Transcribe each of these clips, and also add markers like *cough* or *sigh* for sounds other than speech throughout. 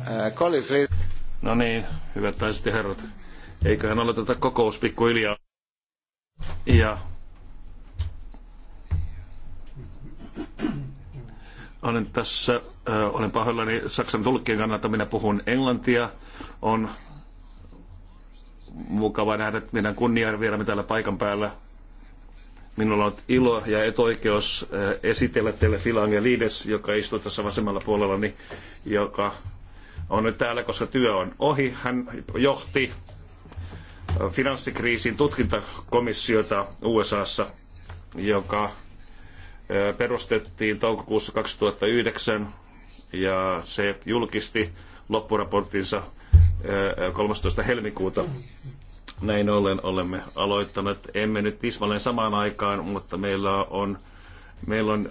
Äh, no niin, hyvät naiset ja herrat. Eiköhän aloiteta kokous pikkuhiljaa. Ja olen tässä, äh, olen pahoillani Saksan tulkkien kannalta, minä puhun englantia. On mukava nähdä meidän kunnianvieramme täällä paikan päällä. Minulla on ilo ja etuoikeus äh, esitellä teille Filange Liides, joka istuu tässä vasemmalla puolellani, joka on nyt täällä, koska työ on ohi. Hän johti finanssikriisin tutkintakomissiota USAssa, joka perustettiin toukokuussa 2009 ja se julkisti loppuraporttinsa 13. helmikuuta. Näin ollen olemme aloittaneet, emme nyt tismalleen samaan aikaan, mutta meillä on, meillä on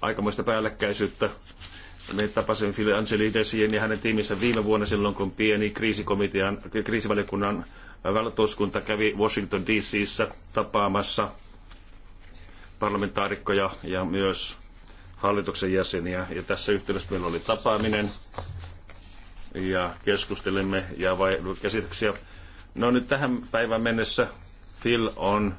aikamoista päällekkäisyyttä me tapasimme Phil Angelidesin ja hänen tiiminsä viime vuonna silloin, kun pieni kriisikomitean, kriisivaliokunnan valtuuskunta kävi Washington DCissä tapaamassa parlamentaarikkoja ja myös hallituksen jäseniä. Ja tässä yhteydessä meillä oli tapaaminen ja keskustelimme ja vai, käsityksiä. No nyt tähän päivään mennessä Phil on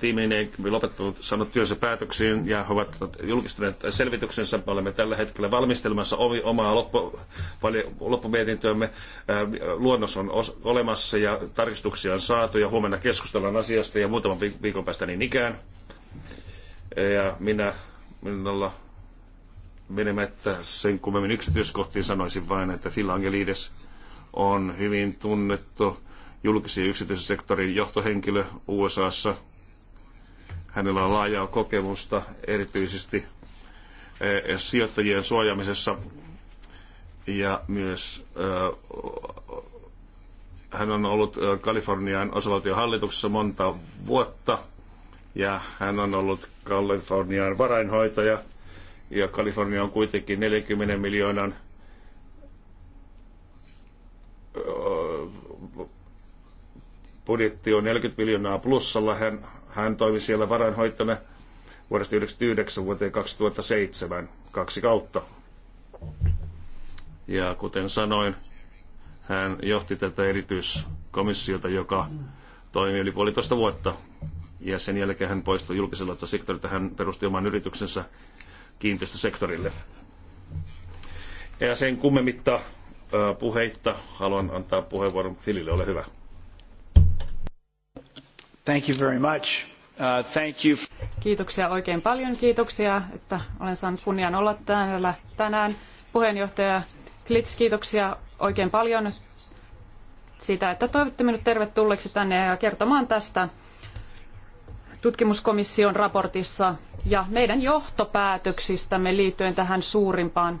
tiimeineen lopettanut saanut työnsä päätöksiin ja he ovat julkistaneet selvityksensä. Me olemme tällä hetkellä valmistelemassa omaa loppu, loppumietintöämme. Luonnos on olemassa ja tarkistuksia on saatu ja huomenna keskustellaan asiasta ja muutaman viikon päästä niin ikään. Ja minä, minulla menemättä sen kummemmin yksityiskohtiin sanoisin vain, että Phil Angelides on hyvin tunnettu julkisen yksityisen sektorin johtohenkilö USAssa – Hänellä on laajaa kokemusta erityisesti eh, sijoittajien suojaamisessa ja myös eh, hän on ollut eh, Kalifornian osavaltion hallituksessa monta vuotta ja hän on ollut Kalifornian varainhoitaja ja Kalifornia on kuitenkin 40 miljoonan budjetti on 40 miljoonaa plussalla. Hän hän toimi siellä varainhoitajana vuodesta 1999 vuoteen 2007, kaksi kautta. Ja kuten sanoin, hän johti tätä erityiskomissiota, joka toimi yli puolitoista vuotta. Ja sen jälkeen hän poistui julkisella sektorilta. Hän perusti oman yrityksensä kiinteistösektorille. Ja sen kummemmitta puheitta haluan antaa puheenvuoron Filille. Ole hyvä. Thank you very much. Uh, thank you. Kiitoksia oikein paljon. Kiitoksia, että olen saanut kunnian olla täällä tänään. Puheenjohtaja Klits, kiitoksia oikein paljon siitä, että toivotte minut tervetulleeksi tänne ja kertomaan tästä tutkimuskomission raportissa ja meidän johtopäätöksistämme liittyen tähän suurimpaan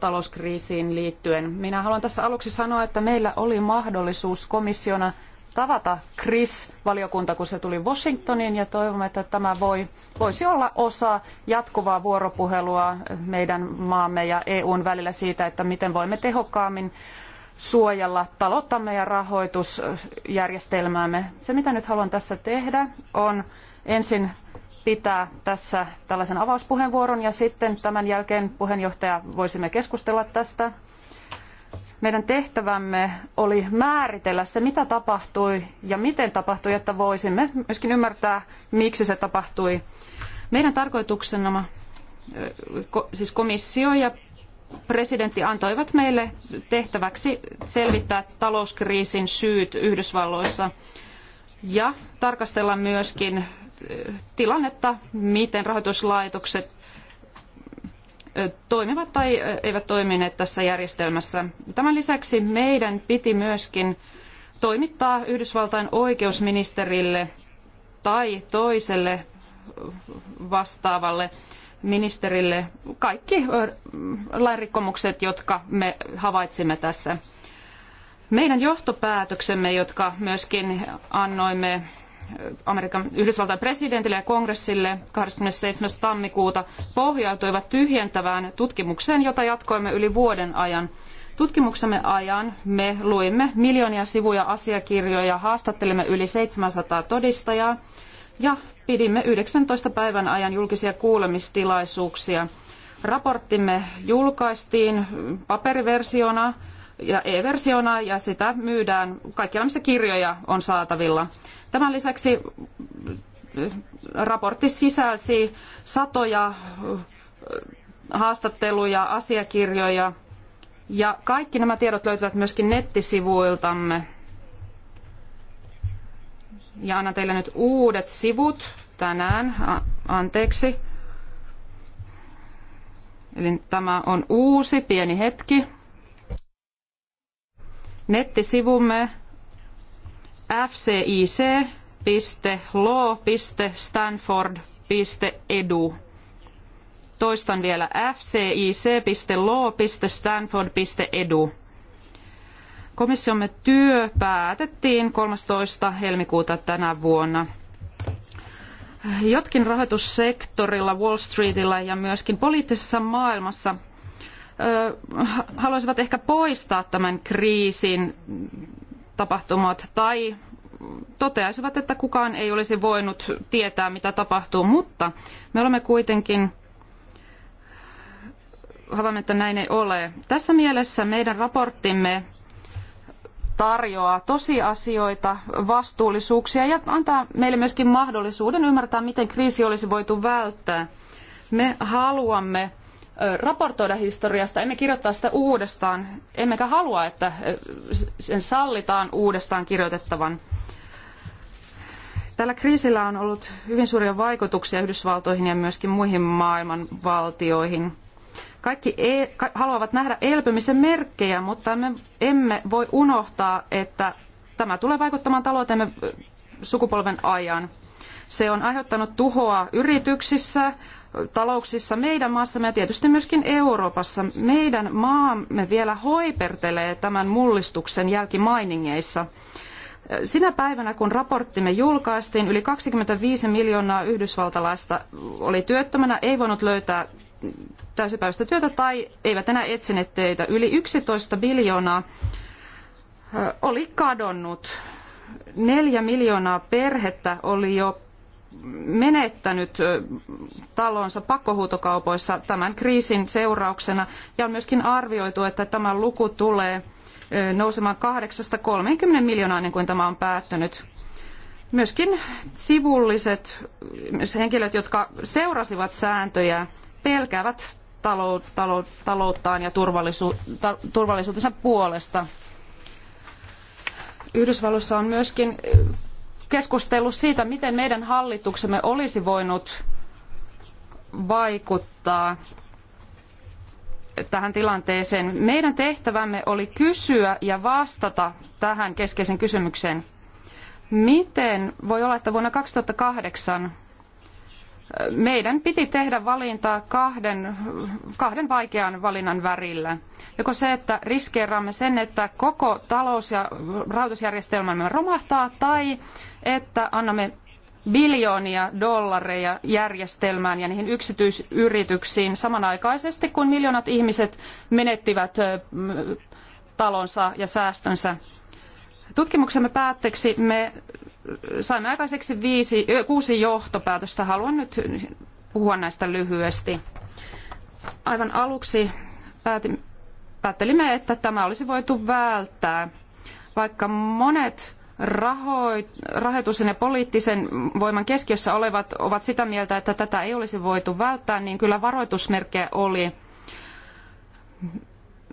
talouskriisiin liittyen. Minä haluan tässä aluksi sanoa, että meillä oli mahdollisuus komissiona tavata Chris-valiokunta, kun se tuli Washingtoniin, ja toivomme, että tämä voi, voisi olla osa jatkuvaa vuoropuhelua meidän maamme ja EUn välillä siitä, että miten voimme tehokkaammin suojella talouttamme ja rahoitusjärjestelmäämme. Se, mitä nyt haluan tässä tehdä, on ensin pitää tässä tällaisen avauspuheenvuoron ja sitten tämän jälkeen puheenjohtaja voisimme keskustella tästä meidän tehtävämme oli määritellä se, mitä tapahtui ja miten tapahtui, jotta voisimme myöskin ymmärtää, miksi se tapahtui. Meidän tarkoituksena, siis komissio ja presidentti antoivat meille tehtäväksi selvittää talouskriisin syyt Yhdysvalloissa ja tarkastella myöskin tilannetta, miten rahoituslaitokset toimivat tai eivät toimineet tässä järjestelmässä. Tämän lisäksi meidän piti myöskin toimittaa Yhdysvaltain oikeusministerille tai toiselle vastaavalle ministerille kaikki lainrikkomukset, jotka me havaitsimme tässä. Meidän johtopäätöksemme, jotka myöskin annoimme Amerikan Yhdysvaltain presidentille ja kongressille 27. tammikuuta pohjautuivat tyhjentävään tutkimukseen, jota jatkoimme yli vuoden ajan. Tutkimuksemme ajan me luimme miljoonia sivuja asiakirjoja, haastattelimme yli 700 todistajaa ja pidimme 19 päivän ajan julkisia kuulemistilaisuuksia. Raporttimme julkaistiin paperiversiona ja e-versiona ja sitä myydään kaikkialla, missä kirjoja on saatavilla. Tämän lisäksi eh, raportti sisälsi satoja eh, haastatteluja, asiakirjoja ja kaikki nämä tiedot löytyvät myöskin nettisivuiltamme. Ja annan teille nyt uudet sivut tänään, anteeksi. Eli tämä on uusi pieni hetki. Nettisivumme fcic.law.stanford.edu. E Toistan vielä fcic.law.stanford.edu. E Komissiomme työ päätettiin 13. helmikuuta tänä vuonna. Jotkin rahoitussektorilla, Wall Streetillä ja myöskin poliittisessa maailmassa haluaisivat ehkä poistaa tämän kriisin tapahtumat tai toteaisivat, että kukaan ei olisi voinut tietää, mitä tapahtuu, mutta me olemme kuitenkin havainneet, että näin ei ole. Tässä mielessä meidän raporttimme tarjoaa tosiasioita, vastuullisuuksia ja antaa meille myöskin mahdollisuuden ymmärtää, miten kriisi olisi voitu välttää. Me haluamme raportoida historiasta, emme kirjoittaa sitä uudestaan, emmekä halua, että sen sallitaan uudestaan kirjoitettavan. Tällä kriisillä on ollut hyvin suuria vaikutuksia Yhdysvaltoihin ja myöskin muihin maailman valtioihin. Kaikki e haluavat nähdä elpymisen merkkejä, mutta me emme voi unohtaa, että tämä tulee vaikuttamaan talouteemme sukupolven ajan. Se on aiheuttanut tuhoa yrityksissä, talouksissa meidän maassamme ja tietysti myöskin Euroopassa. Meidän maamme vielä hoipertelee tämän mullistuksen jälkimainingeissa. Sinä päivänä, kun raporttimme julkaistiin, yli 25 miljoonaa yhdysvaltalaista oli työttömänä, ei voinut löytää täysipäiväistä työtä tai eivät enää etsineet töitä. Yli 11 miljoonaa oli kadonnut. Neljä miljoonaa perhettä oli jo menettänyt talonsa pakkohuutokaupoissa tämän kriisin seurauksena ja on myöskin arvioitu, että tämä luku tulee nousemaan 8-30 miljoonaa ennen kuin tämä on päättynyt. Myöskin sivulliset myös henkilöt, jotka seurasivat sääntöjä, pelkäävät talou- talou- talouttaan ja turvallisu- ta- turvallisuutensa puolesta. Yhdysvalloissa on myöskin keskustelu siitä, miten meidän hallituksemme olisi voinut vaikuttaa tähän tilanteeseen. Meidän tehtävämme oli kysyä ja vastata tähän keskeisen kysymykseen. Miten voi olla, että vuonna 2008 meidän piti tehdä valintaa kahden, kahden vaikean valinnan värillä. Joko se, että riskeeraamme sen, että koko talous- ja rahoitusjärjestelmämme romahtaa, tai että annamme biljoonia dollareja järjestelmään ja niihin yksityisyrityksiin samanaikaisesti, kun miljoonat ihmiset menettivät talonsa ja säästönsä. Tutkimuksemme päätteeksi me saimme aikaiseksi viisi, kuusi johtopäätöstä. Haluan nyt puhua näistä lyhyesti. Aivan aluksi päätimme, päättelimme, että tämä olisi voitu välttää, vaikka monet rahoituksen ja poliittisen voiman keskiössä olevat ovat sitä mieltä, että tätä ei olisi voitu välttää, niin kyllä varoitusmerkkejä oli.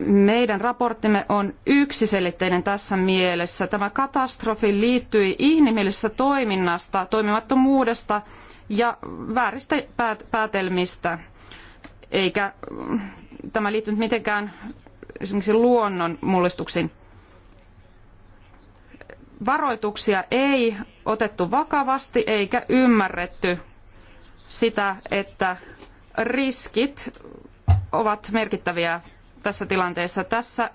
Meidän raporttimme on yksiselitteinen tässä mielessä. Tämä katastrofi liittyi inhimillisestä toiminnasta, toimimattomuudesta ja vääristä päätelmistä, eikä mm, tämä liittynyt mitenkään esimerkiksi luonnon mullistuksiin varoituksia ei otettu vakavasti eikä ymmärretty sitä, että riskit ovat merkittäviä tässä tilanteessa. Tässä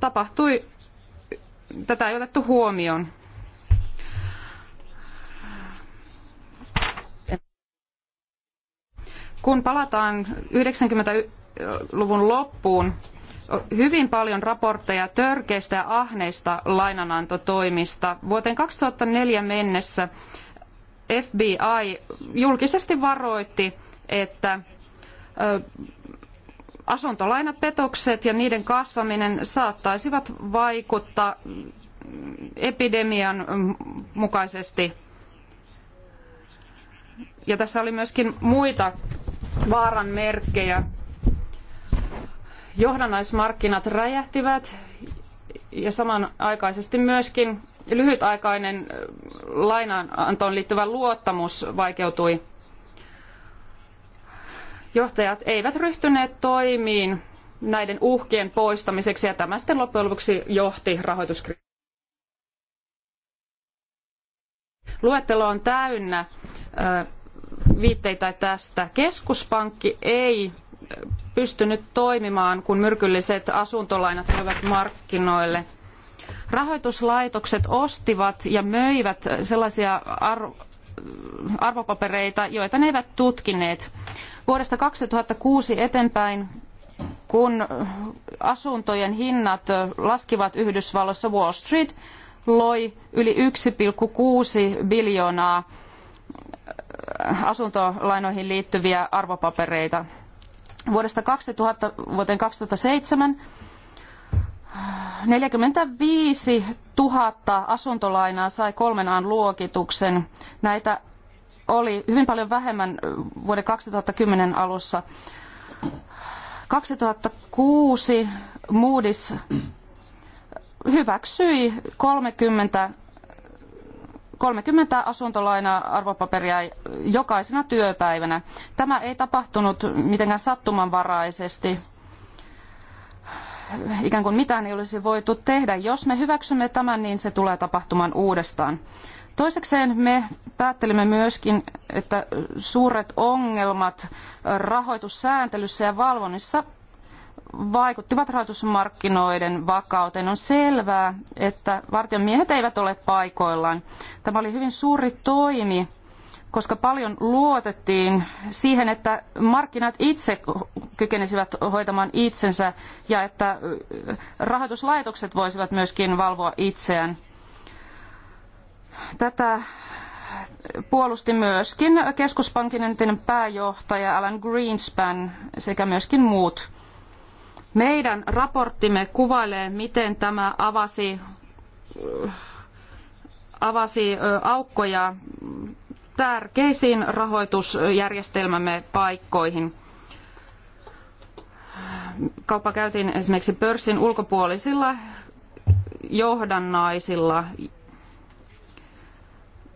tapahtui, tätä ei otettu huomioon. Kun palataan 90 luvun loppuun hyvin paljon raportteja törkeistä ja ahneista lainanantotoimista. Vuoteen 2004 mennessä FBI julkisesti varoitti, että asuntolainapetokset ja niiden kasvaminen saattaisivat vaikuttaa epidemian mukaisesti. Ja tässä oli myöskin muita vaaran merkkejä johdannaismarkkinat räjähtivät ja samanaikaisesti myöskin lyhytaikainen lainanantoon liittyvä luottamus vaikeutui. Johtajat eivät ryhtyneet toimiin näiden uhkien poistamiseksi ja tämä sitten loppujen lopuksi johti rahoituskriisiin. Luettelo on täynnä viitteitä tästä. Keskuspankki ei pystynyt toimimaan, kun myrkylliset asuntolainat tulivat markkinoille. Rahoituslaitokset ostivat ja möivät sellaisia arvopapereita, joita ne eivät tutkineet. Vuodesta 2006 eteenpäin, kun asuntojen hinnat laskivat Yhdysvalloissa, Wall Street loi yli 1,6 biljoonaa asuntolainoihin liittyviä arvopapereita vuodesta 2000 vuoteen 2007 45 000 asuntolainaa sai kolmen an luokituksen. Näitä oli hyvin paljon vähemmän vuoden 2010 alussa. 2006 Moody's hyväksyi 30 30 asuntolainaa arvopaperia jokaisena työpäivänä. Tämä ei tapahtunut mitenkään sattumanvaraisesti. Ikään kuin mitään ei olisi voitu tehdä. Jos me hyväksymme tämän, niin se tulee tapahtumaan uudestaan. Toisekseen me päättelimme myöskin, että suuret ongelmat rahoitussääntelyssä ja valvonnissa vaikuttivat rahoitusmarkkinoiden vakauteen. On selvää, että vartion miehet eivät ole paikoillaan. Tämä oli hyvin suuri toimi, koska paljon luotettiin siihen, että markkinat itse kykenisivät hoitamaan itsensä ja että rahoituslaitokset voisivat myöskin valvoa itseään. Tätä puolusti myöskin keskuspankin entinen pääjohtaja Alan Greenspan sekä myöskin muut meidän raporttimme kuvailee, miten tämä avasi, avasi aukkoja tärkeisiin rahoitusjärjestelmämme paikkoihin. Kauppa käytiin esimerkiksi pörssin ulkopuolisilla johdannaisilla.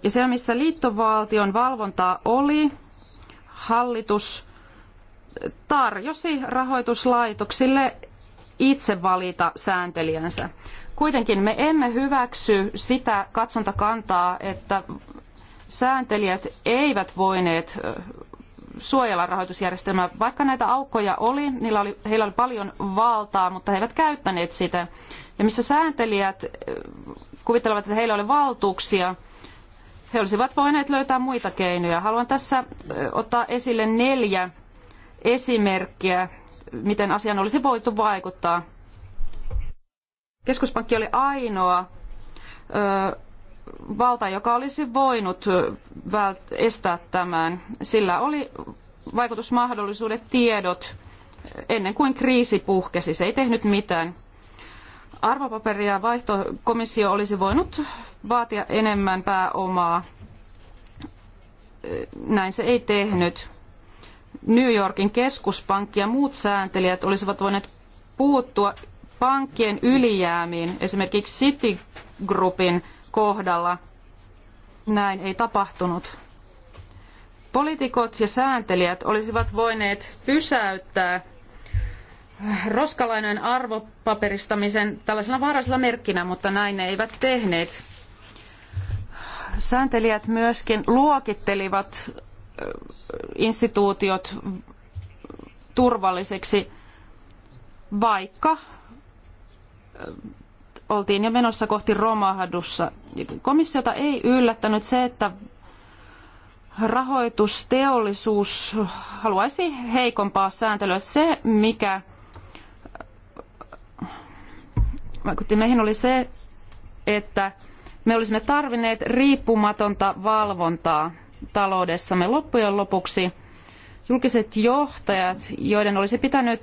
Ja siellä, missä liittovaltion valvontaa oli, hallitus tarjosi rahoituslaitoksille itse valita sääntelijänsä. Kuitenkin me emme hyväksy sitä katsontakantaa, että sääntelijät eivät voineet suojella rahoitusjärjestelmää. Vaikka näitä aukkoja oli, niillä oli, heillä oli paljon valtaa, mutta he eivät käyttäneet sitä. Ja missä sääntelijät kuvittelevat, että heillä oli valtuuksia, he olisivat voineet löytää muita keinoja. Haluan tässä ottaa esille neljä esimerkkiä, miten asiaan olisi voitu vaikuttaa. Keskuspankki oli ainoa ö, valta, joka olisi voinut vält- estää tämän. Sillä oli vaikutusmahdollisuudet, tiedot, ennen kuin kriisi puhkesi. Se ei tehnyt mitään. Arvopaperia vaihtokomissio olisi voinut vaatia enemmän pääomaa. Näin se ei tehnyt. New Yorkin keskuspankki ja muut sääntelijät olisivat voineet puuttua pankkien ylijäämiin, esimerkiksi Citigroupin kohdalla. Näin ei tapahtunut. Poliitikot ja sääntelijät olisivat voineet pysäyttää roskalainojen arvopaperistamisen tällaisena vaarallisella merkkinä, mutta näin ne eivät tehneet. Sääntelijät myöskin luokittelivat instituutiot turvallisiksi, vaikka oltiin jo menossa kohti romahdussa. Komissiota ei yllättänyt se, että rahoitusteollisuus haluaisi heikompaa sääntelyä. Se, mikä vaikutti meihin, oli se, että me olisimme tarvinneet riippumatonta valvontaa taloudessamme. Loppujen lopuksi julkiset johtajat, joiden olisi pitänyt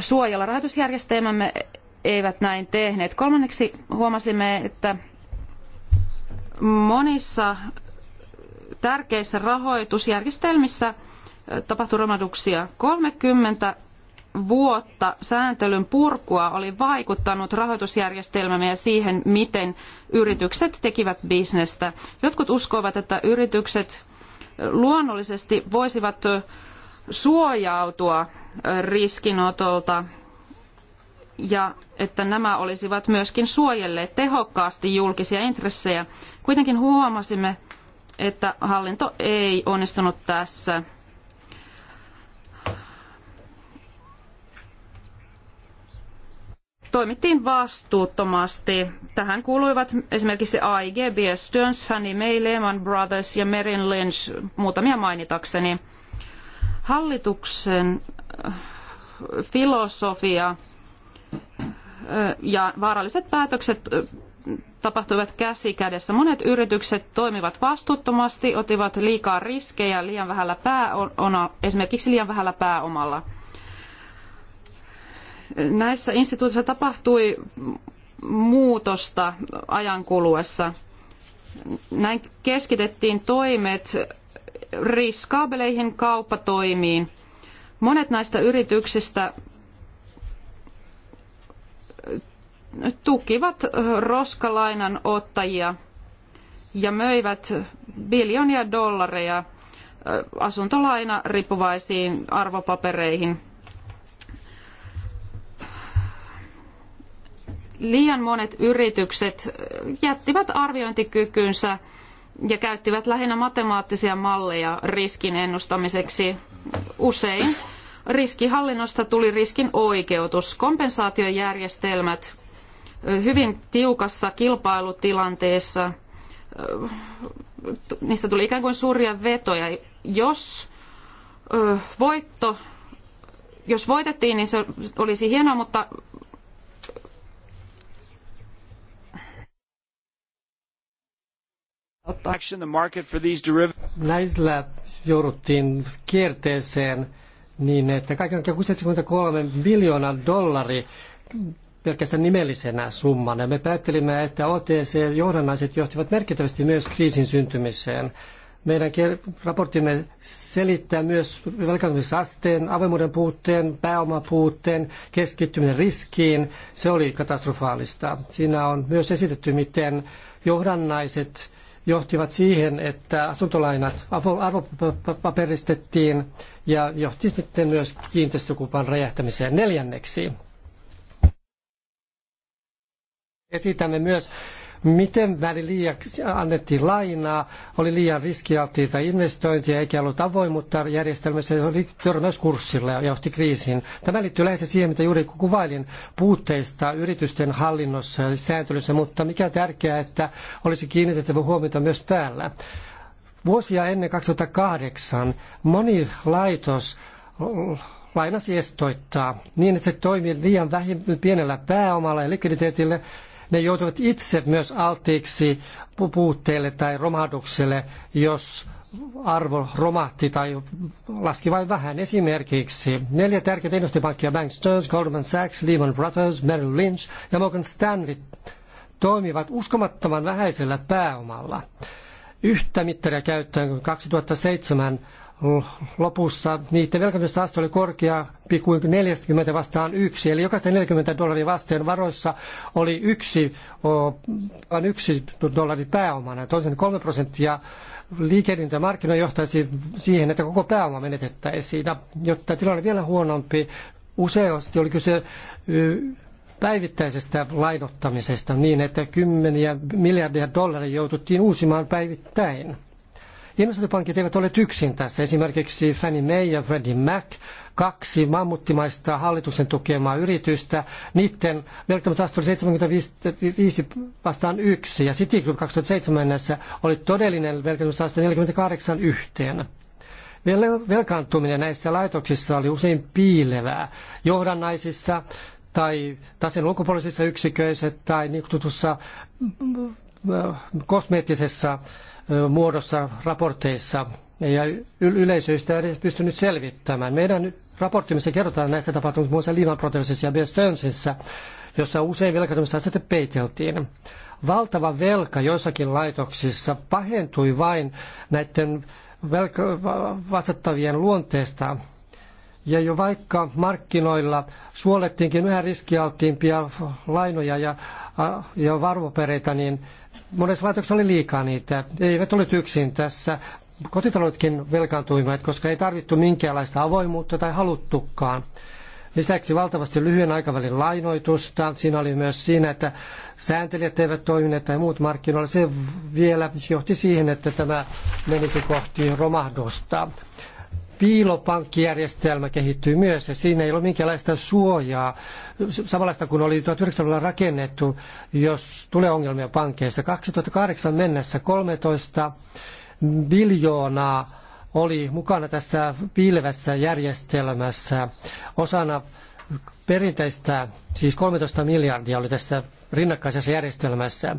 suojella rahoitusjärjestelmämme, eivät näin tehneet. Kolmanneksi huomasimme, että monissa tärkeissä rahoitusjärjestelmissä tapahtui romahduksia. 30 vuotta sääntelyn purkua oli vaikuttanut rahoitusjärjestelmämme ja siihen, miten yritykset tekivät bisnestä. Jotkut uskovat, että yritykset luonnollisesti voisivat suojautua riskinotolta ja että nämä olisivat myöskin suojelleet tehokkaasti julkisia intressejä. Kuitenkin huomasimme, että hallinto ei onnistunut tässä. toimittiin vastuuttomasti. Tähän kuuluivat esimerkiksi AIG, B.S. Stearns, Fannie Mae, Lehman Brothers ja Merrill Lynch, muutamia mainitakseni. Hallituksen äh, filosofia äh, ja vaaralliset päätökset äh, tapahtuivat käsi kädessä. Monet yritykset toimivat vastuuttomasti, otivat liikaa riskejä liian vähällä pääomalla, esimerkiksi liian vähällä pääomalla – näissä instituutioissa tapahtui muutosta ajan kuluessa. Näin keskitettiin toimet riskaabeleihin kauppatoimiin. Monet näistä yrityksistä tukivat roskalainan ottajia ja möivät biljonia dollareja asuntolaina riippuvaisiin arvopapereihin. Liian monet yritykset äh, jättivät arviointikykynsä ja käyttivät lähinnä matemaattisia malleja riskin ennustamiseksi. Usein riskihallinnosta tuli riskin oikeutus. Kompensaatiojärjestelmät äh, hyvin tiukassa kilpailutilanteessa, äh, niistä tuli ikään kuin suuria vetoja. Jos voitto, jos voitettiin, niin se olisi hienoa, mutta Näillä jouduttiin kierteeseen niin, että kaiken 63 miljoonaa dollari pelkästään nimellisenä summana. Me päättelimme, että OTC-johdannaiset johtivat merkittävästi myös kriisin syntymiseen. Meidän raporttimme selittää myös velkaantumisasteen, avoimuuden puutteen, puutteen, keskittyminen riskiin. Se oli katastrofaalista. Siinä on myös esitetty, miten johdannaiset johtivat siihen, että asuntolainat arvopaperistettiin ja johti sitten myös kiinteistökupan räjähtämiseen neljänneksi. Esitämme myös miten näin liiaksi annettiin lainaa, oli liian riskialttiita investointeja, eikä ollut avoimuutta järjestelmässä, se oli törmäyskurssilla ja johti kriisiin. Tämä liittyy lähes siihen, mitä juuri kuvailin puutteista yritysten hallinnossa ja sääntelyssä, mutta mikä tärkeää, että olisi kiinnitettävä huomiota myös täällä. Vuosia ennen 2008 moni laitos lainasi estoittaa niin, että se toimii liian vähin, pienellä pääomalla ja likviditeetillä ne joutuvat itse myös alttiiksi puutteelle tai romahdukselle, jos arvo romahti tai laski vain vähän. Esimerkiksi neljä tärkeintä investointipankkia, Bank Stearns, Goldman Sachs, Lehman Brothers, Merrill Lynch ja Morgan Stanley, toimivat uskomattoman vähäisellä pääomalla. Yhtä mittaria käyttäen kuin 2007 lopussa niiden velkaantumisaste oli korkea kuin 40 vastaan yksi. Eli jokaista 40 dollaria vastaan varoissa oli yksi, vain yksi dollari pääomana. Toisen kolme prosenttia ja markkinoilla johtaisi siihen, että koko pääoma menetettäisiin. Jotta tilanne vielä huonompi, useasti oli kyse päivittäisestä lainottamisesta niin, että kymmeniä miljardia dollaria jouduttiin uusimaan päivittäin. Investointipankit eivät ole yksin tässä. Esimerkiksi Fannie Mae ja Freddie Mac, kaksi mammuttimaista hallituksen tukemaa yritystä, niiden velkamaisuus oli 75 vastaan yksi ja Citigroup 2007 mennessä oli todellinen velkamaisuusaste 48 yhteen. Velkaantuminen näissä laitoksissa oli usein piilevää. Johdannaisissa tai taseen ulkopuolisissa yksiköissä tai niin kutsutussa mm, mm, mm, kosmeettisessa muodossa raporteissa ja yleisöistä ei pystynyt selvittämään. Meidän raporttimissa kerrotaan näistä tapahtumista muun muassa Lehman Brothersissa ja Bear Stearnsissa, jossa usein velkaantumisastetta peiteltiin. Valtava velka joissakin laitoksissa pahentui vain näiden velka- vastattavien luonteesta. Ja jo vaikka markkinoilla suolettiinkin yhä riskialttiimpia lainoja ja, ja niin monessa laitoksessa oli liikaa niitä. Eivät olleet yksin tässä. Kotitaloutkin velkaantuivat, koska ei tarvittu minkäänlaista avoimuutta tai haluttukaan. Lisäksi valtavasti lyhyen aikavälin lainoitusta. Siinä oli myös siinä, että sääntelijät eivät toimineet tai muut markkinoilla. Se vielä johti siihen, että tämä menisi kohti romahdusta piilopankkijärjestelmä kehittyy myös ja siinä ei ole minkäänlaista suojaa, samanlaista kuin oli 1900-luvulla rakennettu, jos tulee ongelmia pankeissa. 2008 mennessä 13 biljoonaa oli mukana tässä piilevässä järjestelmässä osana perinteistä, siis 13 miljardia oli tässä rinnakkaisessa järjestelmässä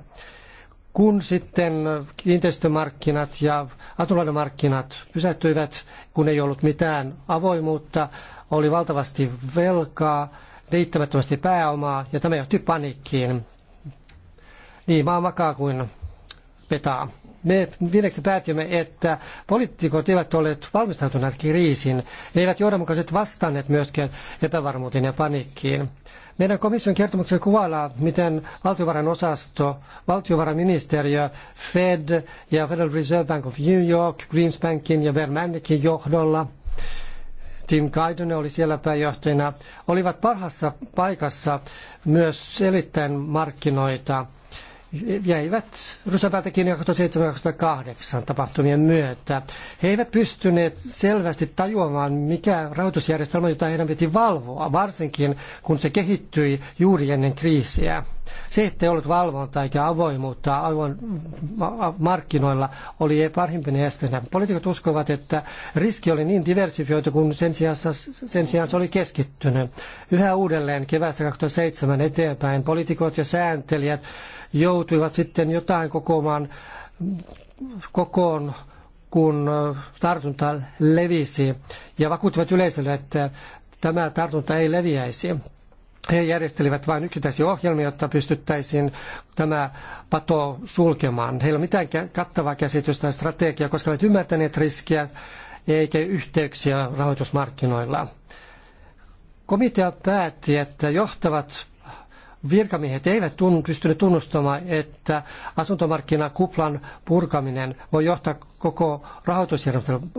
kun sitten kiinteistömarkkinat ja asuntojen markkinat pysähtyivät, kun ei ollut mitään avoimuutta, oli valtavasti velkaa, riittämättömästi pääomaa ja tämä johti paniikkiin. Niin maa makaa kuin petaa. Me viimeksi päätimme, että poliitikot eivät olleet valmistautuneet kriisiin, ne eivät johdonmukaisesti vastanneet myöskään epävarmuuteen ja paniikkiin. Meidän komission kertomuksessa kuvaillaan, miten valtiovarainosasto, osasto, valtiovarainministeriö, Fed ja Federal Reserve Bank of New York, Greenspankin ja Vermannikin johdolla – Tim Kaidonen oli siellä pääjohtajana, olivat parhassa paikassa myös selittäen markkinoita jäivät Rusapäältä kiinni 2007-2008 tapahtumien myötä. He eivät pystyneet selvästi tajuamaan, mikä rahoitusjärjestelmä, jota heidän piti valvoa, varsinkin kun se kehittyi juuri ennen kriisiä. Se, että ei ollut valvontaa eikä avoimuutta avoin markkinoilla, oli parhimpina esteenä. Poliitikot uskovat, että riski oli niin diversifioitu, kun sen sijaan, sen sijaan se oli keskittynyt. Yhä uudelleen keväästä 2007 eteenpäin poliitikot ja sääntelijät joutuivat sitten jotain kokoamaan kokoon, kun tartunta levisi ja vakuuttivat yleisölle, että tämä tartunta ei leviäisi. He järjestelivät vain yksittäisiä ohjelmia, jotta pystyttäisiin tämä pato sulkemaan. Heillä ei ole mitään kattavaa käsitystä tai strategiaa, koska ovat ymmärtäneet riskiä eikä yhteyksiä rahoitusmarkkinoilla. Komitea päätti, että johtavat virkamiehet eivät tun, pystyneet tunnustamaan, että asuntomarkkinakuplan purkaminen voi johtaa koko rahoitusjärjestelmän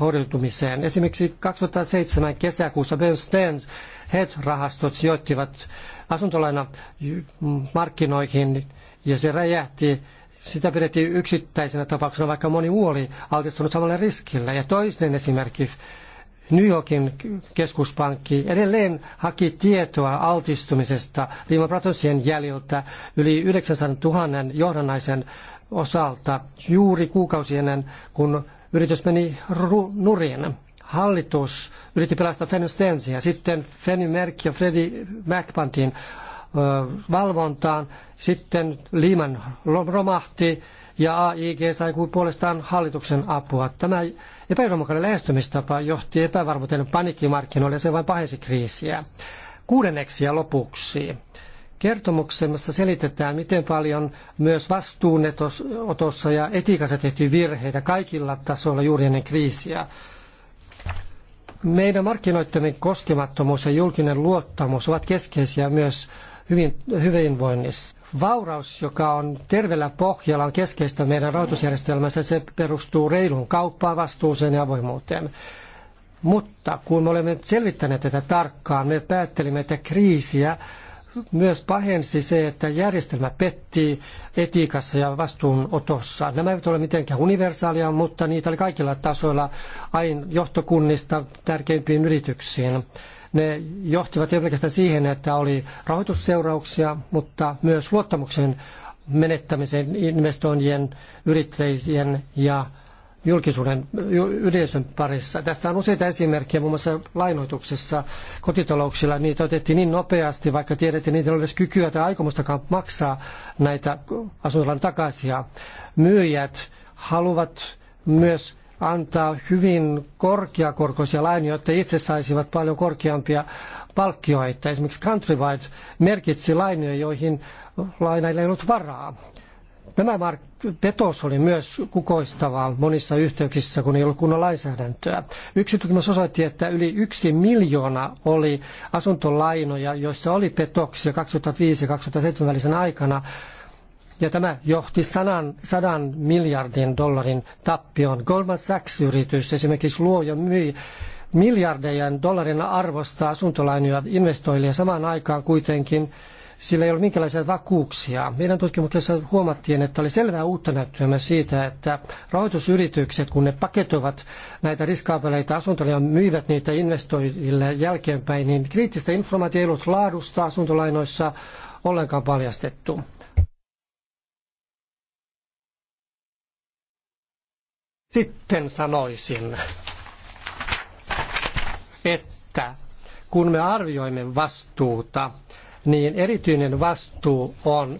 horjutumiseen. Esimerkiksi 2007 kesäkuussa Ben Stearns hedge-rahastot sijoittivat asuntolaina markkinoihin ja se räjähti sitä pidettiin yksittäisenä tapauksena, vaikka moni muu oli altistunut samalle riskille. Ja toinen esimerkki New Yorkin keskuspankki edelleen haki tietoa altistumisesta Lehman Brothersien jäljiltä yli 900 000 johdannaisen osalta juuri kuukausi ennen kuin yritys meni nurin. Hallitus yritti pelastaa Fanny Stensia, sitten Fanny Merck ja Freddie Mac pantiin valvontaan, sitten Lehman romahti ja AIG sai kuin puolestaan hallituksen apua. Tämä epäjohdonmukainen lähestymistapa johti epävarmuuteen panikkimarkkinoille ja se vain pahensi kriisiä. Kuudenneksi ja lopuksi. Kertomuksessa selitetään, miten paljon myös vastuunotossa ja etiikassa tehtiin virheitä kaikilla tasoilla juuri ennen kriisiä. Meidän markkinoittamme koskemattomuus ja julkinen luottamus ovat keskeisiä myös hyvin, hyvinvoinnissa. Vauraus, joka on terveellä pohjalla, on keskeistä meidän rahoitusjärjestelmässä. Se perustuu reiluun kauppaan, vastuuseen ja avoimuuteen. Mutta kun me olemme selvittäneet tätä tarkkaan, me päättelimme, että kriisiä myös pahensi se, että järjestelmä petti etiikassa ja vastuunotossa. Nämä eivät ole mitenkään universaalia, mutta niitä oli kaikilla tasoilla, aina johtokunnista tärkeimpiin yrityksiin. Ne johtivat jonnekin siihen, että oli rahoitusseurauksia, mutta myös luottamuksen menettämisen investoijien, yrittäjien ja julkisuuden yleisön parissa. Tästä on useita esimerkkejä, muun muassa lainoituksessa kotitalouksilla. Niitä otettiin niin nopeasti, vaikka tiedettiin, että niitä ei edes kykyä tai aikomustakaan maksaa näitä asuntolainan takaisin. Myyjät haluavat myös antaa hyvin korkeakorkoisia lainoja, jotta itse saisivat paljon korkeampia palkkioita. Esimerkiksi Countrywide merkitsi lainoja, joihin lainailla ei ollut varaa. Tämä petos oli myös kukoistavaa monissa yhteyksissä, kun ei ollut kunnon lainsäädäntöä. Yksi tutkimus osoitti, että yli yksi miljoona oli asuntolainoja, joissa oli petoksia 2005 ja 2007 välisen aikana, ja tämä johti sadan, sadan miljardin dollarin tappioon. Goldman Sachs-yritys esimerkiksi luo ja myi miljardejen dollarin arvosta asuntolainoja investoijille ja samaan aikaan kuitenkin sillä ei ollut minkälaisia vakuuksia. Meidän tutkimuksessa huomattiin, että oli selvää uutta näyttöä siitä, että rahoitusyritykset, kun ne paketoivat näitä riskaapeleita ja myivät niitä investoijille jälkeenpäin, niin kriittistä informaatiota ei ollut laadusta asuntolainoissa ollenkaan paljastettu. Sitten sanoisin, että kun me arvioimme vastuuta, niin erityinen vastuu on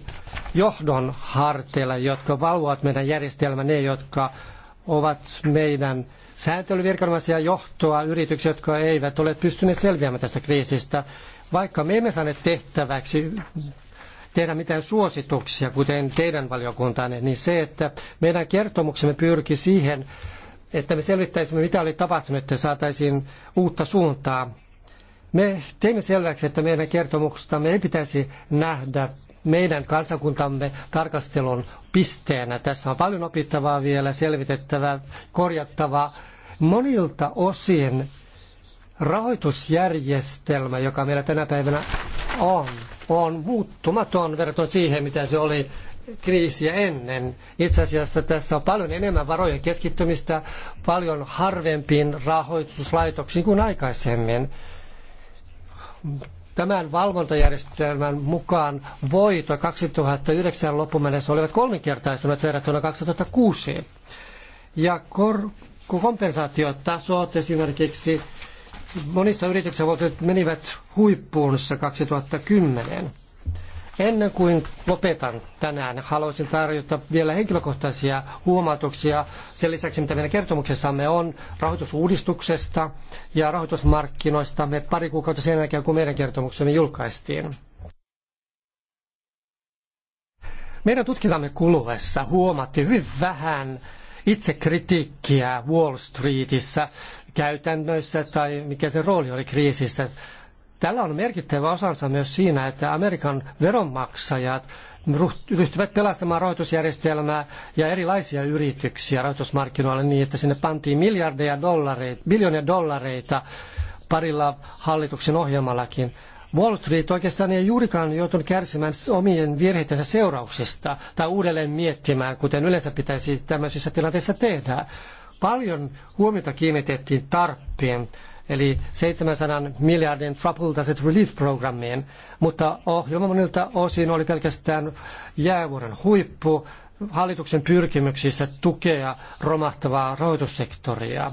johdon harteilla, jotka valvovat meidän järjestelmää, ne jotka ovat meidän sääntelyvirkanomaisia johtoa yrityksiä, jotka eivät ole pystyneet selviämään tästä kriisistä. Vaikka me emme saaneet tehtäväksi tehdä mitään suosituksia, kuten teidän valiokuntanne, niin se, että meidän kertomuksemme pyrki siihen, että me selvittäisimme, mitä oli tapahtunut, että saataisiin uutta suuntaa. Me teimme selväksi, että meidän kertomuksestamme ei pitäisi nähdä meidän kansakuntamme tarkastelun pisteenä. Tässä on paljon opittavaa vielä, selvitettävää, korjattavaa. Monilta osin rahoitusjärjestelmä, joka meillä tänä päivänä on, on muuttumaton verrattuna siihen, mitä se oli kriisiä ennen. Itse asiassa tässä on paljon enemmän varoja keskittymistä, paljon harvempiin rahoituslaitoksiin kuin aikaisemmin. Tämän valvontajärjestelmän mukaan voito 2009 loppuun mennessä olivat kolminkertaistuneet verrattuna 2006. Ja kor- kompensaatiotasot esimerkiksi Monissa yrityksissä voitot menivät huippuunsa 2010. Ennen kuin lopetan tänään, haluaisin tarjota vielä henkilökohtaisia huomautuksia sen lisäksi, mitä meidän kertomuksessamme on rahoitusuudistuksesta ja me pari kuukautta sen jälkeen, kun meidän kertomuksemme julkaistiin. Meidän tutkintamme kuluessa huomattiin hyvin vähän itsekritiikkiä Wall Streetissä käytännöissä tai mikä se rooli oli kriisissä. Tällä on merkittävä osansa myös siinä, että Amerikan veronmaksajat ryhtyvät pelastamaan rahoitusjärjestelmää ja erilaisia yrityksiä rahoitusmarkkinoille niin, että sinne pantiin miljardeja dollareita, miljoonia dollareita parilla hallituksen ohjelmallakin. Wall Street oikeastaan ei juurikaan joutunut kärsimään omien virheitensä seurauksista tai uudelleen miettimään, kuten yleensä pitäisi tämmöisissä tilanteissa tehdä. Paljon huomiota kiinnitettiin tarpeen, eli 700 miljardin Trouble Asset Relief Programmiin, mutta ohjelma monilta osin oli pelkästään jäävuoren huippu hallituksen pyrkimyksissä tukea romahtavaa rahoitussektoria.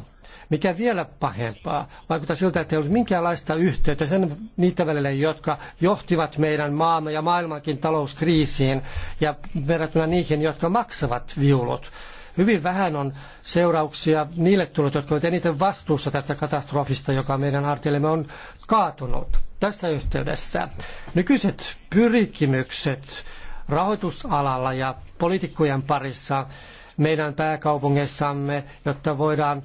Mikä vielä pahempaa, vaikuttaa siltä, että ei ollut minkäänlaista yhteyttä sen niitä välillä, jotka johtivat meidän maamme ja maailmankin talouskriisiin ja verrattuna niihin, jotka maksavat viulut. Hyvin vähän on seurauksia niille tullut, jotka ovat eniten vastuussa tästä katastrofista, joka meidän hartillemme on kaatunut. Tässä yhteydessä nykyiset pyrkimykset rahoitusalalla ja poliitikkojen parissa meidän pääkaupungeissamme, jotta voidaan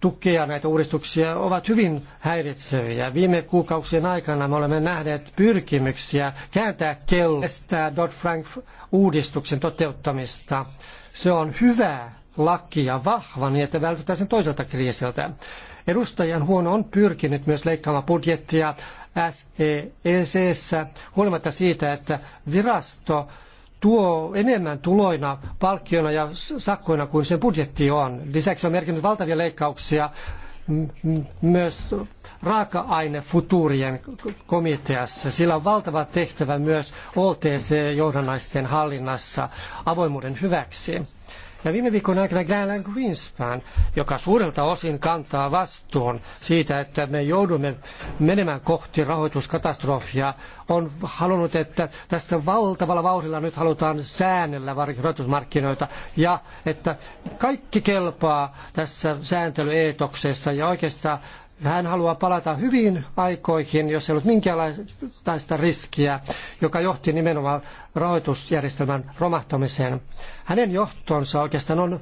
tukea näitä uudistuksia ovat hyvin häiritseviä. Viime kuukausien aikana me olemme nähneet pyrkimyksiä kääntää kello estää Dodd-Frank-uudistuksen toteuttamista. Se on hyvä laki ja vahva niin, että vältytään sen toiselta kriisiltä. Edustajan huono on pyrkinyt myös leikkaamaan budjettia SEECssä huolimatta siitä, että virasto tuo enemmän tuloina, palkkioina ja sakkoina kuin sen budjetti on. Lisäksi on merkinnyt valtavia leikkauksia myös raaka-ainefutuurien komiteassa. Sillä on valtava tehtävä myös OTC-johdannaisten hallinnassa avoimuuden hyväksi. Ja viime viikon aikana Glenn Greenspan, joka suurelta osin kantaa vastuun siitä, että me joudumme menemään kohti rahoituskatastrofia, on halunnut, että tässä valtavalla vauhdilla nyt halutaan säännellä varsinkin rahoitusmarkkinoita ja että kaikki kelpaa tässä sääntelyeetoksessa ja oikeastaan hän haluaa palata hyvin aikoihin, jos ei ollut minkäänlaista riskiä, joka johti nimenomaan rahoitusjärjestelmän romahtamiseen. Hänen johtonsa oikeastaan on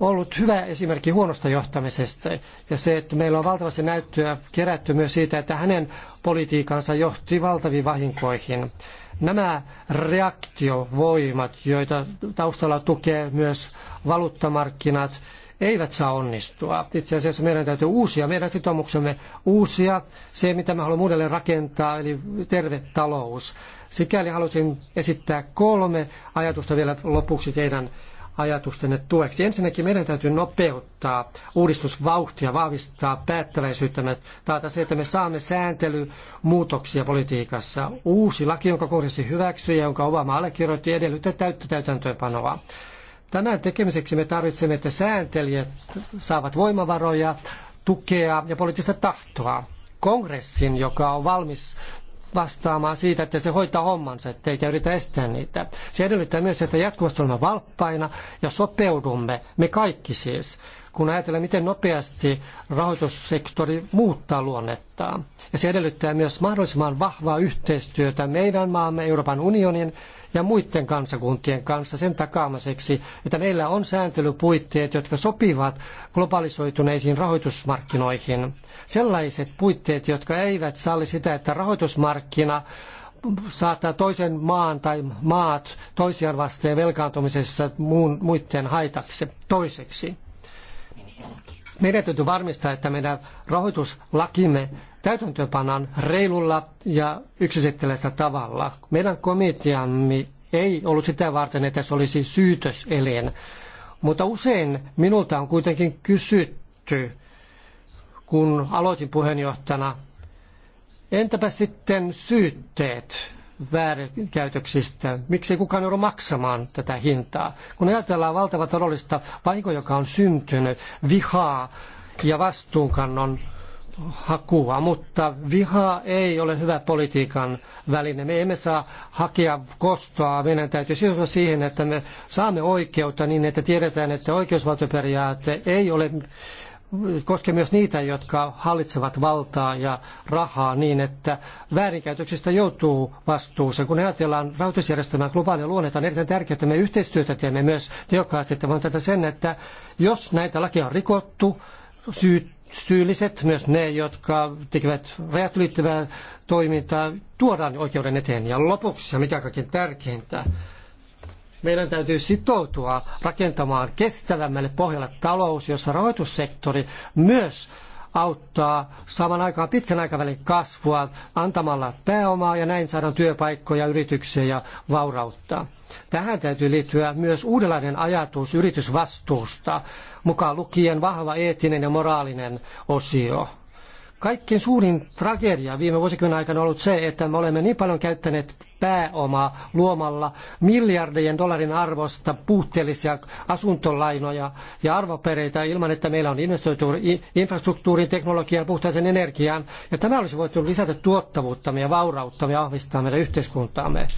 ollut hyvä esimerkki huonosta johtamisesta ja se, että meillä on valtavasti näyttöä kerätty myös siitä, että hänen politiikansa johti valtaviin vahinkoihin. Nämä reaktiovoimat, joita taustalla tukee myös valuuttamarkkinat, eivät saa onnistua. Itse asiassa meidän täytyy uusia, meidän sitoumuksemme uusia, se mitä me haluamme uudelleen rakentaa, eli terve talous. Sikäli halusin esittää kolme ajatusta vielä lopuksi teidän ajatustenne tueksi. Ensinnäkin meidän täytyy nopeuttaa uudistusvauhtia, vahvistaa päättäväisyyttämme, taata se, että me saamme sääntelymuutoksia politiikassa. Uusi laki, jonka kohdassa hyväksyi ja jonka Obama allekirjoitti, edellyttää täyttä täytäntöönpanoa. Tämän tekemiseksi me tarvitsemme, että sääntelijät saavat voimavaroja, tukea ja poliittista tahtoa. Kongressin, joka on valmis vastaamaan siitä, että se hoitaa hommansa, eikä yritä estää niitä. Se edellyttää myös, että jatkuvasti olemme valppaina ja sopeudumme, me kaikki siis, kun ajatellaan, miten nopeasti rahoitussektori muuttaa luonnettaan. Ja se edellyttää myös mahdollisimman vahvaa yhteistyötä meidän maamme, Euroopan unionin ja muiden kansakuntien kanssa sen takaamiseksi, että meillä on sääntelypuitteet, jotka sopivat globalisoituneisiin rahoitusmarkkinoihin. Sellaiset puitteet, jotka eivät salli sitä, että rahoitusmarkkina saattaa toisen maan tai maat toisiaan vasteen velkaantumisessa muun, muiden haitaksi toiseksi. Meidän täytyy varmistaa, että meidän rahoituslakimme täytäntöönpannaan reilulla ja yksisetteleisellä tavalla. Meidän komiteamme ei ollut sitä varten, että se olisi syytöselin, mutta usein minulta on kuitenkin kysytty, kun aloitin puheenjohtajana, entäpä sitten syytteet? väärinkäytöksistä. ei kukaan joudu maksamaan tätä hintaa? Kun ajatellaan valtava taloudellista vahinkoa, joka on syntynyt, vihaa ja vastuunkannon hakua, mutta viha ei ole hyvä politiikan väline. Me emme saa hakea kostoa, meidän täytyy sitoutua siihen, että me saamme oikeutta niin, että tiedetään, että oikeusvaltioperiaate ei ole koskee myös niitä, jotka hallitsevat valtaa ja rahaa niin, että väärinkäytöksistä joutuu vastuuseen. Kun ajatellaan rahoitusjärjestelmän globaalia luonnetta, on erittäin tärkeää, että me yhteistyötä teemme myös tehokkaasti. Että voin tätä sen, että jos näitä lakia on rikottu, syylliset, myös ne, jotka tekevät rajat ylittävää toimintaa, tuodaan oikeuden eteen. Ja lopuksi, ja mikä kaikkein tärkeintä, meidän täytyy sitoutua rakentamaan kestävämmälle pohjalle talous, jossa rahoitussektori myös auttaa saman aikaan pitkän aikavälin kasvua antamalla pääomaa ja näin saadaan työpaikkoja, yrityksiä ja vaurautta. Tähän täytyy liittyä myös uudenlainen ajatus yritysvastuusta, mukaan lukien vahva eettinen ja moraalinen osio. Kaikkein suurin tragedia viime vuosikymmenen aikana on ollut se, että me olemme niin paljon käyttäneet pääomaa luomalla miljardien dollarin arvosta puutteellisia asuntolainoja ja arvopereitä ilman, että meillä on investoitu infrastruktuuriin, teknologiaan, puhtaaseen energiaan. Ja tämä olisi voitu lisätä tuottavuuttamme ja vaurauttamme ja vahvistaa meidän yhteiskuntaamme.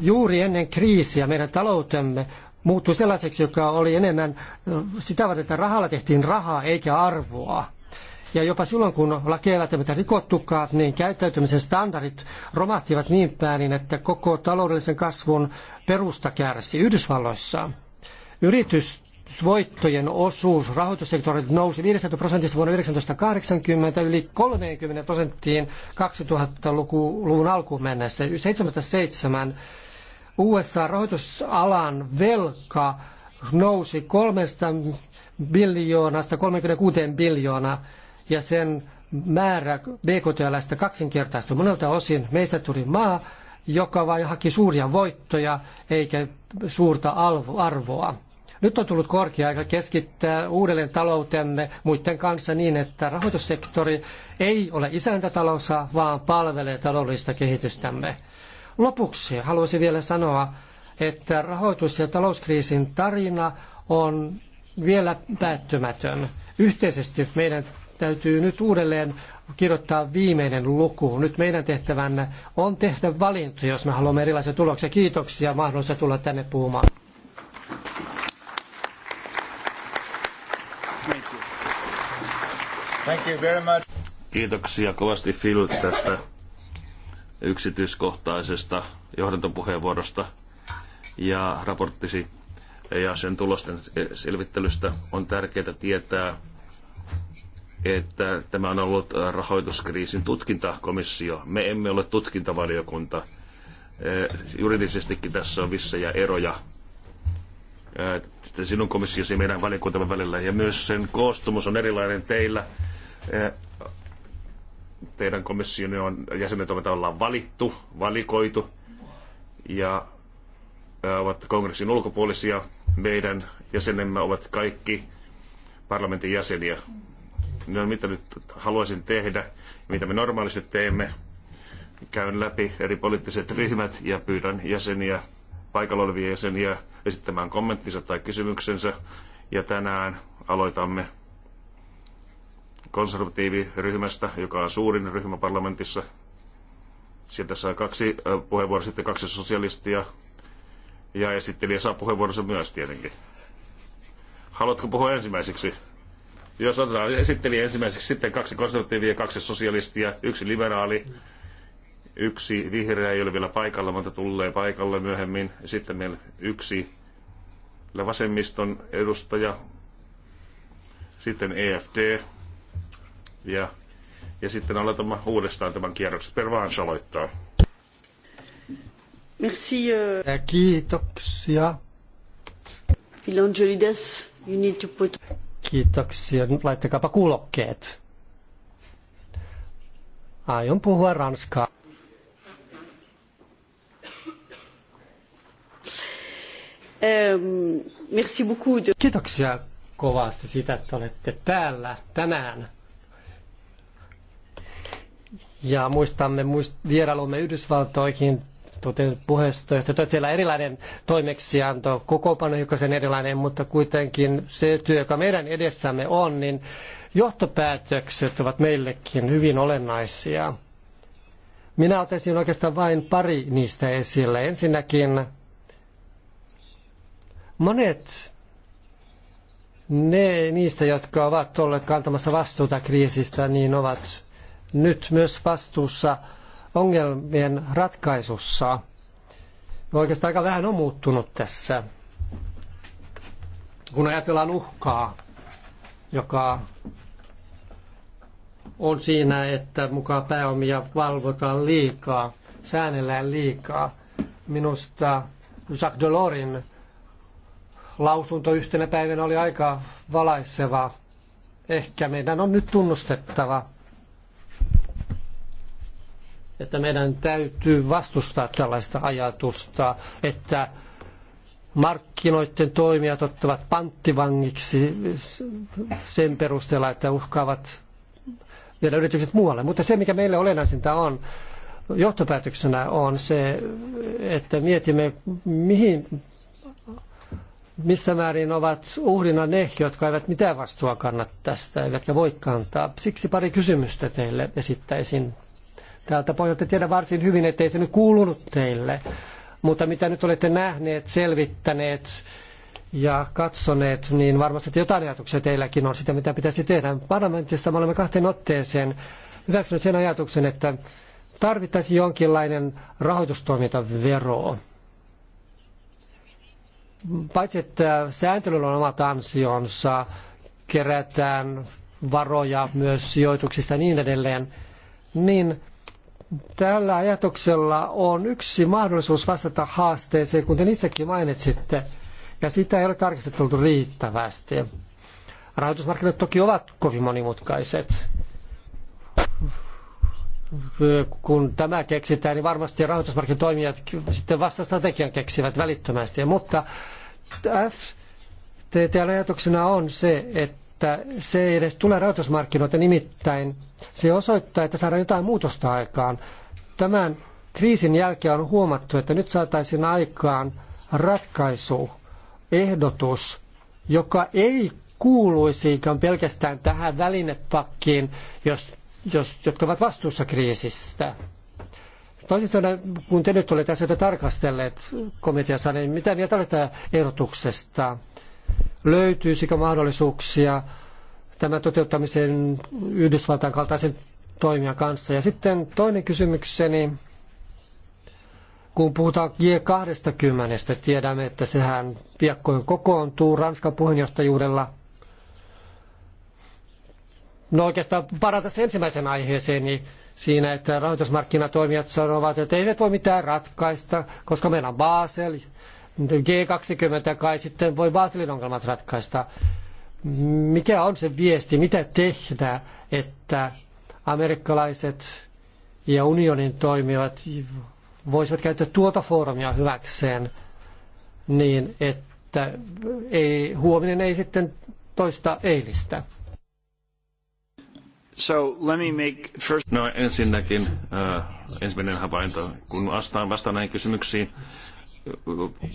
Juuri ennen kriisiä meidän taloutemme muuttui sellaiseksi, joka oli enemmän sitä varten, että rahalla tehtiin rahaa eikä arvoa ja jopa silloin, kun lakeja eivät mitä rikottukaan, niin käyttäytymisen standardit romahtivat niin päin, niin että koko taloudellisen kasvun perusta kärsi Yhdysvalloissa. Yritysvoittojen osuus rahoitussektorilla nousi 50 prosentista vuonna 1980 yli 30 prosenttiin 2000-luvun alkuun mennessä. 77 USA-rahoitusalan velka nousi kolmesta biljoonasta 36 biljoonaa ja sen määrä BKTLstä kaksinkertaistui. Monelta osin meistä tuli maa, joka vain haki suuria voittoja eikä suurta arvoa. Nyt on tullut korkea aika keskittää uudelleen taloutemme muiden kanssa niin, että rahoitussektori ei ole isäntätalossa, vaan palvelee taloudellista kehitystämme. Lopuksi haluaisin vielä sanoa, että rahoitus- ja talouskriisin tarina on vielä päättymätön. Yhteisesti meidän täytyy nyt uudelleen kirjoittaa viimeinen luku. Nyt meidän tehtävänne on tehdä valintoja, jos me haluamme erilaisia tuloksia. Kiitoksia mahdollisuus tulla tänne puhumaan. Thank you very much. Kiitoksia kovasti Phil tästä yksityiskohtaisesta johdantopuheenvuorosta ja raporttisi ja sen tulosten selvittelystä on tärkeää tietää, että tämä on ollut rahoituskriisin tutkintakomissio. Me emme ole tutkintavaliokunta. Eh, juridisestikin tässä on vissejä eroja eh, sinun komissiosi meidän valiokuntamme välillä. Ja myös sen koostumus on erilainen teillä. Eh, teidän komissionne on, jäsenet ovat tavallaan valittu, valikoitu ja ovat kongressin ulkopuolisia. Meidän jäsenemme ovat kaikki parlamentin jäseniä no, mitä nyt haluaisin tehdä, mitä me normaalisti teemme. Käyn läpi eri poliittiset ryhmät ja pyydän jäseniä, paikalla olevia jäseniä esittämään kommenttinsa tai kysymyksensä. Ja tänään aloitamme konservatiiviryhmästä, joka on suurin ryhmä parlamentissa. Sieltä saa kaksi puheenvuoroa, sitten kaksi sosialistia ja esittelijä saa puheenvuoronsa myös tietenkin. Haluatko puhua ensimmäiseksi? Jos otetaan esitteli ensimmäiseksi sitten kaksi konservatiivia, kaksi sosialistia, yksi liberaali, yksi vihreä ei ole vielä paikalla, mutta tulee paikalle myöhemmin. Sitten meillä yksi vasemmiston edustaja, sitten EFD ja, ja sitten aloitamme uudestaan tämän kierroksen. Pervaan aloittaa. Merci. Äh, kiitoksia. Filangelides, you need to put... Kiitoksia. Laittakaapa kuulokkeet. Aion puhua ranskaa. Ähm, merci beaucoup de... Kiitoksia kovasti siitä, että olette täällä tänään. Ja muistamme muist- vierailumme Yhdysvaltoihin tote, teillä on erilainen toimeksianto, kokoonpano hiukkasen erilainen, mutta kuitenkin se työ, joka meidän edessämme on, niin johtopäätökset ovat meillekin hyvin olennaisia. Minä ottaisin oikeastaan vain pari niistä esille. Ensinnäkin monet ne niistä, jotka ovat olleet kantamassa vastuuta kriisistä, niin ovat nyt myös vastuussa – ongelmien ratkaisussa. Oikeastaan aika vähän on muuttunut tässä. Kun ajatellaan uhkaa, joka on siinä, että mukaan pääomia valvotaan liikaa, säännellään liikaa. Minusta Jacques Delorin lausunto yhtenä päivänä oli aika valaiseva. Ehkä meidän on nyt tunnustettava, että meidän täytyy vastustaa tällaista ajatusta, että markkinoiden toimijat ottavat panttivangiksi sen perusteella, että uhkaavat viedä yritykset muualle. Mutta se, mikä meille olennaisinta on, johtopäätöksenä on se, että mietimme, mihin, missä määrin ovat uhrina ne, jotka eivät mitään vastuua kanna tästä, eivätkä voi kantaa. Siksi pari kysymystä teille esittäisin Tältä pohjalta tiedän varsin hyvin, ettei se nyt kuulunut teille. Mutta mitä nyt olette nähneet, selvittäneet ja katsoneet, niin varmasti että jotain ajatuksia teilläkin on sitä, mitä pitäisi tehdä. Parlamentissa me olemme kahteen otteeseen hyväksyneet sen ajatuksen, että tarvittaisiin jonkinlainen rahoitustoimintavero paitsi että sääntelyllä on omat ansionsa, kerätään varoja myös sijoituksista ja niin edelleen, niin Tällä ajatuksella on yksi mahdollisuus vastata haasteeseen, kuten itsekin mainitsitte, ja sitä ei ole tarkistettu riittävästi. Rahoitusmarkkinat toki ovat kovin monimutkaiset. Kun tämä keksitään, niin varmasti rahoitusmarkkinatoimijat sitten vasta strategian keksivät välittömästi. Mutta FTT ajatuksena on se, että että se ei edes tule rahoitusmarkkinoilta, nimittäin se osoittaa, että saadaan jotain muutosta aikaan. Tämän kriisin jälkeen on huomattu, että nyt saataisiin aikaan ratkaisu, ehdotus, joka ei kuuluisikaan pelkästään tähän välinepakkiin, jos, jos, jotka ovat vastuussa kriisistä. Toisin sanoen, kun te nyt olette asioita tarkastelleet komiteassa, niin mitä mieltä olette ehdotuksesta? löytyisikö mahdollisuuksia tämän toteuttamiseen Yhdysvaltain kaltaisen toimijan kanssa. Ja sitten toinen kysymykseni, kun puhutaan G20, tiedämme, että sehän piakkoin kokoontuu Ranskan puheenjohtajuudella. No oikeastaan parantaisin ensimmäisen aiheeseen, niin siinä, että rahoitusmarkkinatoimijat sanovat, että eivät voi mitään ratkaista, koska meillä on Basel G20 kai sitten voi Baselin ongelmat ratkaista. Mikä on se viesti, mitä tehdä, että amerikkalaiset ja unionin toimijat voisivat käyttää tuota foorumia hyväkseen niin, että ei, huominen ei sitten toista eilistä. So, let me make first... No ensinnäkin äh, ensimmäinen havainto, kun vastaan, vastaan näihin kysymyksiin,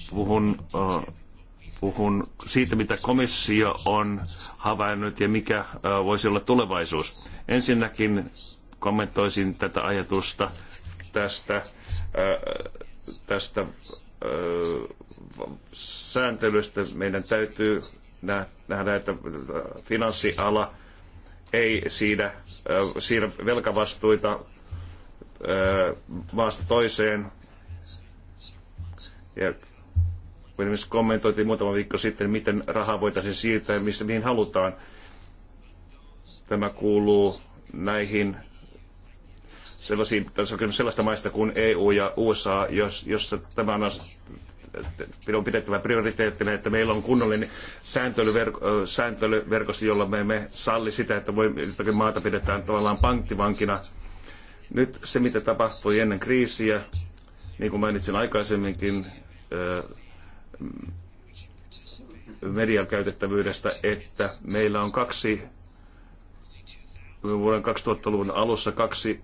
puhun, äh, puhun siitä, mitä komissio on havainnut ja mikä äh, voisi olla tulevaisuus. Ensinnäkin kommentoisin tätä ajatusta tästä, äh, tästä sääntelystä. Meidän täytyy nähdä, että finanssiala ei siinä, siinä velkavastuita maasta toiseen ja esimerkiksi kommentoitiin muutama viikko sitten, miten rahaa voitaisiin siirtää ja mistä, mihin halutaan. Tämä kuuluu näihin sellaisiin, tässä on sellaista maista kuin EU ja USA, jos, jossa tämä on on pidettävä prioriteettina, että meillä on kunnollinen sääntelyverko, sääntelyverkosto, jolla me emme salli sitä, että voi, jotakin maata pidetään tavallaan panttivankina. Nyt se, mitä tapahtui ennen kriisiä, niin kuin mainitsin aikaisemminkin, median käytettävyydestä, että meillä on kaksi vuoden 2000-luvun alussa kaksi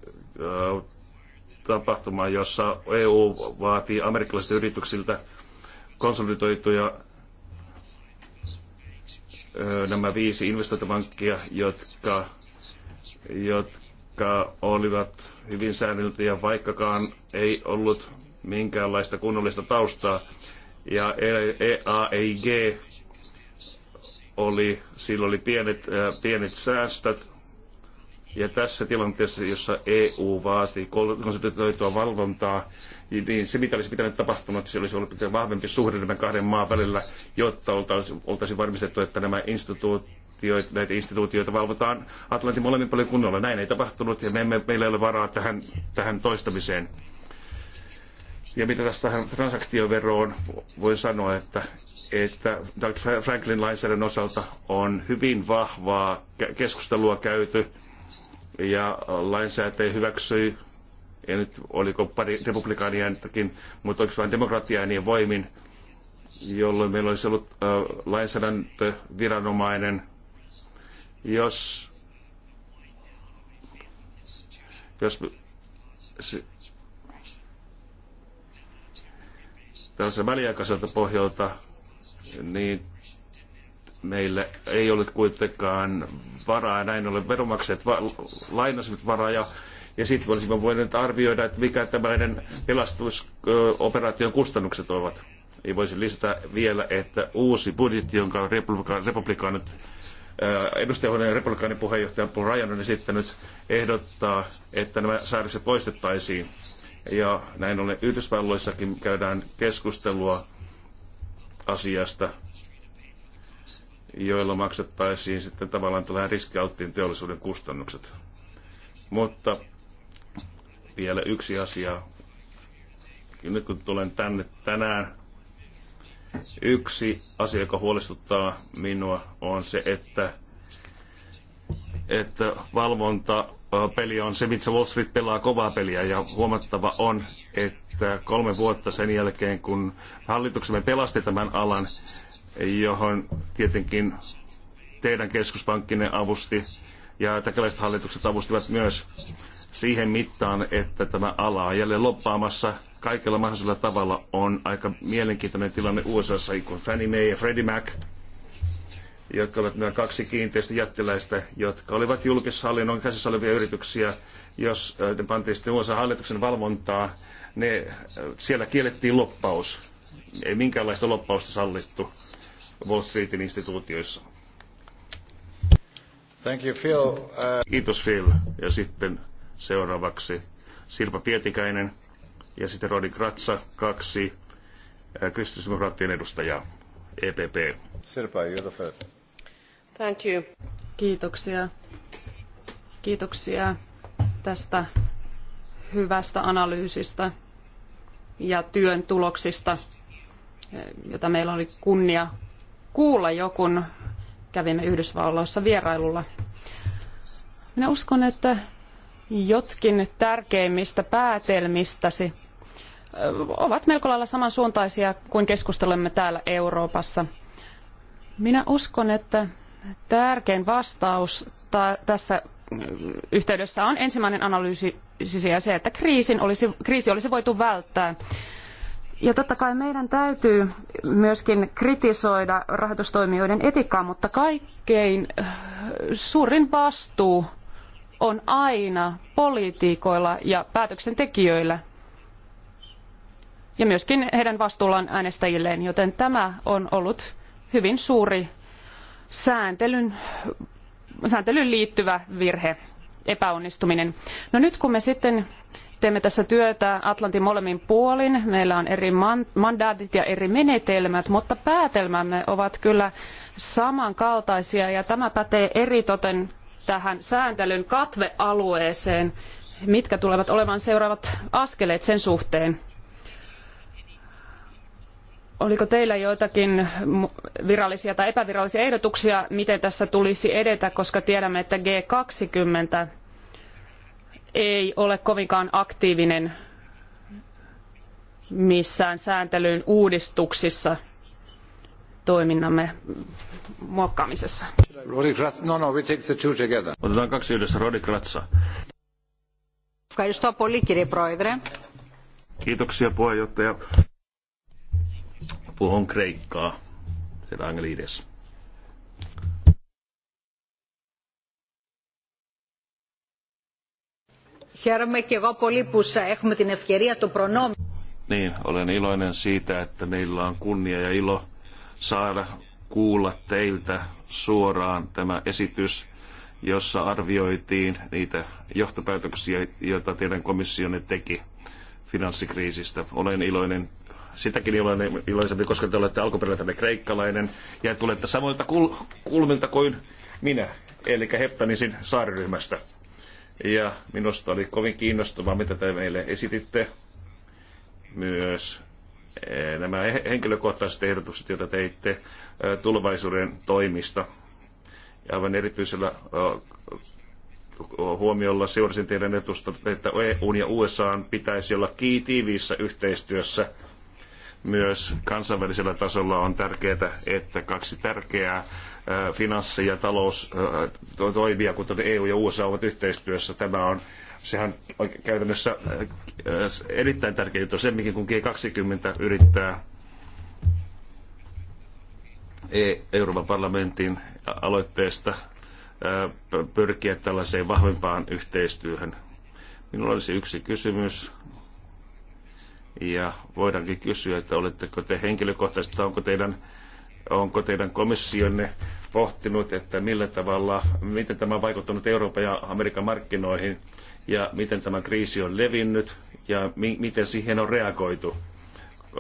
tapahtumaa, jossa EU vaatii amerikkalaisilta yrityksiltä konsolidoituja nämä viisi investointipankkia, jotka, jotka olivat hyvin säänneltyjä, vaikkakaan ei ollut minkäänlaista kunnollista taustaa. Ja EAEG oli, sillä oli pienet, äh, pienet säästöt. Ja tässä tilanteessa, jossa EU vaatii konsultoitua valvontaa, niin se mitä olisi pitänyt tapahtua, että se olisi ollut vahvempi suhde nämä kahden maan välillä, jotta oltaisiin oltaisi varmistettu, että nämä instituutioit, näitä instituutioita valvotaan Atlantin molemmin paljon kunnolla. Näin ei tapahtunut ja me emme, meillä ei ole varaa tähän, tähän toistamiseen. Ja mitä tästä tähän transaktioveroon voi sanoa, että, että Dr. Franklin lainsäädännön osalta on hyvin vahvaa keskustelua käyty ja lainsäätäjä hyväksyi, En nyt oliko pari republikaaniääntäkin, mutta oliko vain demokratiaäänien voimin, jolloin meillä olisi ollut lainsäädäntöviranomainen, jos, jos tältä väliaikaiselta pohjalta, niin meillä ei ollut kuitenkaan varaa, näin ollen veromakset, va- lainasivat varaa ja, ja sitten olisimme voineet arvioida, että mikä tämmöinen pelastusoperaation kustannukset ovat. Ei voisi lisätä vielä, että uusi budjetti, jonka republika- republikaanit edustajahuoneen republikaanin puheenjohtaja Paul Ryan on esittänyt, ehdottaa, että nämä säädökset poistettaisiin. Ja näin ollen Yhdysvalloissakin käydään keskustelua asiasta, joilla maksettaisiin sitten tavallaan tällainen riskialttiin teollisuuden kustannukset. Mutta vielä yksi asia. Nyt kun tulen tänne tänään, yksi asia, joka huolestuttaa minua, on se, että, että valvonta peli on se, missä Wall Street pelaa kovaa peliä ja huomattava on, että kolme vuotta sen jälkeen, kun hallituksemme pelasti tämän alan, johon tietenkin teidän keskuspankkinne avusti ja täkäläiset hallitukset avustivat myös siihen mittaan, että tämä ala on jälleen loppaamassa kaikella mahdollisella tavalla on aika mielenkiintoinen tilanne USA, kun Fannie Mae ja Freddie Mac jotka ovat nämä kaksi kiinteistöjättiläistä, jotka olivat julkishallinnon käsissä olevia yrityksiä. Jos ne pantiin sitten USA hallituksen valvontaa, ne, siellä kiellettiin loppaus. Ei minkäänlaista loppausta sallittu Wall Streetin instituutioissa. Thank you, Phil. Uh... Kiitos Phil. Ja sitten seuraavaksi Sirpa Pietikäinen ja sitten Rodi Kratsa, kaksi kristillisdemokraattien edustajaa, EPP. Sirpa, you're the first. Thank you. Kiitoksia. Kiitoksia tästä hyvästä analyysistä ja työn tuloksista, jota meillä oli kunnia kuulla jo, kun kävimme Yhdysvalloissa vierailulla. Minä uskon, että jotkin tärkeimmistä päätelmistäsi ovat melko lailla samansuuntaisia kuin keskustelemme täällä Euroopassa. Minä uskon, että tärkein vastaus tässä mm, yhteydessä on ensimmäinen analyysi siis ja se, että kriisin olisi, kriisi olisi voitu välttää. Ja totta kai meidän täytyy myöskin kritisoida rahoitustoimijoiden etiikkaa, mutta kaikkein äh, suurin vastuu on aina poliitikoilla ja päätöksentekijöillä ja myöskin heidän vastuullaan äänestäjilleen, joten tämä on ollut hyvin suuri sääntelyn, sääntelyyn liittyvä virhe, epäonnistuminen. No nyt kun me sitten teemme tässä työtä Atlantin molemmin puolin, meillä on eri mandaatit ja eri menetelmät, mutta päätelmämme ovat kyllä samankaltaisia ja tämä pätee eritoten tähän sääntelyn katvealueeseen, mitkä tulevat olemaan seuraavat askeleet sen suhteen. Oliko teillä joitakin virallisia tai epävirallisia ehdotuksia, miten tässä tulisi edetä, koska tiedämme, että G20 ei ole kovinkaan aktiivinen missään sääntelyn uudistuksissa toiminnamme muokkaamisessa. No, no, we take the two together. Otetaan kaksi yhdessä. Rodi Kratsa. Kiitoksia puheenjohtaja. Puhun kreikkaa, siellä Angliidessa. Χαίρομαι και εγώ πολύ που έχουμε την ευκαιρία το προνόμιο. Niin, olen iloinen siitä, että meillä on kunnia ja ilo saada kuulla teiltä suoraan tämä esitys, jossa arvioitiin niitä johtopäätöksiä, joita teidän komissionne teki finanssikriisistä. Olen iloinen sitäkin iloisempi, koska te olette alkuperäinen kreikkalainen ja tulette samoilta kul- kulmilta kuin minä, eli Heptanisin saariryhmästä. Ja minusta oli kovin kiinnostavaa, mitä te meille esititte. Myös eh, nämä henkilökohtaiset ehdotukset, joita teitte eh, tulevaisuuden toimista. Ja aivan erityisellä eh, huomiolla seurasin teidän etusta, että EUn ja USA pitäisi olla tiiviissä yhteistyössä – myös kansainvälisellä tasolla on tärkeää, että kaksi tärkeää finanssi- ja taloustoimia, kuten EU ja USA ovat yhteistyössä. Tämä on sehän on käytännössä erittäin tärkeä juttu, semminkin kun G20 yrittää e Euroopan parlamentin aloitteesta pyrkiä tällaiseen vahvempaan yhteistyöhön. Minulla olisi yksi kysymys ja voidaankin kysyä, että oletteko te henkilökohtaisesti, onko teidän, onko teidän komissionne pohtinut, että millä tavalla, miten tämä on vaikuttanut Euroopan ja Amerikan markkinoihin ja miten tämä kriisi on levinnyt ja mi- miten siihen on reagoitu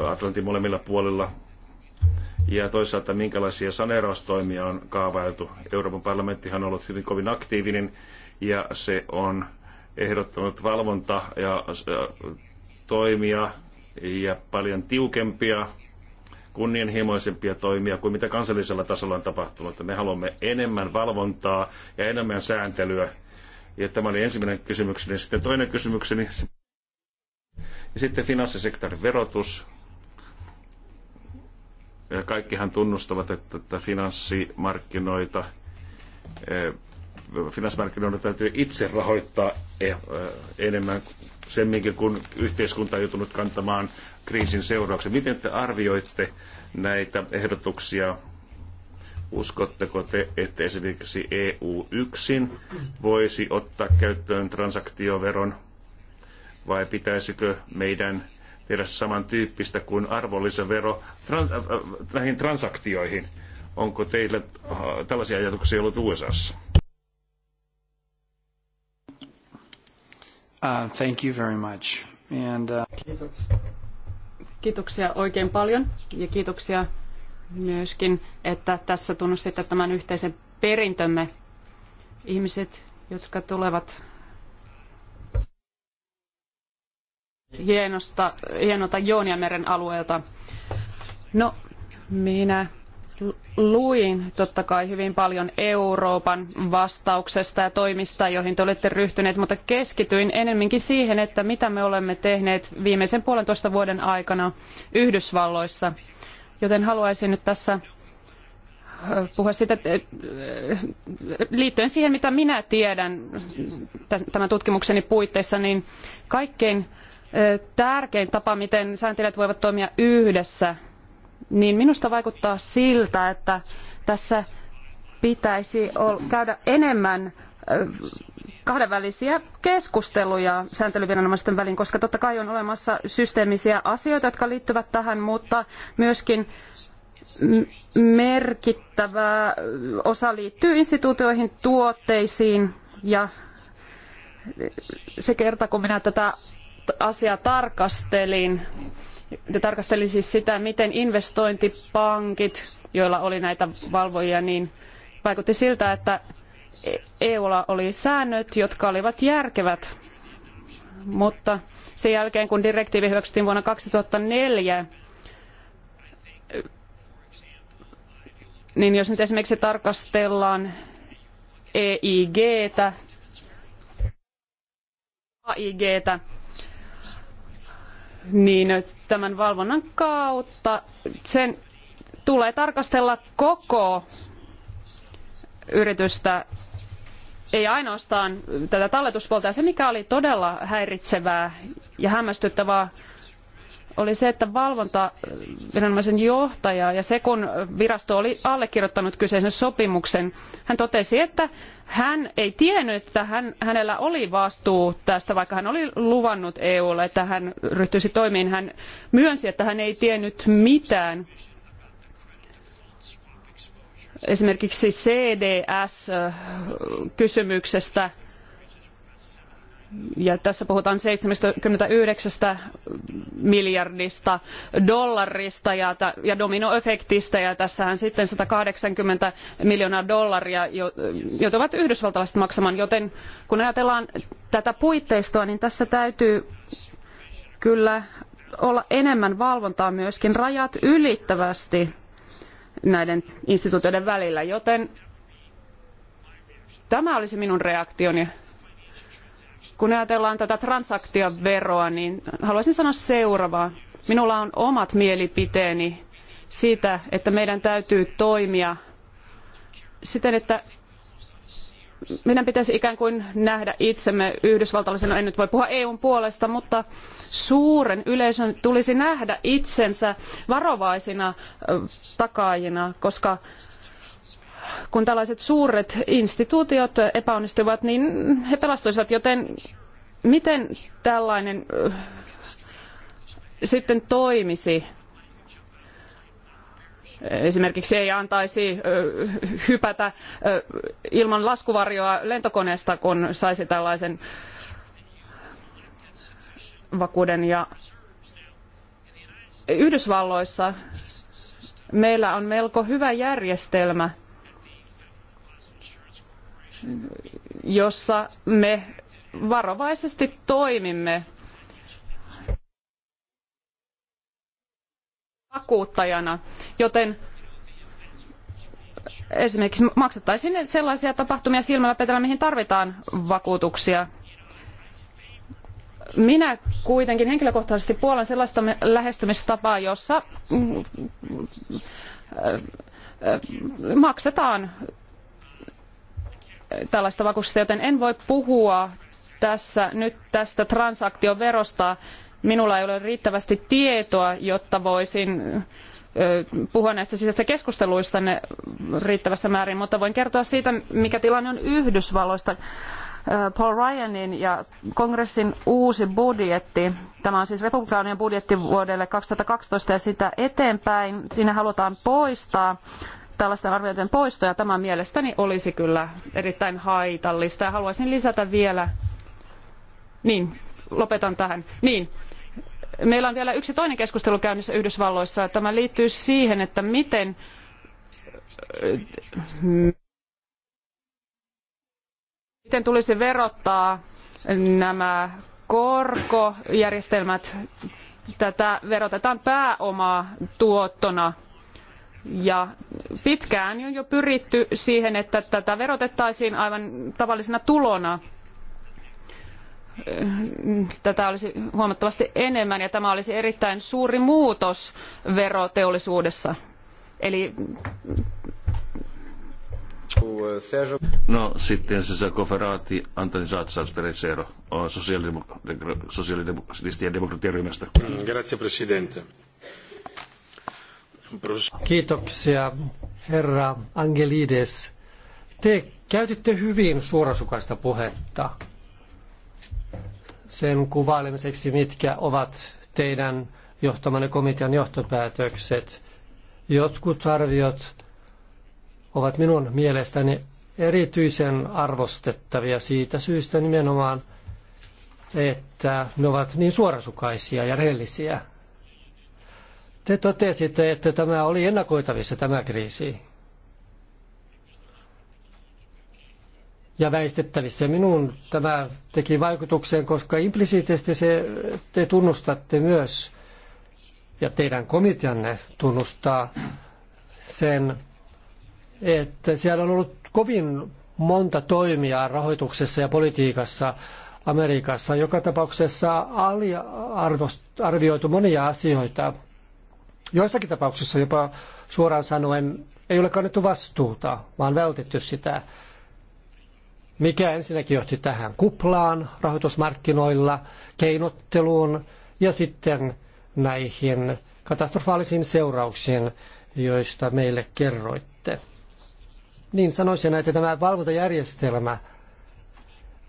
Atlantin molemmilla puolilla ja toisaalta minkälaisia saneeraustoimia on kaavailtu. Euroopan parlamenttihan on ollut hyvin kovin aktiivinen ja se on ehdottanut valvonta- ja äh, toimia ja paljon tiukempia, kunnianhimoisempia toimia kuin mitä kansallisella tasolla on tapahtunut. Me haluamme enemmän valvontaa ja enemmän sääntelyä. Ja tämä oli ensimmäinen kysymykseni. Sitten toinen kysymykseni. Ja sitten finanssisektorin verotus. Ja kaikkihan tunnustavat, että, että finanssimarkkinoita eh, finanssimarkkinoiden täytyy itse rahoittaa eh, enemmän semminkin kun yhteiskunta on joutunut kantamaan kriisin seurauksia. Miten te arvioitte näitä ehdotuksia? Uskotteko te, että esimerkiksi EU yksin voisi ottaa käyttöön transaktioveron vai pitäisikö meidän tehdä samantyyppistä kuin arvonlisävero trans, äh, äh, näihin transaktioihin? Onko teillä äh, tällaisia ajatuksia ollut USAssa? Uh, thank you very much. And, uh... Kiitoksia. Kiitoksia oikein paljon ja kiitoksia myöskin, että tässä tunnustitte tämän yhteisen perintömme. Ihmiset, jotka tulevat hienosta, hienolta Jooniameren alueelta. No, minä luin totta kai hyvin paljon Euroopan vastauksesta ja toimista, joihin te olette ryhtyneet, mutta keskityin enemminkin siihen, että mitä me olemme tehneet viimeisen puolentoista vuoden aikana Yhdysvalloissa. Joten haluaisin nyt tässä puhua siitä, liittyen siihen, mitä minä tiedän tämän tutkimukseni puitteissa, niin kaikkein tärkein tapa, miten sääntelijät voivat toimia yhdessä – niin minusta vaikuttaa siltä, että tässä pitäisi käydä enemmän kahdenvälisiä keskusteluja sääntelyviranomaisten välillä, koska totta kai on olemassa systeemisiä asioita, jotka liittyvät tähän, mutta myöskin merkittävä osa liittyy instituutioihin, tuotteisiin ja se kerta, kun minä tätä asiaa tarkastelin. Ja tarkastelin siis sitä, miten investointipankit, joilla oli näitä valvojia, niin vaikutti siltä, että EUlla oli säännöt, jotka olivat järkevät. Mutta sen jälkeen, kun direktiivi hyväksyttiin vuonna 2004, niin jos nyt esimerkiksi tarkastellaan EIGtä, AIGtä, niin tämän valvonnan kautta sen tulee tarkastella koko yritystä, ei ainoastaan tätä talletuspuolta. Ja se, mikä oli todella häiritsevää ja hämmästyttävää, oli se, että valvontaviranomaisen johtaja ja se, kun virasto oli allekirjoittanut kyseisen sopimuksen, hän totesi, että hän ei tiennyt, että hän, hänellä oli vastuu tästä, vaikka hän oli luvannut EUlle, että hän ryhtyisi toimiin. Hän myönsi, että hän ei tiennyt mitään esimerkiksi CDS-kysymyksestä äh, ja tässä puhutaan seitsemänkymmentäyhdeksän miljardista dollarista ja, dominoefektistä ja tässähän sitten 180 miljoonaa dollaria joutuvat yhdysvaltalaiset maksamaan, joten kun ajatellaan tätä puitteistoa, niin tässä täytyy kyllä olla enemmän valvontaa myöskin rajat ylittävästi näiden instituutioiden välillä, joten tämä olisi minun reaktioni kun ajatellaan tätä transaktioveroa, niin haluaisin sanoa seuraavaa. Minulla on omat mielipiteeni siitä, että meidän täytyy toimia siten, että meidän pitäisi ikään kuin nähdä itsemme yhdysvaltalaisena, en nyt voi puhua EUn puolesta, mutta suuren yleisön tulisi nähdä itsensä varovaisina takaajina, koska kun tällaiset suuret instituutiot epäonnistuivat, niin he pelastuisivat, joten miten tällainen sitten toimisi? Esimerkiksi ei antaisi hypätä ilman laskuvarjoa lentokoneesta, kun saisi tällaisen vakuuden. Ja Yhdysvalloissa meillä on melko hyvä järjestelmä – jossa me varovaisesti toimimme vakuuttajana, joten esimerkiksi maksettaisiin sellaisia tapahtumia silmällä petellä, mihin tarvitaan vakuutuksia. Minä kuitenkin henkilökohtaisesti puolen sellaista lähestymistapaa, jossa mm, äh, äh, maksetaan tällaista vakuuksista, joten en voi puhua tässä nyt tästä transaktioverosta. Minulla ei ole riittävästi tietoa, jotta voisin puhua näistä sisäisistä keskusteluista ne riittävässä määrin, mutta voin kertoa siitä, mikä tilanne on Yhdysvalloista. Paul Ryanin ja kongressin uusi budjetti, tämä on siis republikaanien budjetti vuodelle 2012 ja sitä eteenpäin, siinä halutaan poistaa tällaisten arvioiden ja Tämä mielestäni olisi kyllä erittäin haitallista. Ja haluaisin lisätä vielä, niin lopetan tähän, niin meillä on vielä yksi toinen keskustelu käynnissä Yhdysvalloissa. Tämä liittyy siihen, että miten miten tulisi verottaa nämä korkojärjestelmät. Tätä verotetaan pääomaa tuottona ja pitkään on jo pyritty siihen, että tätä verotettaisiin aivan tavallisena tulona. Tätä olisi huomattavasti enemmän ja tämä olisi erittäin suuri muutos veroteollisuudessa. Eli No sitten se Koferaati Antoni Satsas Pereseero sosiaalidemokraattien demokratiaryhmästä. Grazie Presidente. Kiitoksia, herra Angelides. Te käytitte hyvin suorasukaista puhetta sen kuvailemiseksi, mitkä ovat teidän johtamanne komitean johtopäätökset. Jotkut arviot ovat minun mielestäni erityisen arvostettavia siitä syystä nimenomaan, että ne ovat niin suorasukaisia ja rehellisiä. Te totesitte, että tämä oli ennakoitavissa tämä kriisi. ja väistettävissä. Minun tämä teki vaikutuksen, koska implisiitisesti se, te tunnustatte myös, ja teidän komiteanne tunnustaa sen, että siellä on ollut kovin monta toimia rahoituksessa ja politiikassa Amerikassa. Joka tapauksessa arvioitu monia asioita Joissakin tapauksissa jopa suoraan sanoen ei ole kannettu vastuuta, vaan vältetty sitä. Mikä ensinnäkin johti tähän kuplaan rahoitusmarkkinoilla, keinotteluun ja sitten näihin katastrofaalisiin seurauksiin, joista meille kerroitte. Niin sanoisin, että tämä valvontajärjestelmä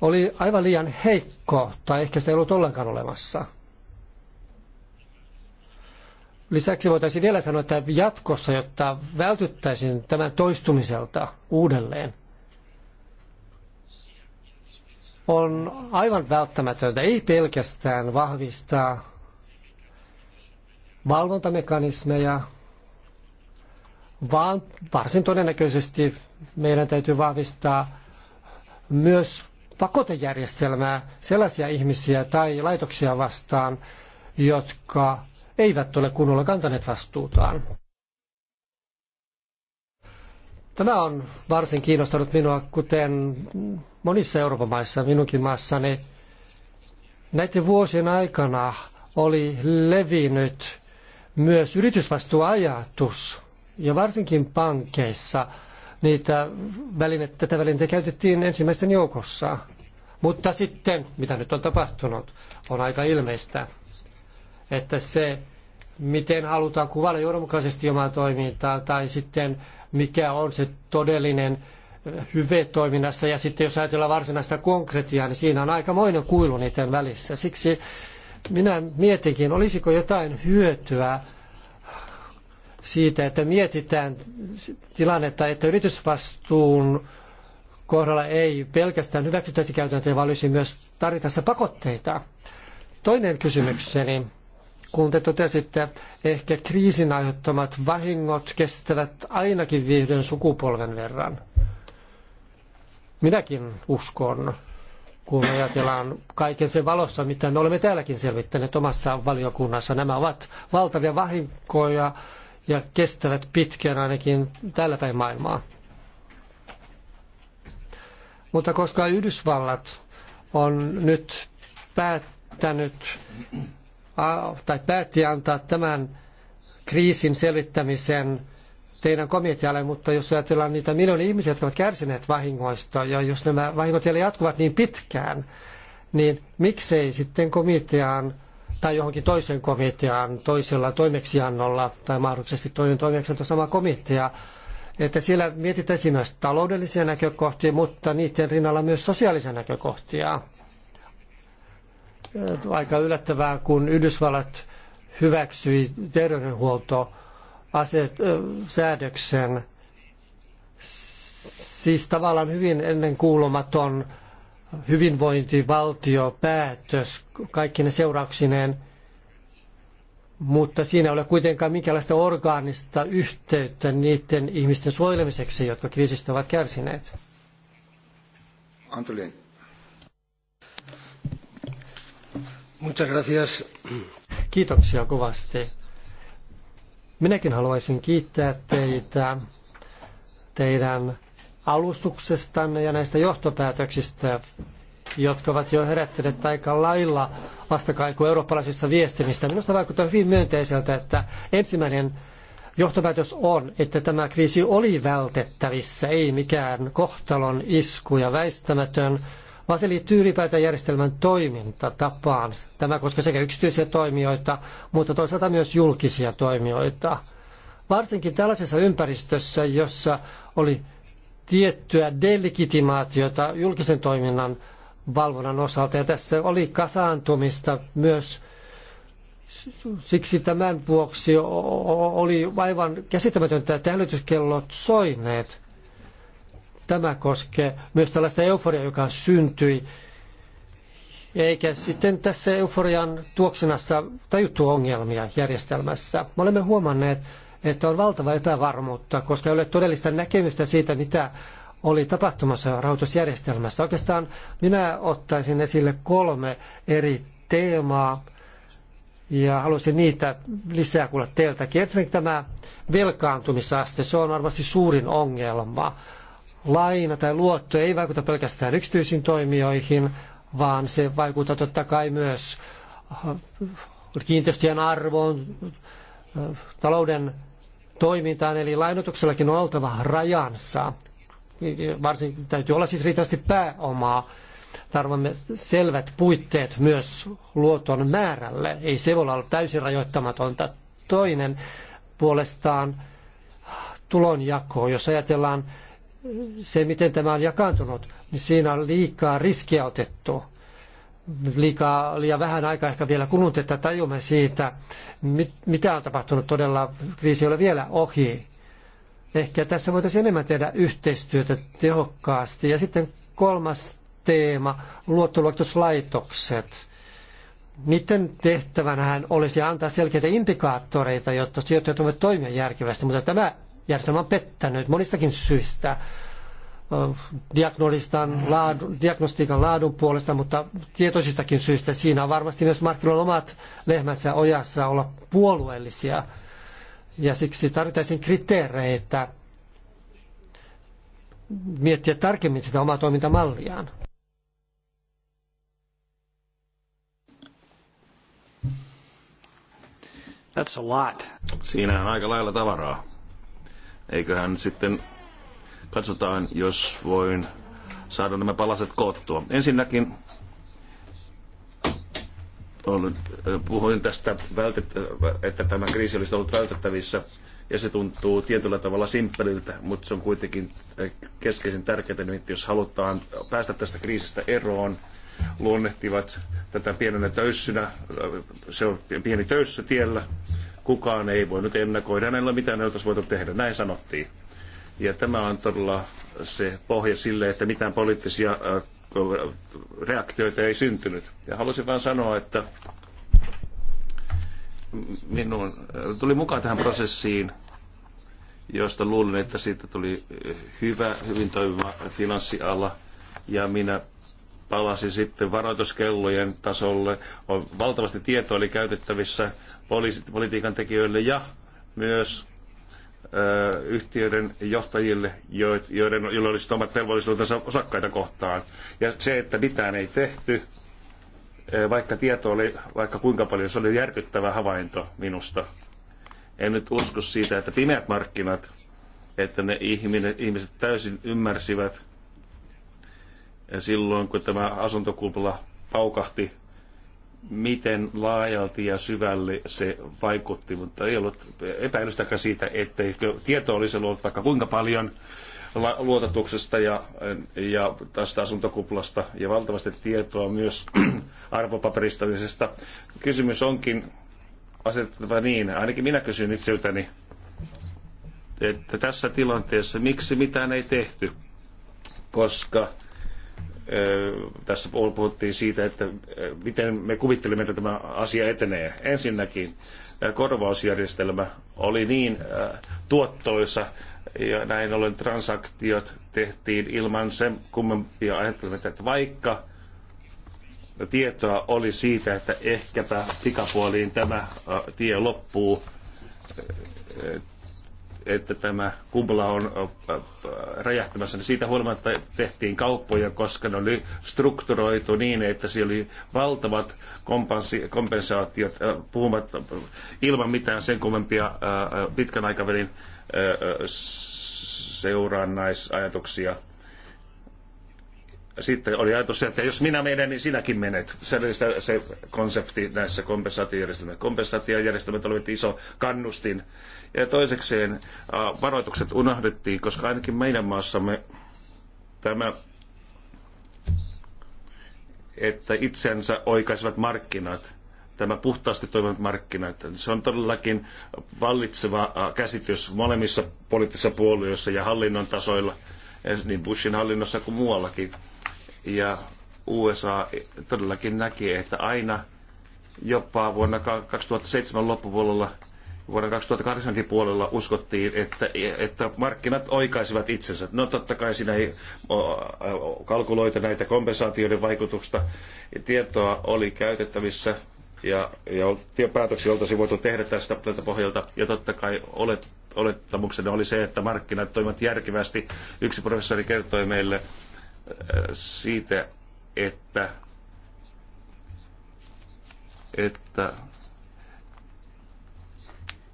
oli aivan liian heikko, tai ehkä sitä ei ollut ollenkaan olemassa. Lisäksi voitaisiin vielä sanoa, että jatkossa, jotta vältyttäisiin tämän toistumiselta uudelleen, on aivan välttämätöntä ei pelkästään vahvistaa valvontamekanismeja, vaan varsin todennäköisesti meidän täytyy vahvistaa myös pakotejärjestelmää sellaisia ihmisiä tai laitoksia vastaan, jotka eivät ole kunnolla kantaneet vastuutaan. Tämä on varsin kiinnostanut minua, kuten monissa Euroopan maissa, minunkin maassani. Näiden vuosien aikana oli levinnyt myös yritysvastuuajatus, ja varsinkin pankeissa niitä välineitä, tätä välinettä käytettiin ensimmäisten joukossa. Mutta sitten, mitä nyt on tapahtunut, on aika ilmeistä että se, miten halutaan kuvailla johdonmukaisesti omaa toimintaa tai sitten mikä on se todellinen eh, hyve toiminnassa ja sitten jos ajatellaan varsinaista konkretiaa, niin siinä on aikamoinen kuilu niiden välissä. Siksi minä mietinkin, olisiko jotain hyötyä siitä, että mietitään tilannetta, että yritysvastuun kohdalla ei pelkästään hyväksyttäisi käytäntöjä, vaan olisi myös tarvittaessa pakotteita. Toinen kysymykseni kun te totesitte, että ehkä kriisin aiheuttamat vahingot kestävät ainakin viiden sukupolven verran. Minäkin uskon, kun ajatellaan kaiken sen valossa, mitä me olemme täälläkin selvittäneet omassa valiokunnassa. Nämä ovat valtavia vahinkoja ja kestävät pitkään ainakin tällä päin maailmaa. Mutta koska Yhdysvallat on nyt päättänyt tai päätti antaa tämän kriisin selvittämisen teidän komitealle, mutta jos ajatellaan niitä miljoonia ihmisiä, jotka ovat kärsineet vahingoista, ja jos nämä vahingot vielä jatkuvat niin pitkään, niin miksei sitten komiteaan tai johonkin toiseen komiteaan toisella toimeksiannolla tai mahdollisesti toinen toimeksianto sama komitea, että siellä mietittäisiin myös taloudellisia näkökohtia, mutta niiden rinnalla myös sosiaalisia näkökohtia. Äh, aika yllättävää, kun Yhdysvallat hyväksyi terveydenhuoltosäädöksen. Äh, siis tavallaan hyvin ennenkuulumaton hyvinvointivaltiopäätös kaikkine seurauksineen, mutta siinä ei ole kuitenkaan minkäänlaista orgaanista yhteyttä niiden ihmisten suojelemiseksi, jotka kriisistä ovat kärsineet. Antolin. Muchas gracias. Kiitoksia kovasti. Minäkin haluaisin kiittää teitä teidän alustuksestanne ja näistä johtopäätöksistä, jotka ovat jo herättäneet aika lailla vastakaiku eurooppalaisissa viestimistä. Minusta vaikuttaa hyvin myönteiseltä, että ensimmäinen johtopäätös on, että tämä kriisi oli vältettävissä, ei mikään kohtalon isku ja väistämätön vaan se liittyy ylipäätään järjestelmän toimintatapaan. Tämä koskee sekä yksityisiä toimijoita, mutta toisaalta myös julkisia toimijoita. Varsinkin tällaisessa ympäristössä, jossa oli tiettyä delegitimaatiota julkisen toiminnan valvonnan osalta. Ja tässä oli kasaantumista myös siksi tämän vuoksi oli aivan käsittämätöntä, että hälytyskellot soineet. Tämä koskee myös tällaista euforiaa, joka syntyi. Eikä sitten tässä euforian tuoksinassa tajuttu ongelmia järjestelmässä. Me olemme huomanneet, että on valtava epävarmuutta, koska ei ole todellista näkemystä siitä, mitä oli tapahtumassa rahoitusjärjestelmässä. Oikeastaan minä ottaisin esille kolme eri teemaa ja haluaisin niitä lisää kuulla teiltäkin. Ensinnäkin tämä velkaantumisaste, se on varmasti suurin ongelma laina tai luotto ei vaikuta pelkästään yksityisiin toimijoihin, vaan se vaikuttaa totta kai myös äh, kiinteistöjen arvoon, äh, talouden toimintaan, eli lainotuksellakin on oltava rajansa. Varsin täytyy olla siis riittävästi pääomaa. Tarvamme selvät puitteet myös luoton määrälle. Ei se voi olla täysin rajoittamatonta. Toinen puolestaan tulonjako, jos ajatellaan se, miten tämä on jakaantunut, niin siinä on liikaa riskiä otettu. Liikaa, liian vähän aikaa ehkä vielä kulunut, että tajumme siitä, mit, mitä on tapahtunut todella. Kriisi ei ole vielä ohi. Ehkä tässä voitaisiin enemmän tehdä yhteistyötä tehokkaasti. Ja sitten kolmas teema, luottoluokituslaitokset. Niiden tehtävänähän olisi antaa selkeitä indikaattoreita, jotta sijoittajat voivat toimia järkevästi, mutta tämä järjestelmä on pettänyt monistakin syistä. Diagnostiikan, mm-hmm. laadun, diagnostiikan laadun puolesta, mutta tietoisistakin syistä. Siinä on varmasti myös markkinoilla omat lehmänsä ojassa olla puolueellisia. Ja siksi tarvitaan kriteereitä miettiä tarkemmin sitä omaa toimintamalliaan. That's a lot. Siinä on aika lailla tavaraa. Eiköhän sitten katsotaan, jos voin saada nämä palaset koottua. Ensinnäkin äh, puhuin tästä, äh, että tämä kriisi olisi ollut vältettävissä ja se tuntuu tietyllä tavalla simppeliltä, mutta se on kuitenkin äh, keskeisen tärkeää, niin että jos halutaan päästä tästä kriisistä eroon, luonnehtivat tätä pienenä töyssynä, se on pieni töyssä tiellä, kukaan ei voinut ennakoida, hänellä mitään ei oltaisi voitu tehdä, näin sanottiin. Ja tämä on todella se pohja sille, että mitään poliittisia äh, reaktioita ei syntynyt. Ja halusin vain sanoa, että minun äh, tuli mukaan tähän prosessiin, josta luulin, että siitä tuli äh, hyvä, hyvin toimiva finanssiala. Ja minä palasin sitten varoituskellojen tasolle. On valtavasti tietoa oli käytettävissä politiikan tekijöille ja myös yhtiöiden johtajille, joiden, joilla olisi omat velvollisuutensa osakkaita kohtaan. Ja se, että mitään ei tehty, vaikka tieto oli vaikka kuinka paljon, se oli järkyttävä havainto minusta. En nyt usko siitä, että pimeät markkinat, että ne ihmiset täysin ymmärsivät ja silloin, kun tämä asuntokupla paukahti miten laajalti ja syvälle se vaikutti, mutta ei ollut epäilystäkään siitä, etteikö tieto olisi ollut vaikka kuinka paljon luototuksesta ja, ja tästä asuntokuplasta ja valtavasti tietoa myös *clears throat* arvopaperistamisesta. Kysymys onkin asetettava niin, ainakin minä kysyn itseltäni, että tässä tilanteessa miksi mitään ei tehty, koska tässä puhuttiin siitä, että miten me kuvittelimme, että tämä asia etenee. Ensinnäkin korvausjärjestelmä oli niin tuottoisa, ja näin ollen transaktiot tehtiin ilman sen kummempia ajattelmia, että vaikka tietoa oli siitä, että ehkäpä pikapuoliin tämä tie loppuu, että tämä kumpula on räjähtämässä, niin siitä huolimatta tehtiin kauppoja, koska ne oli strukturoitu niin, että siellä oli valtavat kompensaatiot, puhumat ilman mitään sen kummempia pitkän aikavälin seurannaisajatuksia. Sitten oli ajatus että jos minä menen, niin sinäkin menet. Se oli se, se konsepti näissä kompensaatiojärjestelmissä. Kompensaatiojärjestelmät olivat iso kannustin ja toisekseen varoitukset unohdettiin, koska ainakin meidän maassamme tämä että itsensä oikaisivat markkinat, tämä puhtaasti toimivat markkinat, se on todellakin vallitseva käsitys molemmissa poliittisissa puolueissa ja hallinnon tasoilla, eh, niin Bushin hallinnossa kuin muuallakin. Ja USA todellakin näki, että aina jopa vuonna 2007 loppupuolella vuoden 2008 puolella uskottiin, että, että markkinat oikaisivat itsensä. No totta kai siinä ei kalkuloita näitä kompensaatioiden vaikutusta. Tietoa oli käytettävissä ja, ja päätöksiä oltaisiin voitu tehdä tästä tältä pohjalta. Ja totta kai olet, olettamuksena oli se, että markkinat toimivat järkevästi. Yksi professori kertoi meille siitä, että, että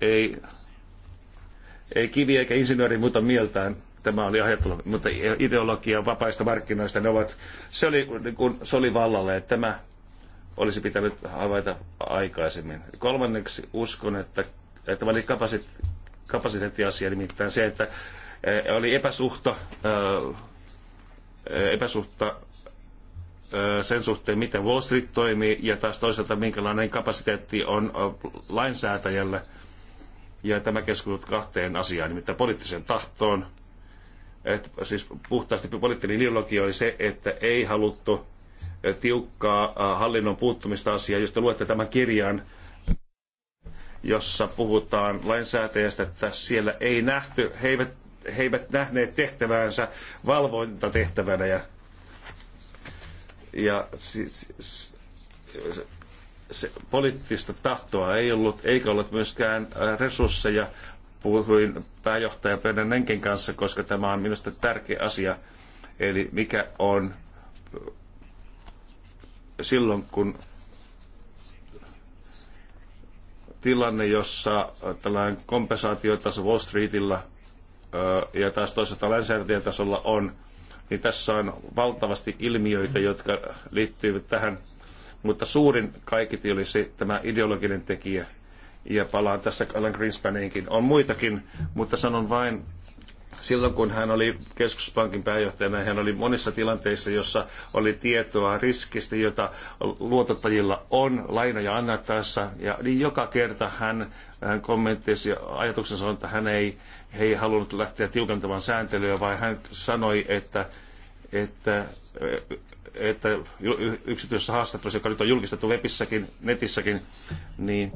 ei, ei kivi eikä insinööri muuta mieltään. Tämä oli ajattelu, mutta ideologia vapaista markkinoista, ne ovat, se oli, niin kuin, se oli vallalle, että tämä olisi pitänyt havaita aikaisemmin. Kolmanneksi uskon, että, että tämä oli kapasit, kapasiteettiasia, nimittäin se, että eh, oli epäsuhta, eh, epäsuhta eh, sen suhteen, miten Wall Street toimii, ja taas toisaalta minkälainen kapasiteetti on lainsäätäjälle. Ja tämä keskustelut kahteen asiaan, nimittäin poliittiseen tahtoon. Et, siis puhtaasti poliittinen ideologia oli se, että ei haluttu eh, tiukkaa eh, hallinnon puuttumista asiaa, jos te luette tämän kirjan, jossa puhutaan lainsäätäjästä, että siellä ei nähty, he eivät, he eivät nähneet tehtäväänsä valvontatehtävänä. Ja, ja siis, se poliittista tahtoa ei ollut, eikä ollut myöskään äh, resursseja. Puhuin pääjohtaja Pöydänenkin kanssa, koska tämä on minusta tärkeä asia. Eli mikä on äh, silloin, kun tilanne, jossa äh, tällainen kompensaatiotaso Wall Streetillä ja taas toisaalta lainsäädäntötasolla on, niin tässä on valtavasti ilmiöitä, jotka liittyvät tähän mutta suurin kaikiti oli se tämä ideologinen tekijä. Ja palaan tässä Alan Greenspaninkin. On muitakin, mutta sanon vain silloin kun hän oli keskuspankin pääjohtajana, hän oli monissa tilanteissa, jossa oli tietoa riskistä, jota luotottajilla on lainoja annettaessa. Ja niin joka kerta hän, hän ja ajatuksensa on, että hän ei, ei halunnut lähteä tiukentamaan sääntelyä, vaan hän sanoi, että, että että yksityisessä haastattelussa, joka nyt on julkistettu webissäkin, netissäkin, niin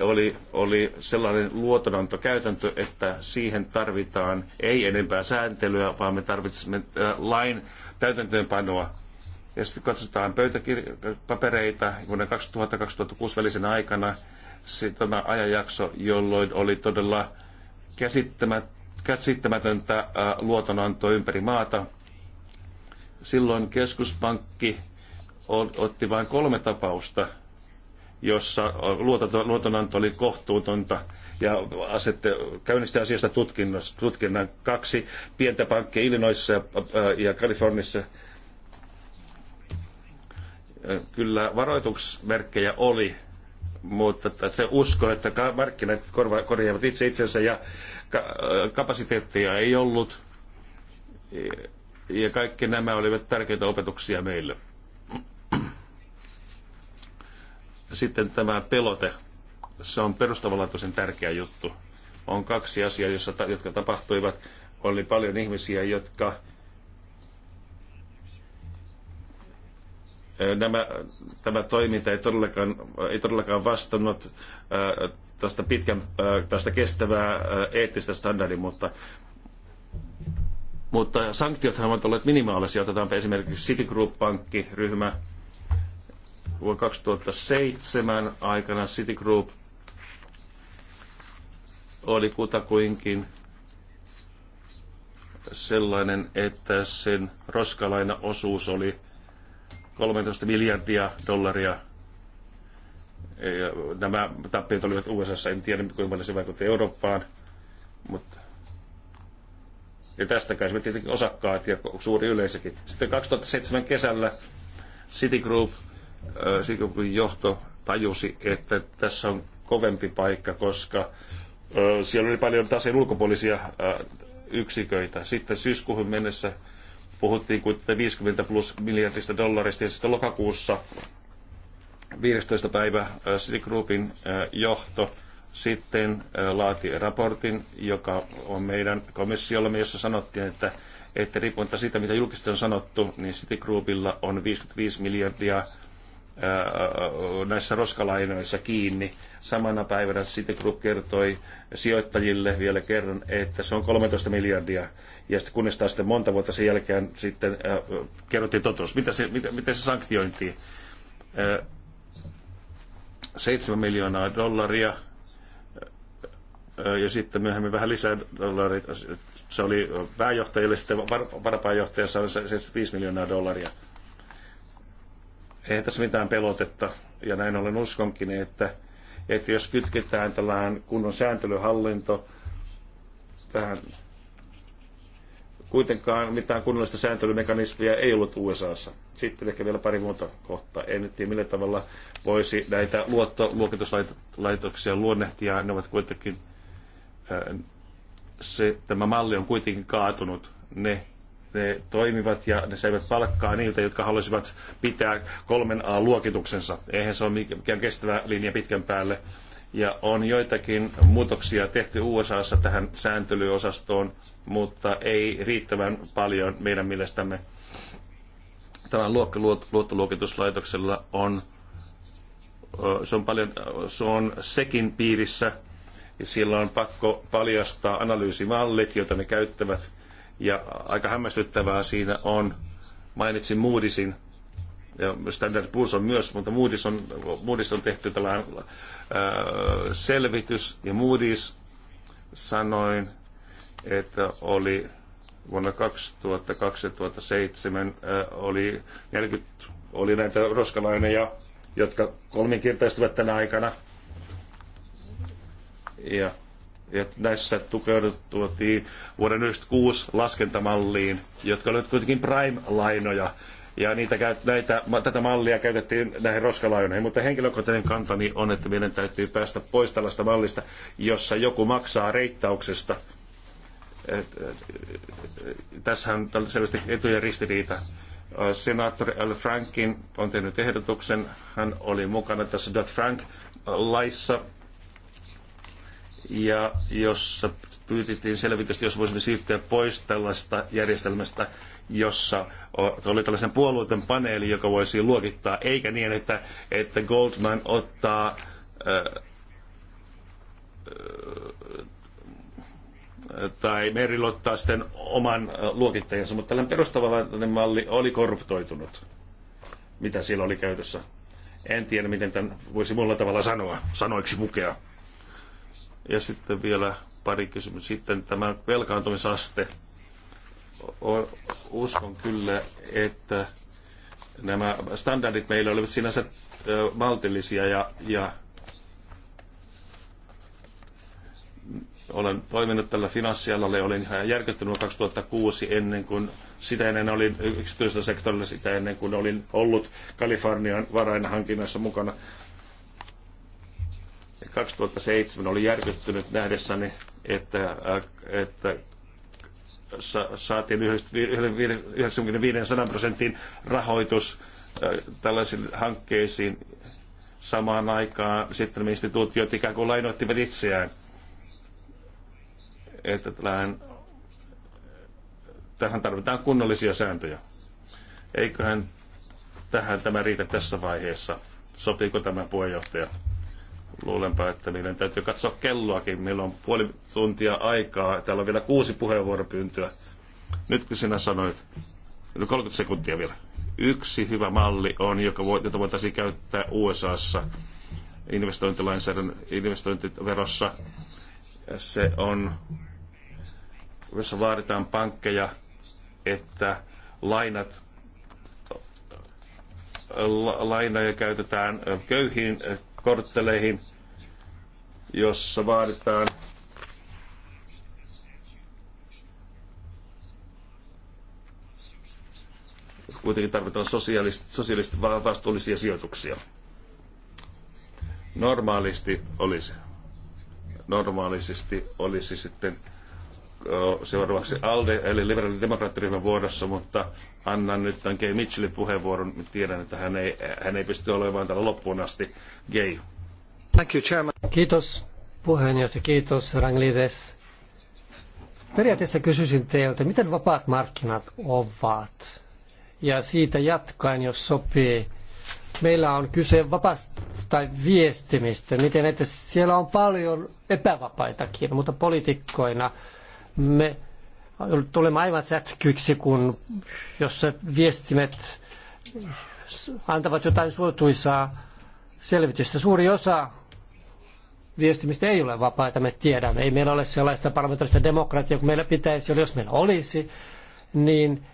oli, oli sellainen luotonantokäytäntö, että siihen tarvitaan ei enempää sääntelyä, vaan me tarvitsemme äh, lain täytäntöönpanoa. Ja sitten katsotaan pöytäpapereita vuonna 2000-2006 välisen aikana, sitten tämä ajanjakso, jolloin oli todella käsittämätöntä äh, luotonantoa ympäri maata – Silloin keskuspankki otti vain kolme tapausta, jossa luotonanto oli kohtuutonta ja asette, käynnisti asiasta tutkinnan kaksi pientä pankkia Illinoisissa ja, ja Kaliforniassa. Kyllä varoitusmerkkejä oli, mutta se usko, että markkinat korjaavat itse itsensä ja kapasiteettia ei ollut ja kaikki nämä olivat tärkeitä opetuksia meille. Sitten tämä pelote. Se on perustavanlaatuisen tärkeä juttu. On kaksi asiaa, jossa, jotka tapahtuivat. Oli paljon ihmisiä, jotka nämä, tämä toiminta ei todellakaan, ei todellakaan vastannut tästä, pitkän, tästä kestävää eettistä standardia, mutta mutta sanktiothan ovat olleet minimaalisia. Otetaanpa esimerkiksi Citigroup pankkiryhmä. Vuonna 2007 aikana Citigroup oli kutakuinkin sellainen, että sen osuus oli 13 miljardia dollaria. Ja nämä tappiot olivat USA, en tiedä kuinka paljon se vaikutti Eurooppaan, mutta ja tästä me tietenkin osakkaat ja suuri yleisökin. Sitten 2007 kesällä Citigroup, Citigroupin johto tajusi, että tässä on kovempi paikka, koska siellä oli paljon taseen ulkopuolisia yksiköitä. Sitten syyskuuhun mennessä puhuttiin kuin 50 plus miljardista dollarista ja sitten lokakuussa 15. päivä Citigroupin johto sitten laati raportin, joka on meidän komissiolla, jossa sanottiin, että, että riippumatta siitä, mitä julkisesti on sanottu, niin Citigroupilla on 55 miljardia näissä roskalainoissa kiinni. Samana päivänä Citigroup kertoi sijoittajille vielä kerran, että se on 13 miljardia. Ja sitten kunnes taas sitten monta vuotta sen jälkeen sitten äh, kerrottiin totuus. Mitä se, mitä, miten se sanktiointiin? Äh, 7 miljoonaa dollaria ja sitten myöhemmin vähän lisää dollaria. Se oli pääjohtajille, sitten oli se 5 miljoonaa dollaria. Ei tässä mitään pelotetta, ja näin ollen uskonkin, että, että jos kytketään tällainen kunnon sääntelyhallinto tähän, kuitenkaan mitään kunnollista sääntelymekanismia ei ollut USAssa. Sitten ehkä vielä pari muuta kohtaa. En nyt tiedä, millä tavalla voisi näitä luottoluokituslaitoksia luonnehtia. Ne ovat kuitenkin se, tämä malli on kuitenkin kaatunut. Ne, ne toimivat ja ne saivat palkkaa niiltä, jotka haluaisivat pitää kolmen A-luokituksensa. Eihän se ole mikään kestävä linja pitkän päälle. Ja on joitakin muutoksia tehty USAssa tähän sääntelyosastoon, mutta ei riittävän paljon meidän mielestämme. Tällä luottoluokituslaitoksella on, se on, paljon, se on sekin piirissä – ja siellä on pakko paljastaa analyysimallit, joita ne käyttävät. Ja aika hämmästyttävää siinä on, mainitsin Moodysin, ja Standard Poor's on myös, mutta Moody's on, Moody's on tehty tällainen äh, selvitys, ja Moody's sanoin, että oli vuonna 2007 äh, oli 40 oli näitä roskalaineja, jotka kolminkertaistuvat tänä aikana ja, ja näissä tukeuduttiin vuoden 1996 laskentamalliin, jotka olivat kuitenkin prime-lainoja. Ja niitä, näitä, tätä mallia käytettiin näihin roskalainoihin, mutta henkilökohtainen kantani on, että meidän täytyy päästä pois tällaista mallista, jossa joku maksaa reittauksesta. Tässä on selvästi etujen ristiriita. Senaattori L. Frankin on tehnyt ehdotuksen. Hän oli mukana tässä Dodd-Frank-laissa, ja jossa pyytettiin selvitystä, jos voisimme siirtyä pois tällaista järjestelmästä, jossa oli tällaisen puolueiden paneeli, joka voisi luokittaa, eikä niin, että, että Goldman ottaa tai Merrill ottaa sitten oman luokittajansa, mutta tällainen perustavanlainen malli oli korruptoitunut, mitä siellä oli käytössä. En tiedä, miten tämän voisi muulla tavalla sanoa, sanoiksi mukea. Ja sitten vielä pari kysymys. Sitten tämä velkaantumisaste. Uskon kyllä, että nämä standardit meillä olivat sinänsä maltillisia ja, ja olen toiminut tällä finanssialalla ja olin ihan järkyttynyt 2006 ennen kuin sitä ennen olin yksityisellä sektorilla sitä ennen kuin olin ollut Kalifornian varainhankinnassa mukana. 2007 oli järkyttynyt nähdessäni, että, että saatiin 95 prosentin rahoitus äh, tällaisiin hankkeisiin samaan aikaan. Sitten ne instituutiot ikään kuin lainoittivat itseään. Että tähän, tähän tarvitaan kunnollisia sääntöjä. Eiköhän tähän tämä riitä tässä vaiheessa. Sopiiko tämä puheenjohtaja? luulenpa, että meidän täytyy katsoa kelloakin. Meillä on puoli tuntia aikaa. Täällä on vielä kuusi puheenvuoropyyntöä. Nyt kun sinä sanoit, 30 no sekuntia vielä. Yksi hyvä malli on, joka voi, jota voitaisiin käyttää USAssa investointilainsäädännön investointiverossa. Se on, jossa vaaditaan pankkeja, että lainat lainoja käytetään köyhiin kortteleihin, jossa vaaditaan kuitenkin tarvitaan sosiaalisesti, vastuullisia sijoituksia. Normaalisti olisi, normaalisesti olisi sitten seuraavaksi ALDE, eli liberaalidemokraattiryhmän vuodossa, mutta annan nyt tämän Gay Mitchellin puheenvuoron. Tiedän, että hän ei, hän ei pysty olemaan täällä loppuun asti gay. Thank you, chairman. Kiitos puheenjohtaja, kiitos Ranglides. Periaatteessa kysyisin teiltä, miten vapaat markkinat ovat? Ja siitä jatkaen, jos sopii, meillä on kyse vapaasta viestimistä, miten että siellä on paljon epävapaitakin, mutta poliitikkoina me tulemme aivan sätkyiksi, kun jossa viestimet antavat jotain suotuisaa selvitystä. Suuri osa viestimistä ei ole vapaita, me tiedämme. Ei meillä ole sellaista parlamentaarista demokratiaa kuin meillä pitäisi olla. Jos meillä olisi, niin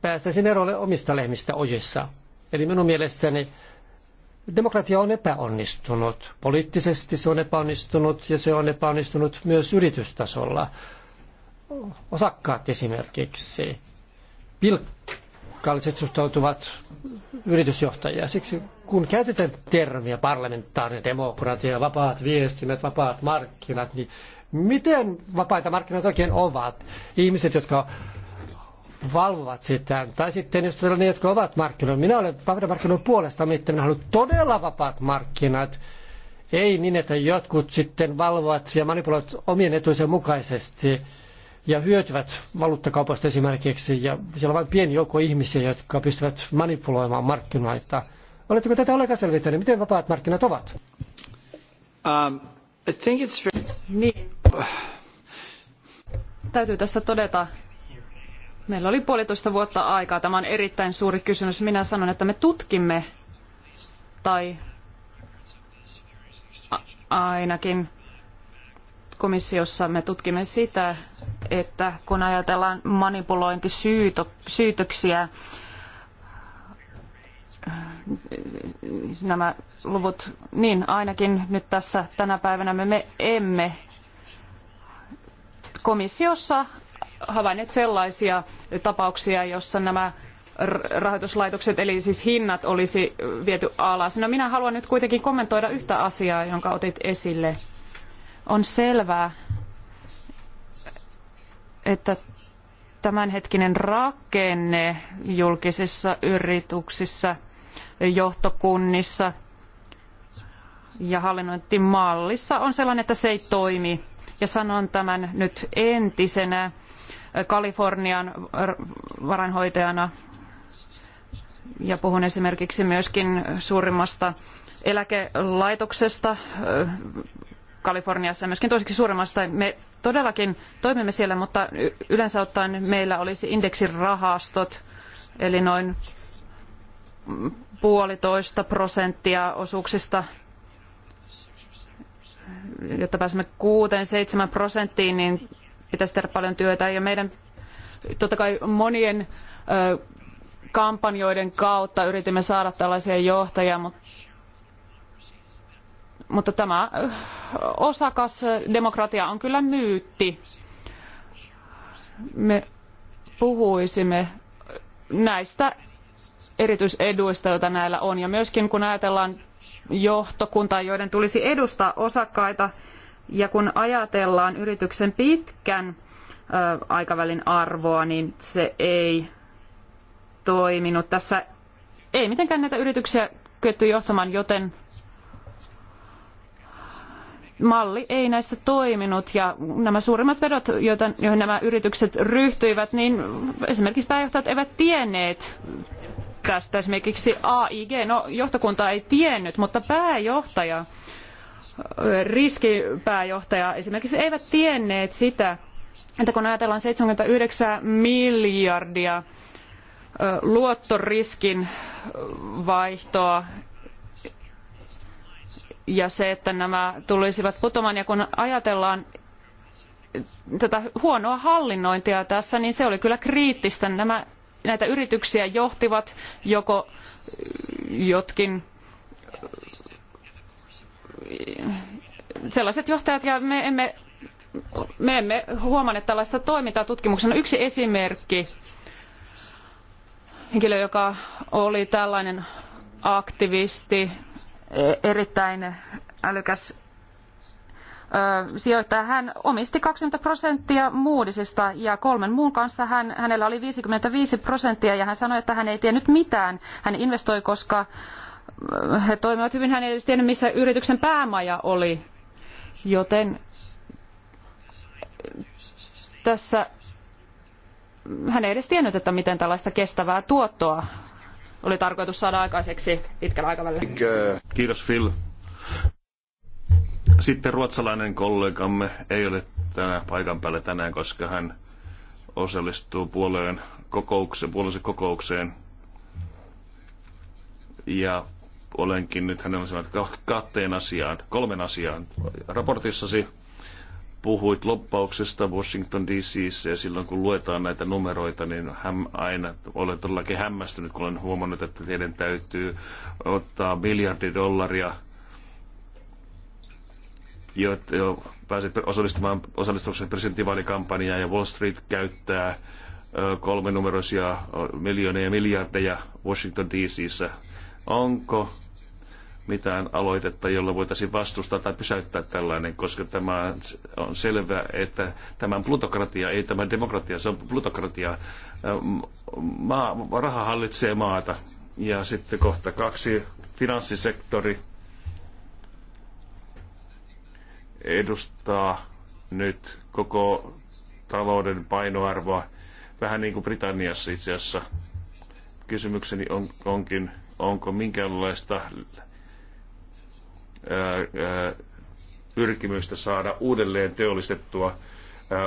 päästäisiin erolle omista lehmistä ojissa. Eli minun mielestäni demokratia on epäonnistunut. Poliittisesti se on epäonnistunut ja se on epäonnistunut myös yritystasolla osakkaat esimerkiksi pilkkaallisesti suhtautuvat yritysjohtajia. Siksi kun käytetään termiä parlamentaarinen demokratia, vapaat viestimet, vapaat markkinat, niin miten vapaita markkinat oikein ovat? Ihmiset, jotka valvovat sitä, tai sitten jos ne, jotka ovat markkinoilla. Minä olen vapaiden markkinoiden puolesta, mutta minä haluan todella vapaat markkinat, ei niin, että jotkut sitten valvovat ja manipuloivat omien etuisen mukaisesti ja hyötyvät valuuttakaupasta esimerkiksi, ja siellä on vain pieni joukko ihmisiä, jotka pystyvät manipuloimaan markkinoita. Oletteko tätä ollenkaan selvittäneet? Miten vapaat markkinat ovat? Um, I think it's very... Niin. Täytyy tässä todeta, meillä oli puolitoista vuotta aikaa. Tämä on erittäin suuri kysymys. Minä sanon, että me tutkimme tai ainakin komissiossa me tutkimme sitä, että kun ajatellaan manipulointisyytöksiä, nämä luvut, niin ainakin nyt tässä tänä päivänä me, me emme komissiossa havainneet sellaisia tapauksia, jossa nämä rahoituslaitokset, eli siis hinnat olisi viety alas. No minä haluan nyt kuitenkin kommentoida yhtä asiaa, jonka otit esille. On selvää, että tämänhetkinen rakenne julkisissa yrityksissä, johtokunnissa ja hallinnointimallissa on sellainen, että se ei toimi. Ja sanon tämän nyt entisenä Kalifornian varainhoitajana ja puhun esimerkiksi myöskin suurimmasta eläkelaitoksesta Kaliforniassa ja myöskin toiseksi suuremmasta. Me todellakin toimimme siellä, mutta yleensä ottaen meillä olisi indeksirahastot, eli noin puolitoista prosenttia osuuksista, jotta pääsemme kuuteen seitsemän prosenttiin, niin pitäisi tehdä paljon työtä. Ja meidän totta kai monien kampanjoiden kautta yritimme saada tällaisia johtajia, mutta mutta tämä äh, osakasdemokratia äh, on kyllä myytti. Me puhuisimme näistä erityiseduista, joita näillä on. Ja myöskin kun ajatellaan johtokuntaa, joiden tulisi edustaa osakkaita, ja kun ajatellaan yrityksen pitkän äh, aikavälin arvoa, niin se ei toiminut. Tässä ei mitenkään näitä yrityksiä kyetty johtamaan, joten malli ei näissä toiminut ja nämä suurimmat vedot, joita, joihin nämä yritykset ryhtyivät, niin esimerkiksi pääjohtajat eivät tienneet tästä esimerkiksi AIG, no johtokunta ei tiennyt, mutta pääjohtaja, riskipääjohtaja esimerkiksi eivät tienneet sitä, että kun ajatellaan 79 miljardia luottoriskin vaihtoa ja se, että nämä tulisivat putomaan. Ja kun ajatellaan tätä huonoa hallinnointia tässä, niin se oli kyllä kriittistä. Nämä, näitä yrityksiä johtivat joko jotkin sellaiset johtajat, ja me emme, me emme huomanneet tällaista toimintaa tutkimuksena. No, yksi esimerkki, henkilö, joka oli tällainen aktivisti, E- erittäin älykäs sijoittaja. Hän omisti 20 prosenttia Moodisista ja kolmen muun kanssa hän, hänellä oli 55 prosenttia ja hän sanoi, että hän ei tiennyt mitään. Hän investoi, koska he toimivat hyvin. Hän ei edes tiennyt, missä yrityksen päämaja oli. Joten tässä hän ei edes tiennyt, että miten tällaista kestävää tuottoa oli tarkoitus saada aikaiseksi pitkällä aikavälillä. Kiitos Phil. Sitten ruotsalainen kollegamme ei ole tänään paikan päällä tänään, koska hän osallistuu puolueen kokoukseen, puolueen kokoukseen. Ja olenkin nyt hänellä sanonut kahteen asiaan, kolmen asiaan. Raportissasi puhuit loppauksesta Washington DC:ssä, ja silloin kun luetaan näitä numeroita, niin häm, aina olen todellakin hämmästynyt, kun olen huomannut, että teidän täytyy ottaa miljardi dollaria jotta jo pääsee osallistumaan osallistuksen presidentinvaalikampanjaan ja Wall Street käyttää kolmenumeroisia miljoonia ja miljardeja Washington DC:ssä. Onko mitään aloitetta, jolla voitaisiin vastustaa tai pysäyttää tällainen, koska tämä on selvä, että tämän plutokratia, ei tämä demokratia, se on plutokratia. Maa, raha hallitsee maata. Ja sitten kohta kaksi, finanssisektori edustaa nyt koko talouden painoarvoa, vähän niin kuin Britanniassa itse asiassa. Kysymykseni on, onkin, onko minkäänlaista pyrkimystä saada uudelleen teollistettua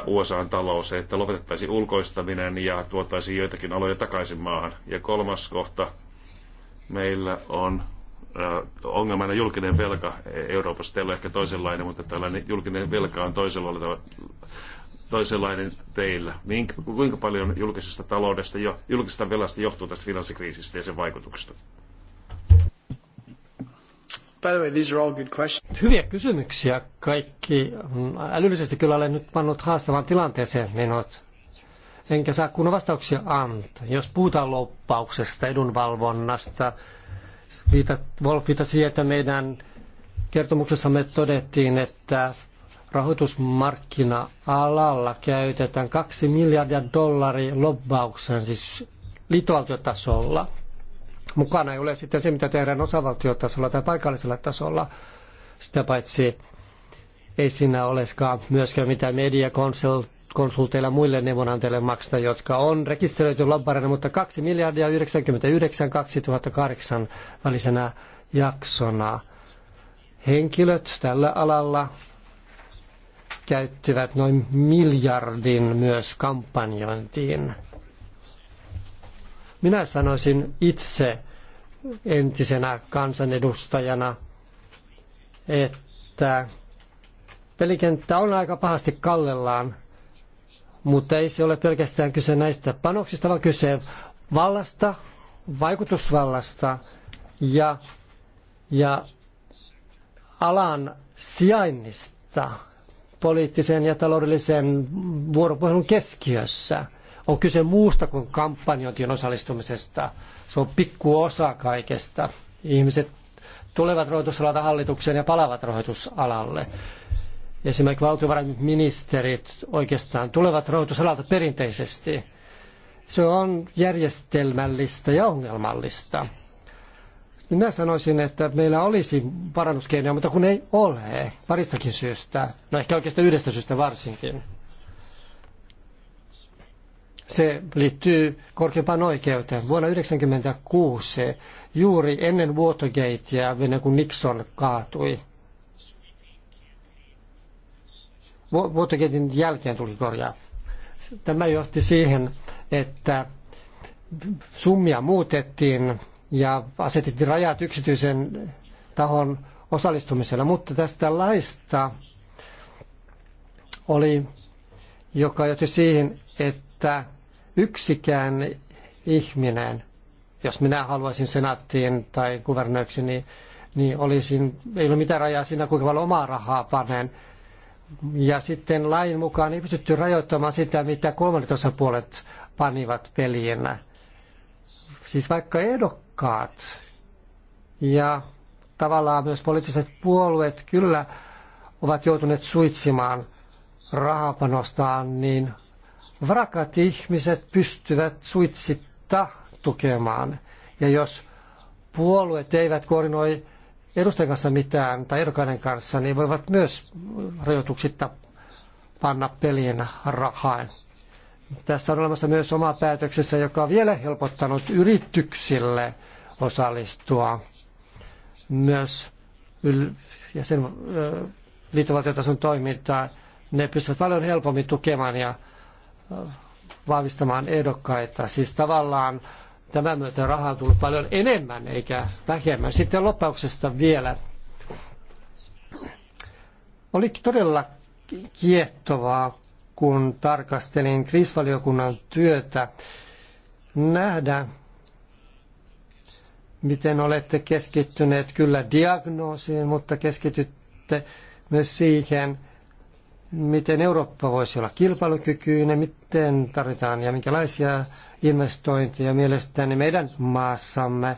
USAn talous, että lopetettaisiin ulkoistaminen ja tuotaisiin joitakin aloja takaisin maahan. Ja kolmas kohta, meillä on ongelmana julkinen velka Euroopassa. Teillä on ehkä toisenlainen, mutta tällainen julkinen velka on toisella toisenlainen teillä. kuinka paljon julkisesta taloudesta, jo, julkisesta velasta johtuu tästä finanssikriisistä ja sen vaikutuksista? By the way, these are all good questions. Hyviä kysymyksiä kaikki. Mm, älyllisesti kyllä olen nyt pannut haastavan tilanteeseen minut. Enkä saa kunnon vastauksia antaa. Jos puhutaan loppauksesta, edunvalvonnasta, viita, Wolf siihen, että meidän kertomuksessamme todettiin, että rahoitusmarkkina-alalla käytetään kaksi miljardia dollaria lobbaukseen, siis liittovaltiotasolla mukana ei ole sitten se, mitä tehdään osavaltiotasolla tai paikallisella tasolla. Sitä paitsi ei siinä oleskaan myöskään mitään mediakonsulteilla muille neuvonantajille maksta, jotka on rekisteröity lampareina, mutta 2 miljardia 99 2008 välisenä jaksona. Henkilöt tällä alalla käyttivät noin miljardin myös kampanjointiin. Minä sanoisin itse, entisenä kansanedustajana, että pelikenttä on aika pahasti kallellaan, mutta ei se ole pelkästään kyse näistä panoksista, vaan kyse vallasta, vaikutusvallasta ja, ja alan sijainnista poliittisen ja taloudellisen vuoropuhelun keskiössä. On kyse muusta kuin kampanjointien osallistumisesta. Se on pikku osa kaikesta. Ihmiset tulevat rahoitusalalta hallitukseen ja palavat rahoitusalalle. Esimerkiksi valtiovarainministerit oikeastaan tulevat rahoitusalalta perinteisesti. Se on järjestelmällistä ja ongelmallista. Minä sanoisin, että meillä olisi parannuskeinoja, mutta kun ei ole, paristakin syystä, no ehkä oikeastaan yhdestä syystä varsinkin. Se liittyy korkeimpaan oikeuteen. Vuonna 1996, juuri ennen Watergatea, ennen kuin Nixon kaatui, Watergatein jälkeen tuli korjaa. Tämä johti siihen, että summia muutettiin ja asetettiin rajat yksityisen tahon osallistumisella, mutta tästä laista oli, joka johti siihen, että yksikään ihminen, jos minä haluaisin senaattiin tai kuvernööksi, niin, niin olisin, ei ole mitään rajaa siinä, kuinka paljon omaa rahaa panen. Ja sitten lain mukaan ei pystytty rajoittamaan sitä, mitä kolmannet osapuolet panivat peliin. Siis vaikka ehdokkaat ja tavallaan myös poliittiset puolueet kyllä ovat joutuneet suitsimaan rahapanostaan, niin Vrakat ihmiset pystyvät suitsitta tukemaan. Ja jos puolueet eivät koordinoi edustajan kanssa mitään tai ehdokkaiden kanssa, niin voivat myös rajoituksitta panna peliin rahaa. Tässä on olemassa myös oma päätöksessä, joka on vielä helpottanut yrityksille osallistua myös yl- ja sen liittovaltiotason toimintaa. Ne pystyvät paljon helpommin tukemaan ja vahvistamaan ehdokkaita. Siis tavallaan tämän myötä rahaa on tullut paljon enemmän eikä vähemmän. Sitten lopauksesta vielä. Oli todella kiehtovaa, kun tarkastelin kriisivaliokunnan työtä, nähdä, miten olette keskittyneet kyllä diagnoosiin, mutta keskitytte myös siihen, miten Eurooppa voisi olla kilpailukykyinen, miten tarvitaan ja minkälaisia investointeja. Mielestäni meidän maassamme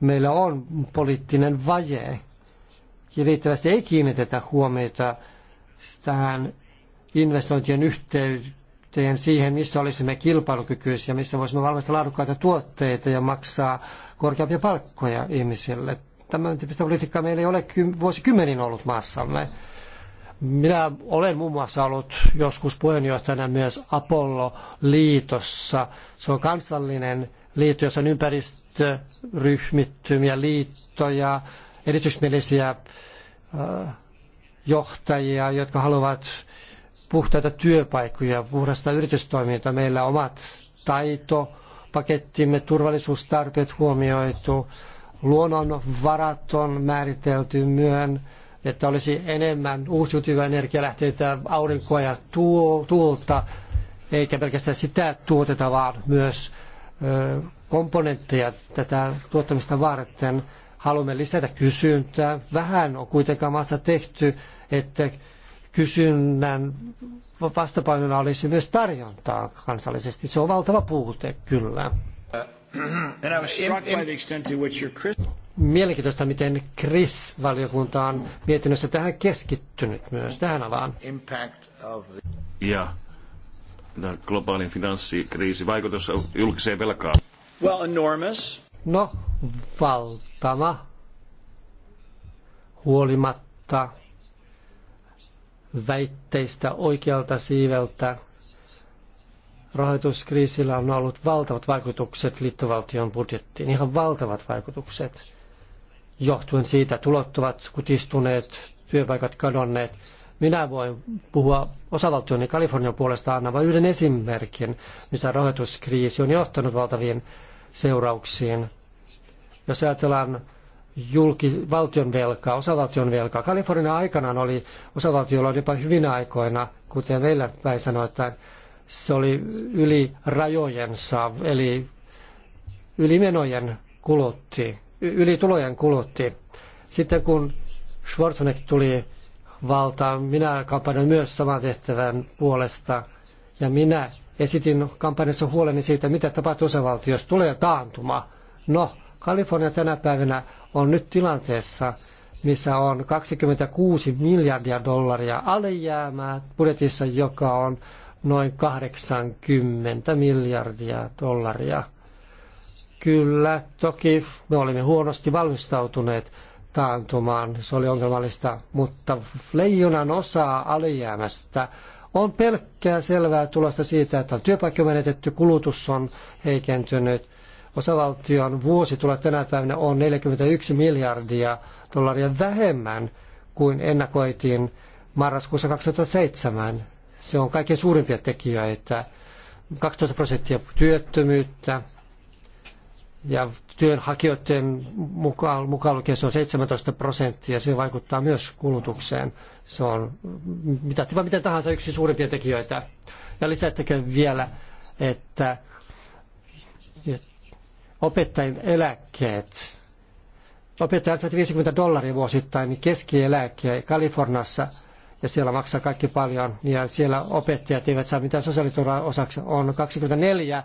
meillä on poliittinen vaje. Ja riittävästi ei kiinnitetä huomiota tähän investointien yhteyteen siihen, missä olisimme kilpailukykyisiä, missä voisimme valmistaa laadukkaita tuotteita ja maksaa korkeampia palkkoja ihmisille. Tämän tyyppistä politiikkaa meillä ei ole vuosikymmenin ollut maassamme. Mm minä olen muun muassa ollut joskus puheenjohtajana myös Apollo-liitossa. Se on kansallinen liitto, jossa on ympäristöryhmittymiä, liittoja, erityismielisiä äh, johtajia, jotka haluavat puhtaita työpaikkoja, puhdasta yritystoimintaa. Meillä on omat taitopakettimme, turvallisuustarpeet huomioitu, luonnonvarat on määritelty myön että olisi enemmän uusiutuvia energialähteitä, aurinkoa ja tuulta, eikä pelkästään sitä tuoteta, vaan myös komponentteja tätä tuottamista varten. Haluamme lisätä kysyntää. Vähän on kuitenkaan maassa tehty, että kysynnän vastapainona olisi myös tarjontaa kansallisesti. Se on valtava puute, kyllä mielenkiintoista, miten Chris-valiokunta on mietinnössä tähän keskittynyt myös, tähän alaan. Ja tämä globaalin finanssikriisi, vaikutus julkiseen velkaan. Well, enormous. No, valtava. Huolimatta väitteistä oikealta siiveltä rahoituskriisillä on ollut valtavat vaikutukset liittovaltion budjettiin, ihan valtavat vaikutukset johtuen siitä tulot ovat kutistuneet, työpaikat kadonneet. Minä voin puhua osavaltioni Kalifornian puolesta annan vain yhden esimerkin, missä rahoituskriisi on johtanut valtaviin seurauksiin. Jos ajatellaan julki, valtion velkaa, osavaltion velkaa. Kalifornia aikanaan oli osavaltiolla jopa hyvinä aikoina, kuten meillä päin sanotaan, se oli yli rajojensa, eli ylimenojen kulutti yli tulojen kulutti. Sitten kun Schwarzenegger tuli valtaan, minä kampanjoin myös saman tehtävän puolesta. Ja minä esitin kampanjassa huoleni siitä, mitä tapahtuu osavaltio, jos tulee taantuma. No, Kalifornia tänä päivänä on nyt tilanteessa, missä on 26 miljardia dollaria alijäämää budjetissa, joka on noin 80 miljardia dollaria. Kyllä, toki me olimme huonosti valmistautuneet taantumaan, se oli ongelmallista, mutta leijonan osaa alijäämästä on pelkkää selvää tulosta siitä, että on työpaikka menetetty, kulutus on heikentynyt. Osavaltion vuositulot tänä päivänä on 41 miljardia dollaria vähemmän kuin ennakoitiin marraskuussa 2007. Se on kaikkein suurimpia tekijöitä. 12 prosenttia työttömyyttä, ja työnhakijoiden mukaan, mukaan lukien se on 17 prosenttia, se vaikuttaa myös kulutukseen. Se on mitattiva miten tahansa yksi suurimpia tekijöitä. Ja lisättäkö vielä, että opettajien eläkkeet, opettajat saavat 50 dollaria vuosittain, niin keskieläke Kaliforniassa, ja siellä maksaa kaikki paljon, ja siellä opettajat eivät saa mitään sosiaaliturvaa osaksi, on 24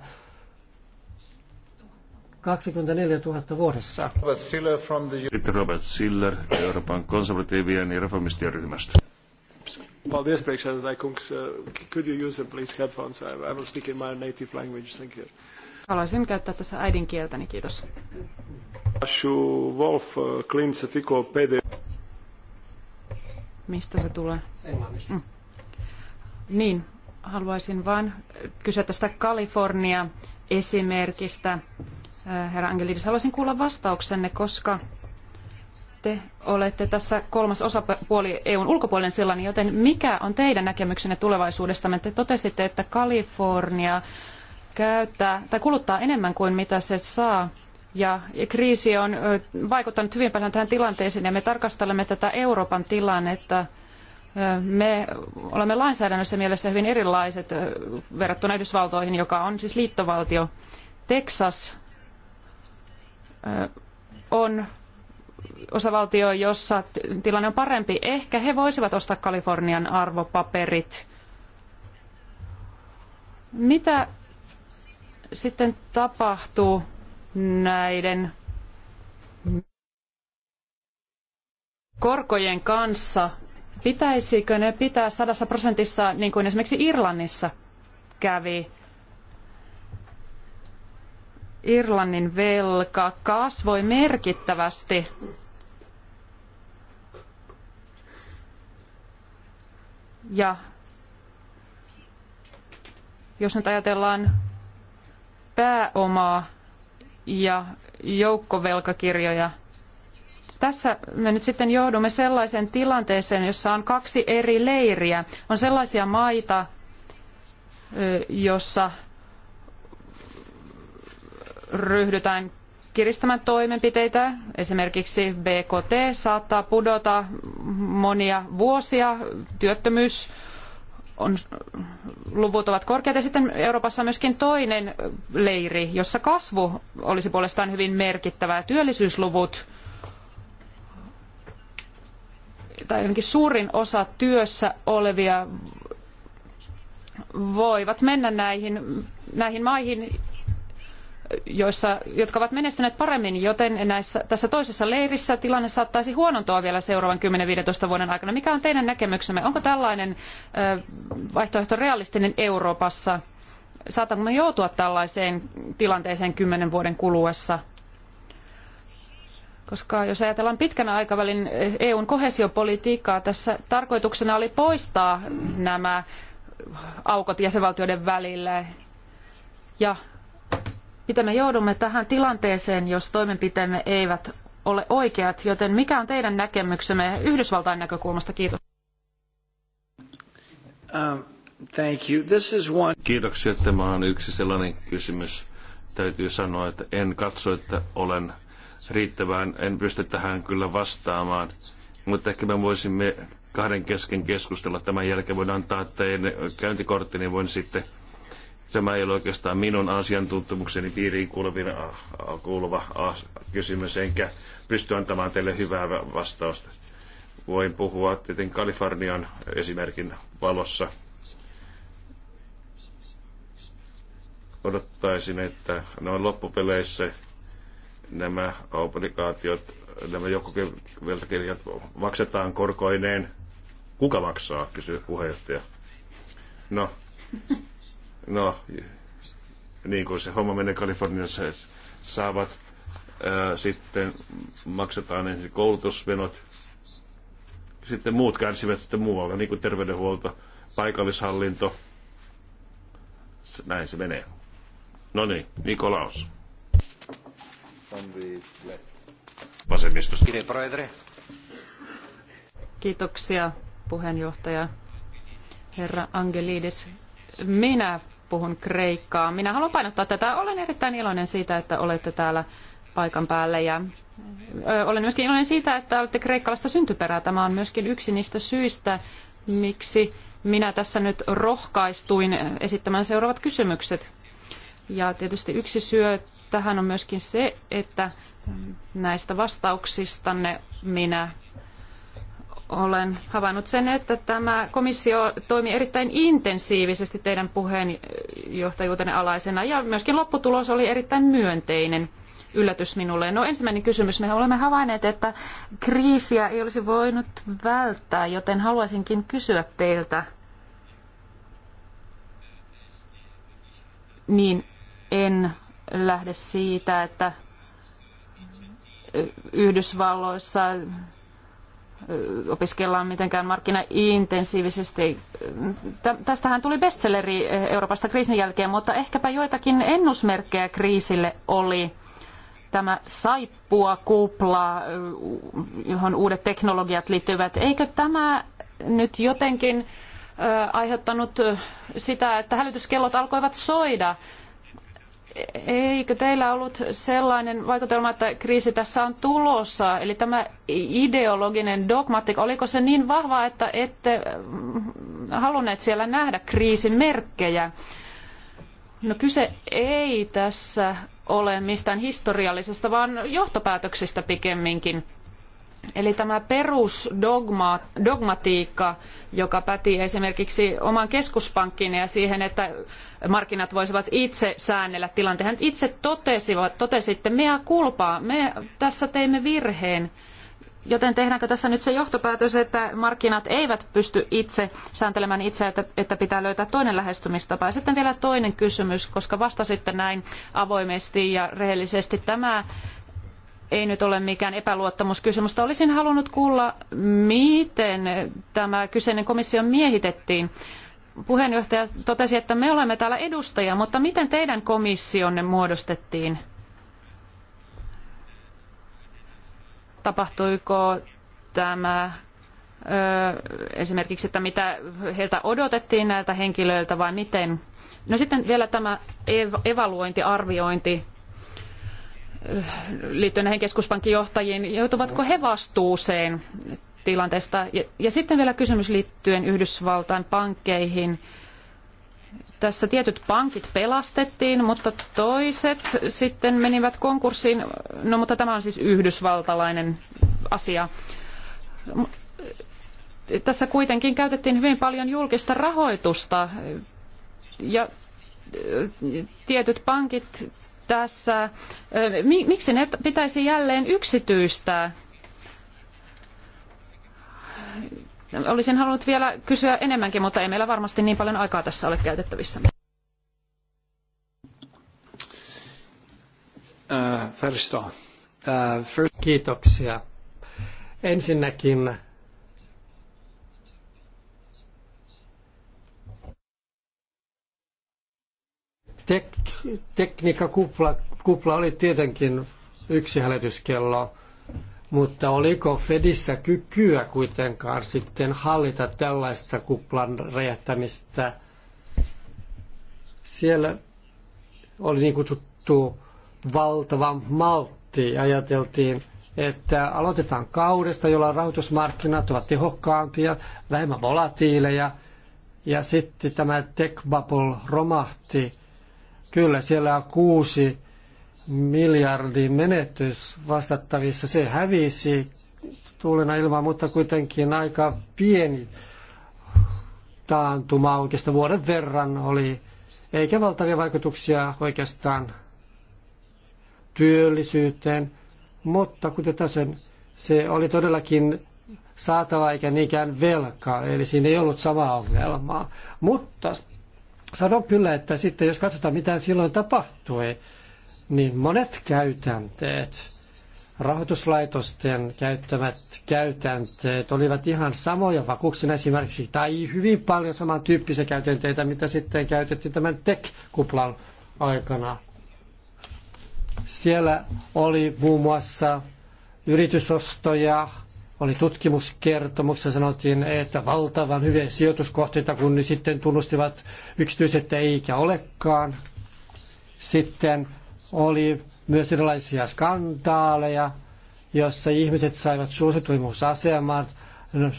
24 000 vuodessa. Robert Robert Siller Euroopan konservatiivien ja reformistien ryhmästä. Uh, haluaisin käyttää tässä äidinkieltäni, kiitos. Wolf uh, Mistä se tulee? Mm. Niin, haluaisin vain kysyä tästä Kalifornia esimerkistä. Äh, herra Angelidis, haluaisin kuulla vastauksenne, koska te olette tässä kolmas osapuoli EUn ulkopuolinen sellainen, joten mikä on teidän näkemyksenne tulevaisuudesta? Te totesitte, että Kalifornia käyttää tai kuluttaa enemmän kuin mitä se saa. Ja kriisi on vaikuttanut hyvin paljon tähän tilanteeseen ja me tarkastelemme tätä Euroopan tilannetta – me olemme lainsäädännössä mielessä hyvin erilaiset verrattuna Yhdysvaltoihin, joka on siis liittovaltio. Texas on osavaltio, jossa tilanne on parempi. Ehkä he voisivat ostaa Kalifornian arvopaperit. Mitä sitten tapahtuu näiden korkojen kanssa Pitäisikö ne pitää sadassa prosentissa, niin kuin esimerkiksi Irlannissa kävi? Irlannin velka kasvoi merkittävästi Ja jos nyt ajatellaan pääomaa ja joukkovelkakirjoja, tässä me nyt sitten joudumme sellaiseen tilanteeseen, jossa on kaksi eri leiriä. On sellaisia maita, jossa ryhdytään kiristämään toimenpiteitä. Esimerkiksi BKT saattaa pudota monia vuosia, työttömyys on, luvut ovat korkeat. Ja sitten Euroopassa on myöskin toinen leiri, jossa kasvu olisi puolestaan hyvin merkittävää. Työllisyysluvut tai ainakin suurin osa työssä olevia voivat mennä näihin, näihin maihin, joissa, jotka ovat menestyneet paremmin, joten näissä, tässä toisessa leirissä tilanne saattaisi huonontua vielä seuraavan 10-15 vuoden aikana. Mikä on teidän näkemyksemme? Onko tällainen vaihtoehto realistinen Euroopassa? me joutua tällaiseen tilanteeseen kymmenen vuoden kuluessa? Koska jos ajatellaan pitkän aikavälin eh, EUn kohesiopolitiikkaa, tässä tarkoituksena oli poistaa nämä aukot jäsenvaltioiden välillä. Ja mitä me joudumme tähän tilanteeseen, jos toimenpiteemme eivät ole oikeat, joten mikä on teidän näkemyksemme Yhdysvaltain näkökulmasta? Kiitos. Um, Kiitoksia. Tämä on yksi sellainen kysymys. Täytyy sanoa, että en katso, että olen riittävään. En pysty tähän kyllä vastaamaan, mutta ehkä me voisimme kahden kesken keskustella. Tämän jälkeen voin antaa teidän käyntikorttini, niin voin sitten Tämä ei ole oikeastaan minun asiantuntemukseni piiriin kuuluvin, kuuluva kysymys, enkä pysty antamaan teille hyvää vastausta. Voin puhua tietenkin Kalifornian esimerkin valossa. Odottaisin, että noin loppupeleissä nämä obligaatiot, nämä joukkoveltakirjat maksetaan korkoineen. Kuka maksaa, kysyy puheenjohtaja. No, no niin kuin se homma menee Kaliforniassa, saavat ää, sitten maksetaan ensin koulutusvenot, sitten muut kärsivät sitten muualla, niin kuin terveydenhuolto, paikallishallinto. Näin se menee. No niin, Nikolaus on the Kiitoksia puheenjohtaja herra Angelidis. Minä puhun kreikkaa. Minä haluan painottaa tätä. Olen erittäin iloinen siitä, että olette täällä paikan päällä ja ö, olen myöskin iloinen siitä, että olette kreikkalaista syntyperää. Tämä on myöskin yksi niistä syistä, miksi minä tässä nyt rohkaistuin esittämään seuraavat kysymykset. Ja tietysti yksi syö tähän on myöskin se, että näistä vastauksistanne minä olen havainnut sen, että tämä komissio toimi erittäin intensiivisesti teidän puheenjohtajuutenne alaisena ja myöskin lopputulos oli erittäin myönteinen yllätys minulle. No ensimmäinen kysymys. Me olemme havainneet, että kriisiä ei olisi voinut välttää, joten haluaisinkin kysyä teiltä, niin en lähde siitä, että Yhdysvalloissa opiskellaan mitenkään markkinaintensiivisesti. Tästähän tuli bestselleri Euroopasta kriisin jälkeen, mutta ehkäpä joitakin ennusmerkkejä kriisille oli tämä saippua kupla, johon uudet teknologiat liittyvät. Eikö tämä nyt jotenkin aiheuttanut sitä, että hälytyskellot alkoivat soida eikö teillä ollut sellainen vaikutelma, että kriisi tässä on tulossa? Eli tämä ideologinen dogmatik, oliko se niin vahva, että ette mm, halunneet siellä nähdä kriisin merkkejä? No kyse ei tässä ole mistään historiallisesta, vaan johtopäätöksistä pikemminkin. Eli tämä perusdogmatiikka, joka päti esimerkiksi oman keskuspankkiin ja siihen, että markkinat voisivat itse säännellä tilanteen. Itse totesivat, totesitte, mea kulpaa, me tässä teimme virheen. Joten tehdäänkö tässä nyt se johtopäätös, että markkinat eivät pysty itse sääntelemään itse, että, että pitää löytää toinen lähestymistapa? Ja sitten vielä toinen kysymys, koska vastasitte näin avoimesti ja rehellisesti. Tämä ei nyt ole mikään epäluottamuskysymys. Olisin halunnut kuulla, miten tämä kyseinen komissio miehitettiin. Puheenjohtaja totesi, että me olemme täällä edustajia, mutta miten teidän komissionne muodostettiin? Tapahtuiko tämä esimerkiksi, että mitä heiltä odotettiin näiltä henkilöiltä vai miten. No sitten vielä tämä ev- evaluointi, arviointi liittyen näihin keskuspankin johtajiin, joutuvatko he vastuuseen tilanteesta? Ja, ja sitten vielä kysymys liittyen Yhdysvaltain pankkeihin. Tässä tietyt pankit pelastettiin, mutta toiset sitten menivät konkurssiin. No mutta tämä on siis yhdysvaltalainen asia. Tässä kuitenkin käytettiin hyvin paljon julkista rahoitusta ja tietyt pankit tässä, miksi ne pitäisi jälleen yksityistää? Olisin halunnut vielä kysyä enemmänkin, mutta ei meillä varmasti niin paljon aikaa tässä ole käytettävissä. Äh, äh, Kiitoksia. Ensinnäkin tek- tekniikkakupla kupla oli tietenkin yksi hälytyskello, mutta oliko Fedissä kykyä kuitenkaan sitten hallita tällaista kuplan räjähtämistä? Siellä oli niin kutsuttu valtava maltti. Ajateltiin, että aloitetaan kaudesta, jolla rahoitusmarkkinat ovat tehokkaampia, vähemmän volatiileja, ja sitten tämä tech bubble romahti – Kyllä, siellä on kuusi miljardin menetys vastattavissa. Se hävisi tuulena ilman, mutta kuitenkin aika pieni taantuma oikeastaan vuoden verran oli, eikä valtavia vaikutuksia oikeastaan työllisyyteen, mutta kuten tässä se oli todellakin saatava eikä niinkään velkaa, eli siinä ei ollut samaa ongelmaa. Mutta sanon kyllä, että sitten jos katsotaan mitä silloin tapahtui, niin monet käytänteet, rahoituslaitosten käyttämät käytänteet olivat ihan samoja vakuuksina esimerkiksi, tai hyvin paljon samantyyppisiä käytänteitä, mitä sitten käytettiin tämän tech-kuplan aikana. Siellä oli muun muassa yritysostoja, oli tutkimuskertomuksessa, sanottiin, että valtavan hyviä sijoituskohteita, kun ne sitten tunnustivat yksityiset, eikä olekaan. Sitten oli myös erilaisia skandaaleja, jossa ihmiset saivat suosituimuusaseman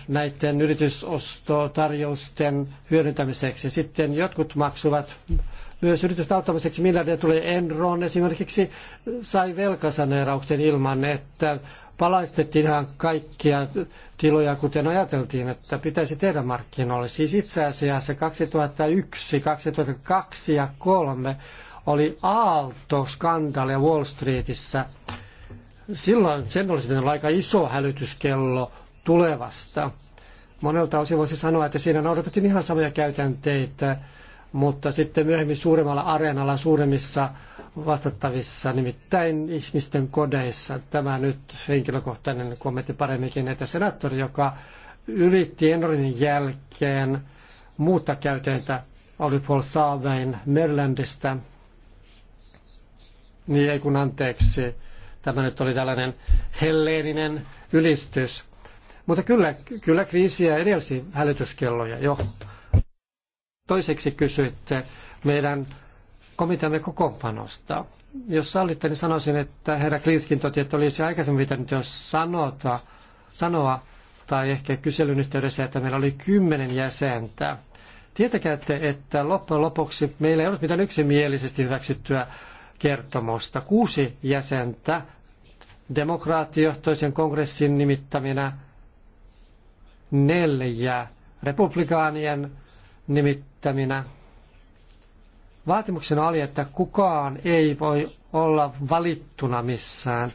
näiden yritysostotarjousten hyödyntämiseksi. Sitten jotkut maksuvat myös yritystä auttamiseksi, millä tulee Enron esimerkiksi, sai velkasaneerauksen ilman, että palaistettiin ihan kaikkia tiloja, kuten ajateltiin, että pitäisi tehdä markkinoille. Siis itse asiassa 2001, 2002 ja 2003 oli Aalto-skandaali Wall Streetissä. Silloin sen olisi pitänyt olla aika iso hälytyskello tulevasta. Monelta osin voisi sanoa, että siinä noudatettiin ihan samoja käytänteitä, mutta sitten myöhemmin suuremmalla areenalla, suuremmissa vastattavissa, nimittäin ihmisten kodeissa. Tämä nyt henkilökohtainen kommentti paremminkin, että senaattori, joka ylitti Enronin jälkeen muuta käytäntä oli Paul Saavein Marylandista, niin ei kun anteeksi, tämä nyt oli tällainen helleeninen ylistys. Mutta kyllä, kyllä kriisiä edelsi hälytyskelloja jo. Toiseksi kysyitte meidän komiteamme kokoonpanosta. Jos sallitte, niin sanoisin, että herra Klinskin toti, että olisi aikaisemmin pitänyt jo sanota, sanoa, tai ehkä kyselyn yhteydessä, että meillä oli kymmenen jäsentä. Tietäkää, että loppujen lopuksi meillä ei ollut mitään yksimielisesti hyväksyttyä kertomusta. Kuusi jäsentä demokraattijohtoisen kongressin nimittäminä, neljä republikaanien nimittäminä Vaatimuksena oli, että kukaan ei voi olla valittuna missään.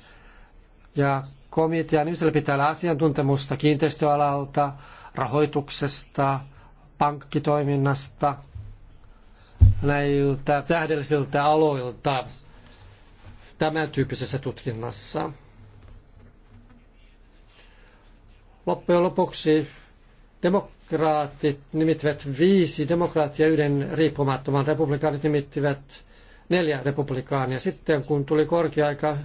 Ja komitea, nimisellä pitää olla asiantuntemusta kiinteistöalalta, rahoituksesta, pankkitoiminnasta, näiltä tähdellisiltä aloilta tämän tyyppisessä tutkinnassa. Loppujen lopuksi demok- demokraatit nimittivät viisi demokraattia yhden riippumattoman. Republikaanit nimittivät neljä republikaania. Sitten kun tuli korkea aika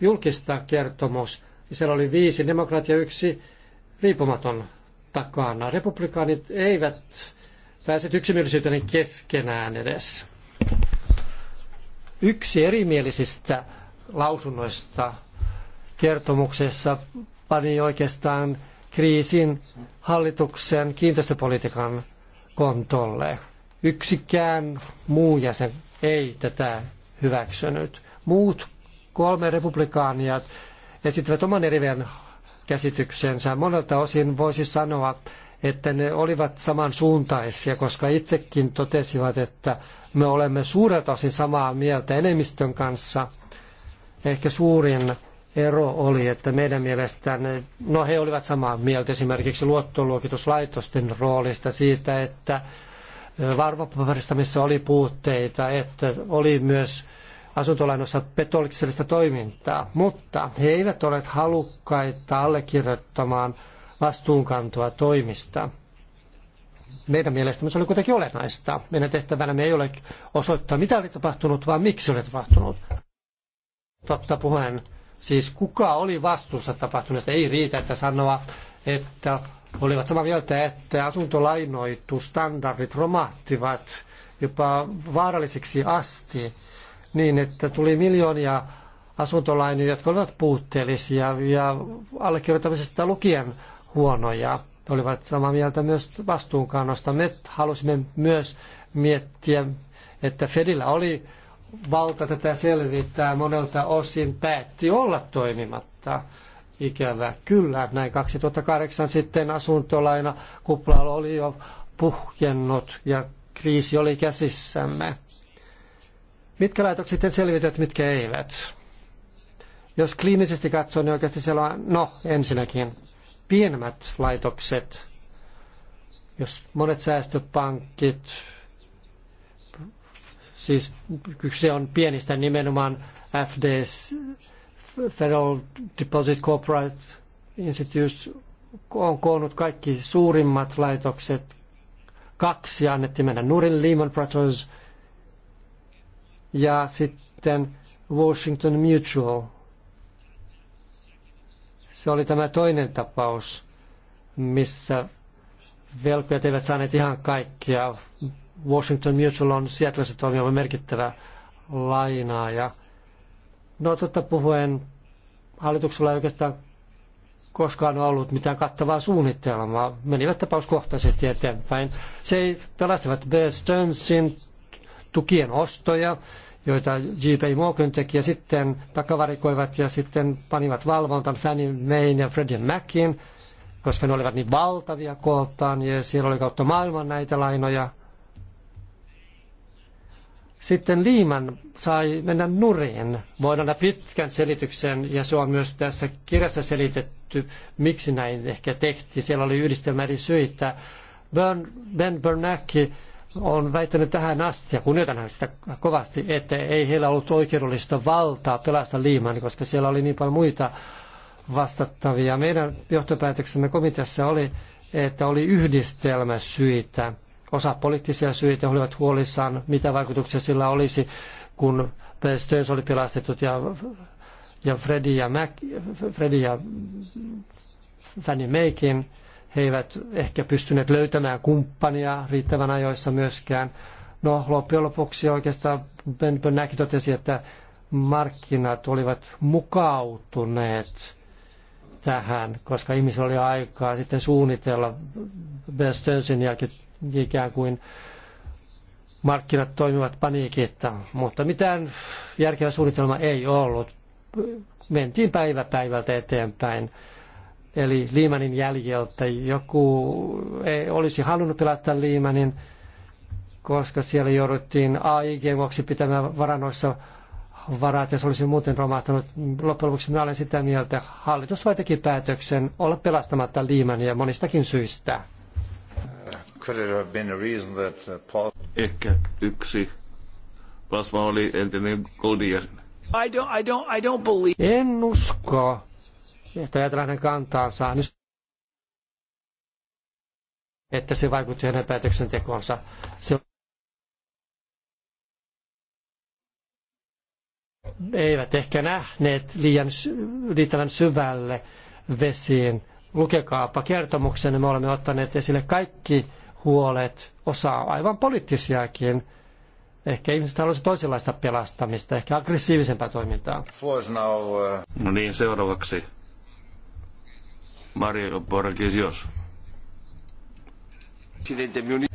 julkistaa kertomus, niin siellä oli viisi demokraattia yksi riippumaton takana. Republikaanit eivät pääset yksimielisyyteen keskenään edes. Yksi erimielisistä lausunnoista kertomuksessa pani oikeastaan kriisin hallituksen kiinteistöpolitiikan kontolle. Yksikään muu jäsen ei tätä hyväksynyt. Muut kolme republikaania esittivät oman eriveen käsityksensä. Monelta osin voisi sanoa, että ne olivat samansuuntaisia, koska itsekin totesivat, että me olemme suurelta osin samaa mieltä enemmistön kanssa. Ehkä suurin ero oli, että meidän mielestään, no he olivat samaa mieltä esimerkiksi luottoluokituslaitosten roolista siitä, että missä oli puutteita, että oli myös asuntolainoissa petollista toimintaa, mutta he eivät ole halukkaita allekirjoittamaan vastuunkantoa toimista. Meidän mielestämme se oli kuitenkin olennaista. Meidän tehtävänämme ei ole osoittaa, mitä oli tapahtunut, vaan miksi oli tapahtunut. Totta puheen Siis kuka oli vastuussa tapahtuneesta? Ei riitä, että sanoa, että olivat samaa mieltä, että asuntolainoitustandardit romahtivat jopa vaarallisiksi asti, niin että tuli miljoonia asuntolainoja, jotka olivat puutteellisia ja allekirjoittamisesta lukien huonoja. Olivat samaa mieltä myös vastuunkannosta. Me halusimme myös miettiä, että Fedillä oli valta tätä selvittää monelta osin päätti olla toimimatta. Ikävä kyllä, näin 2008 sitten asuntolaina kuplalla oli jo puhjennut ja kriisi oli käsissämme. Mitkä laitokset sitten selvityt, mitkä eivät? Jos kliinisesti katsoo, niin oikeasti siellä on, no ensinnäkin, pienemmät laitokset, jos monet säästöpankit, Siis kyse on pienistä nimenomaan FDs, Federal Deposit Corporate Institute, on koonnut kaikki suurimmat laitokset. Kaksi annettiin mennä nurin Lehman Brothers ja sitten Washington Mutual. Se oli tämä toinen tapaus, missä velkojat eivät saaneet ihan kaikkia Washington Mutual on Seattleissa toimiva merkittävä lainaaja. No totta puhuen, hallituksella ei oikeastaan koskaan ollut mitään kattavaa suunnitelmaa. Menivät tapauskohtaisesti eteenpäin. Se ei pelastivat B. Stearnsin tukien ostoja, joita J.P. Morgan teki, ja sitten takavarikoivat ja sitten panivat valvontan Fannie Mayn ja Freddie Macin, koska ne olivat niin valtavia kooltaan, ja siellä oli kautta maailman näitä lainoja. Sitten Liiman sai mennä nurin. Voin antaa pitkän selityksen, ja se on myös tässä kirjassa selitetty, miksi näin ehkä tehtiin. Siellä oli yhdistelmä eri syitä. Ben Bernacki on väittänyt tähän asti, ja kunnioitan sitä kovasti, että ei heillä ollut oikeudellista valtaa pelastaa Liiman, koska siellä oli niin paljon muita vastattavia. Meidän johtopäätöksemme komiteassa oli, että oli yhdistelmä syitä – osa poliittisia syitä, he olivat huolissaan, mitä vaikutuksia sillä olisi, kun Stöns oli pelastettu ja, ja Freddy ja, Mac, Freddy ja Fanny Maykin. He eivät ehkä pystyneet löytämään kumppania riittävän ajoissa myöskään. No loppujen lopuksi oikeastaan Ben Bernanke totesi, että markkinat olivat mukautuneet tähän, koska ihmisillä oli aikaa sitten suunnitella Ben Stönsin jälkeen ikään kuin markkinat toimivat paniikitta, mutta mitään järkevä suunnitelma ei ollut. Mentiin päivä päivältä eteenpäin. Eli Liimanin jäljeltä joku ei olisi halunnut pelata Liimanin, koska siellä jouduttiin AIG vuoksi pitämään varanoissa varat ja se olisi muuten romahtanut. Loppujen lopuksi minä olen sitä mieltä, että hallitus vai teki päätöksen olla pelastamatta Liimania monistakin syistä. Uh, ehkä yksi Plasma oli entinen Goldier. I don't, I don't, I don't believe. En usko, että ajatellaan hänen kantaansa, niin- että se vaikutti hänen päätöksentekoonsa. Se eivät ehkä nähneet liian riittävän syvälle vesiin. Lukekaapa kertomuksen, me olemme ottaneet esille kaikki huolet, osa aivan poliittisiakin. Ehkä ihmiset haluaisivat toisenlaista pelastamista, ehkä aggressiivisempaa toimintaa. Uh, no niin, seuraavaksi Mario Borgesios.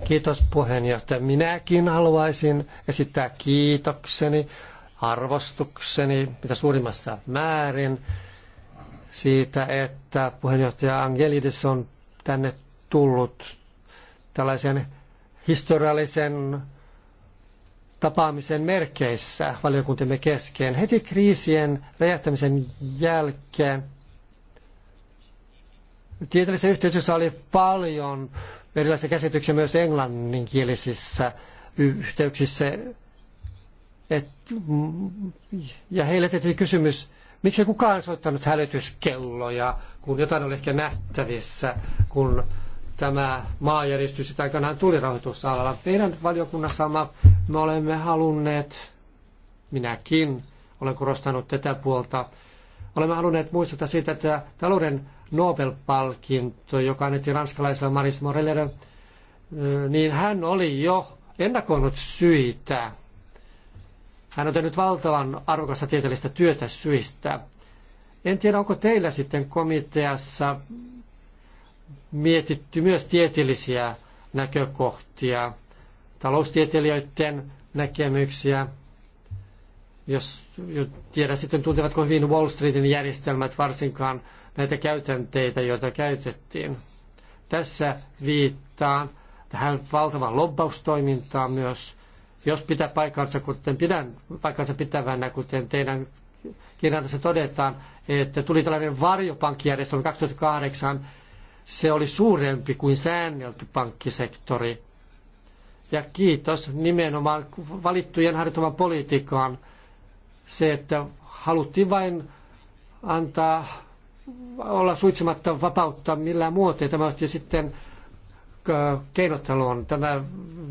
Kiitos puheenjohtaja. Minäkin haluaisin esittää kiitokseni, arvostukseni, mitä suurimmassa määrin siitä, että puheenjohtaja Angelides on tänne tullut tällaisen historiallisen tapaamisen merkeissä valiokuntimme kesken. Heti kriisien räjähtämisen jälkeen tieteellisessä yhteisössä oli paljon erilaisia käsityksiä myös englanninkielisissä yhteyksissä. Et, mm, ja heille tehtiin kysymys, miksi kukaan soittanut hälytyskelloja, kun jotain oli ehkä nähtävissä, kun tämä maajäristys, sitä aikanaan tuli rahoitusalalla. Meidän valiokunnassa me olemme halunneet, minäkin olen korostanut tätä puolta, olemme halunneet muistuttaa siitä, että talouden Nobel-palkinto, joka annettiin ranskalaiselle Maris Morellelle, niin hän oli jo ennakoinut syitä. Hän on tehnyt valtavan arvokasta tieteellistä työtä syistä. En tiedä, onko teillä sitten komiteassa mietitty myös tieteellisiä näkökohtia, taloustieteilijöiden näkemyksiä, jos tiedä sitten tuntevatko hyvin Wall Streetin järjestelmät varsinkaan näitä käytänteitä, joita käytettiin. Tässä viittaan tähän valtavan lobbaustoimintaan myös, jos pitää paikkansa, kuten pidän paikkansa pitävänä, kuten teidän kirjassa todetaan, että tuli tällainen varjopankkijärjestelmä 2008 se oli suurempi kuin säännelty pankkisektori. Ja kiitos nimenomaan valittujen harjoittavan politiikan se, että haluttiin vain antaa olla suitsematta vapautta millään muotoa. Tämä otti sitten keinotteluun. Tämä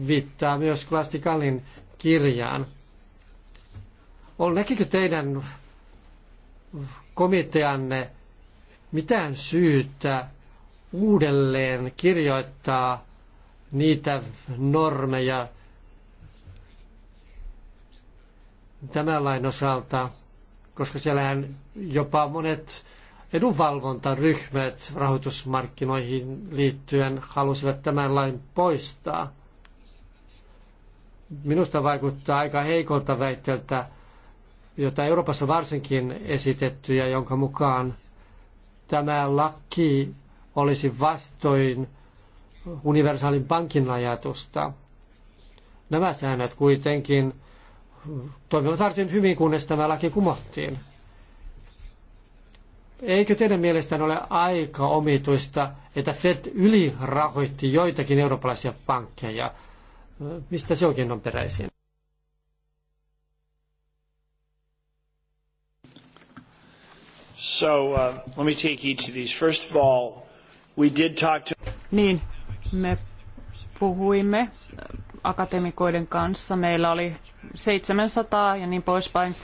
viittaa myös Klasti Kallin kirjaan. On näkikö teidän komiteanne mitään syytä uudelleen kirjoittaa niitä normeja tämän lain osalta, koska siellähän jopa monet edunvalvontaryhmät rahoitusmarkkinoihin liittyen halusivat tämän lain poistaa. Minusta vaikuttaa aika heikolta väitteeltä, jota Euroopassa varsinkin esitetty ja jonka mukaan tämä laki olisi vastoin universaalin pankin ajatusta. Nämä säännöt kuitenkin toimivat varsin hyvin, kunnes tämä laki kumottiin. Eikö teidän mielestänne ole aika omituista, että Fed ylirahoitti joitakin eurooppalaisia pankkeja? Mistä se oikein on peräisin? So uh, let me take each of these. First of all, We did talk to... Niin, me puhuimme akatemikoiden kanssa. Meillä oli 700 ja niin poispäin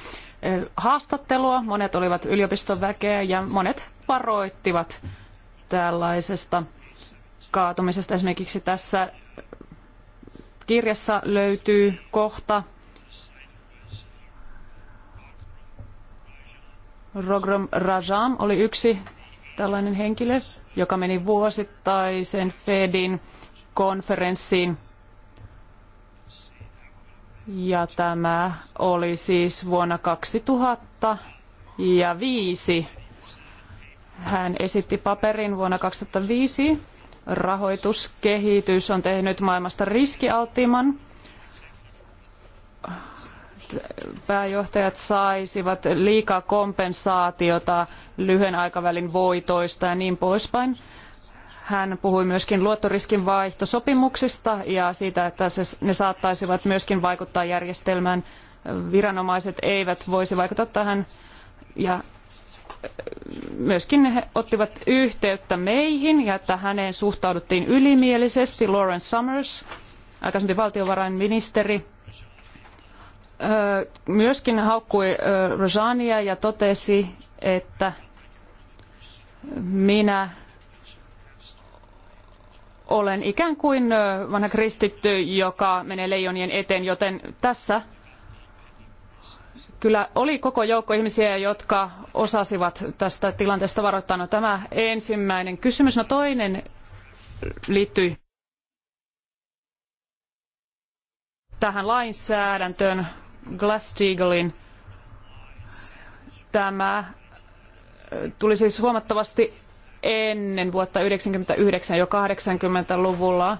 eh, haastattelua. Monet olivat yliopiston väkeä ja monet varoittivat tällaisesta kaatumisesta. Esimerkiksi tässä kirjassa löytyy kohta Rogrom Rajam oli yksi tällainen henkilö, joka meni vuosittaisen Fedin konferenssiin. Ja tämä oli siis vuonna 2005. Hän esitti paperin vuonna 2005. Rahoituskehitys on tehnyt maailmasta riskialttiimman pääjohtajat saisivat liikaa kompensaatiota lyhyen aikavälin voitoista ja niin poispäin. Hän puhui myöskin luottoriskin vaihtosopimuksista ja siitä, että ne saattaisivat myöskin vaikuttaa järjestelmään. Viranomaiset eivät voisi vaikuttaa tähän ja äh, myöskin he ottivat yhteyttä meihin ja että häneen suhtauduttiin ylimielisesti. Lawrence Summers, aikaisempi valtiovarainministeri, myöskin haukkui Rojania ja totesi, että minä olen ikään kuin vanha kristitty, joka menee leijonien eteen, joten tässä kyllä oli koko joukko ihmisiä, jotka osasivat tästä tilanteesta varoittaa. No, tämä ensimmäinen kysymys. No toinen liittyi tähän lainsäädäntöön. Glass-Steagallin. Tämä äh, tuli siis huomattavasti ennen vuotta 1999 jo 80-luvulla.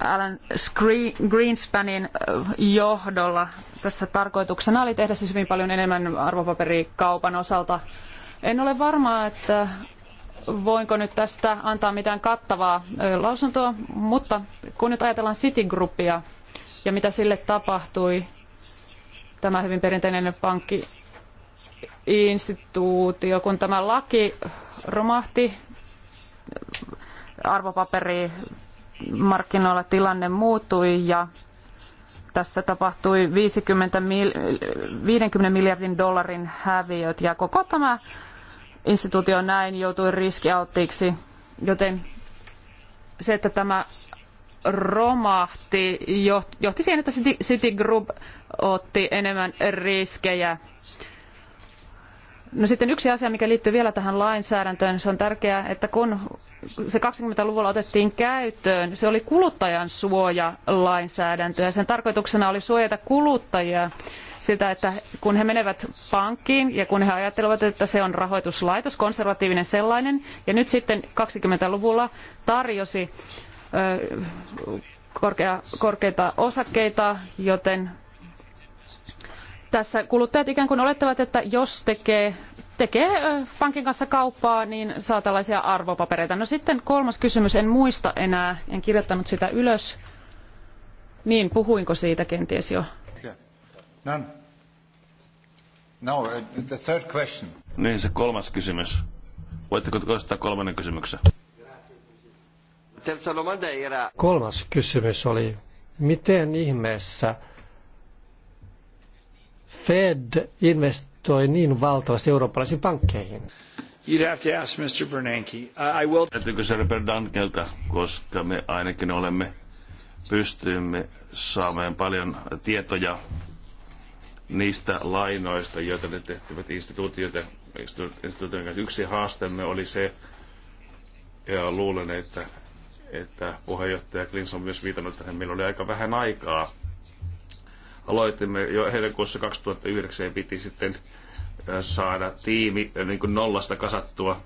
Alan Greenspanin äh, johdolla. Tässä tarkoituksena oli tehdä siis hyvin paljon enemmän arvopaperikaupan osalta. En ole varma, että voinko nyt tästä antaa mitään kattavaa äh, lausuntoa, mutta kun nyt ajatellaan Citigroupia ja mitä sille tapahtui, tämä hyvin perinteinen pankki instituutio, kun tämä laki romahti, arvopaperi markkinoilla tilanne muuttui ja tässä tapahtui 50 mil, 50 miljardin dollarin häviöt ja koko tämä instituutio näin joutui riskialttiiksi, joten se, että tämä romahti, johti siihen, että Citigroup otti enemmän riskejä. No sitten yksi asia, mikä liittyy vielä tähän lainsäädäntöön, se on tärkeää, että kun se 20-luvulla otettiin käyttöön, se oli kuluttajan suoja lainsäädäntö ja sen tarkoituksena oli suojata kuluttajia siltä, että kun he menevät pankkiin ja kun he ajattelevat, että se on rahoituslaitos, konservatiivinen sellainen, ja nyt sitten 20-luvulla tarjosi korkea, korkeita osakkeita, joten tässä kuluttajat ikään kuin olettavat, että jos tekee, tekee pankin kanssa kauppaa, niin saa tällaisia arvopapereita. No sitten kolmas kysymys, en muista enää, en kirjoittanut sitä ylös. Niin, puhuinko siitä kenties jo? No, uh, the third question. Niin, se kolmas kysymys. Voitteko toistaa kolmannen kysymyksen? Kolmas kysymys oli, miten ihmeessä Fed investoi niin valtavasti eurooppalaisiin pankkeihin? You'd have to ask Mr. Bernanke. I will... Täytyykö se Bernankelta, koska me ainakin olemme, pystymme saamaan paljon tietoja niistä lainoista, joita ne tehtivät instituutioita. instituutioiden Yksi haasteemme oli se, ja luulen, että että puheenjohtaja Klins on myös viitannut tähän. Meillä oli aika vähän aikaa. Aloitimme jo heinäkuussa 2009 ja piti sitten äh, saada tiimi äh, niin kuin nollasta kasattua.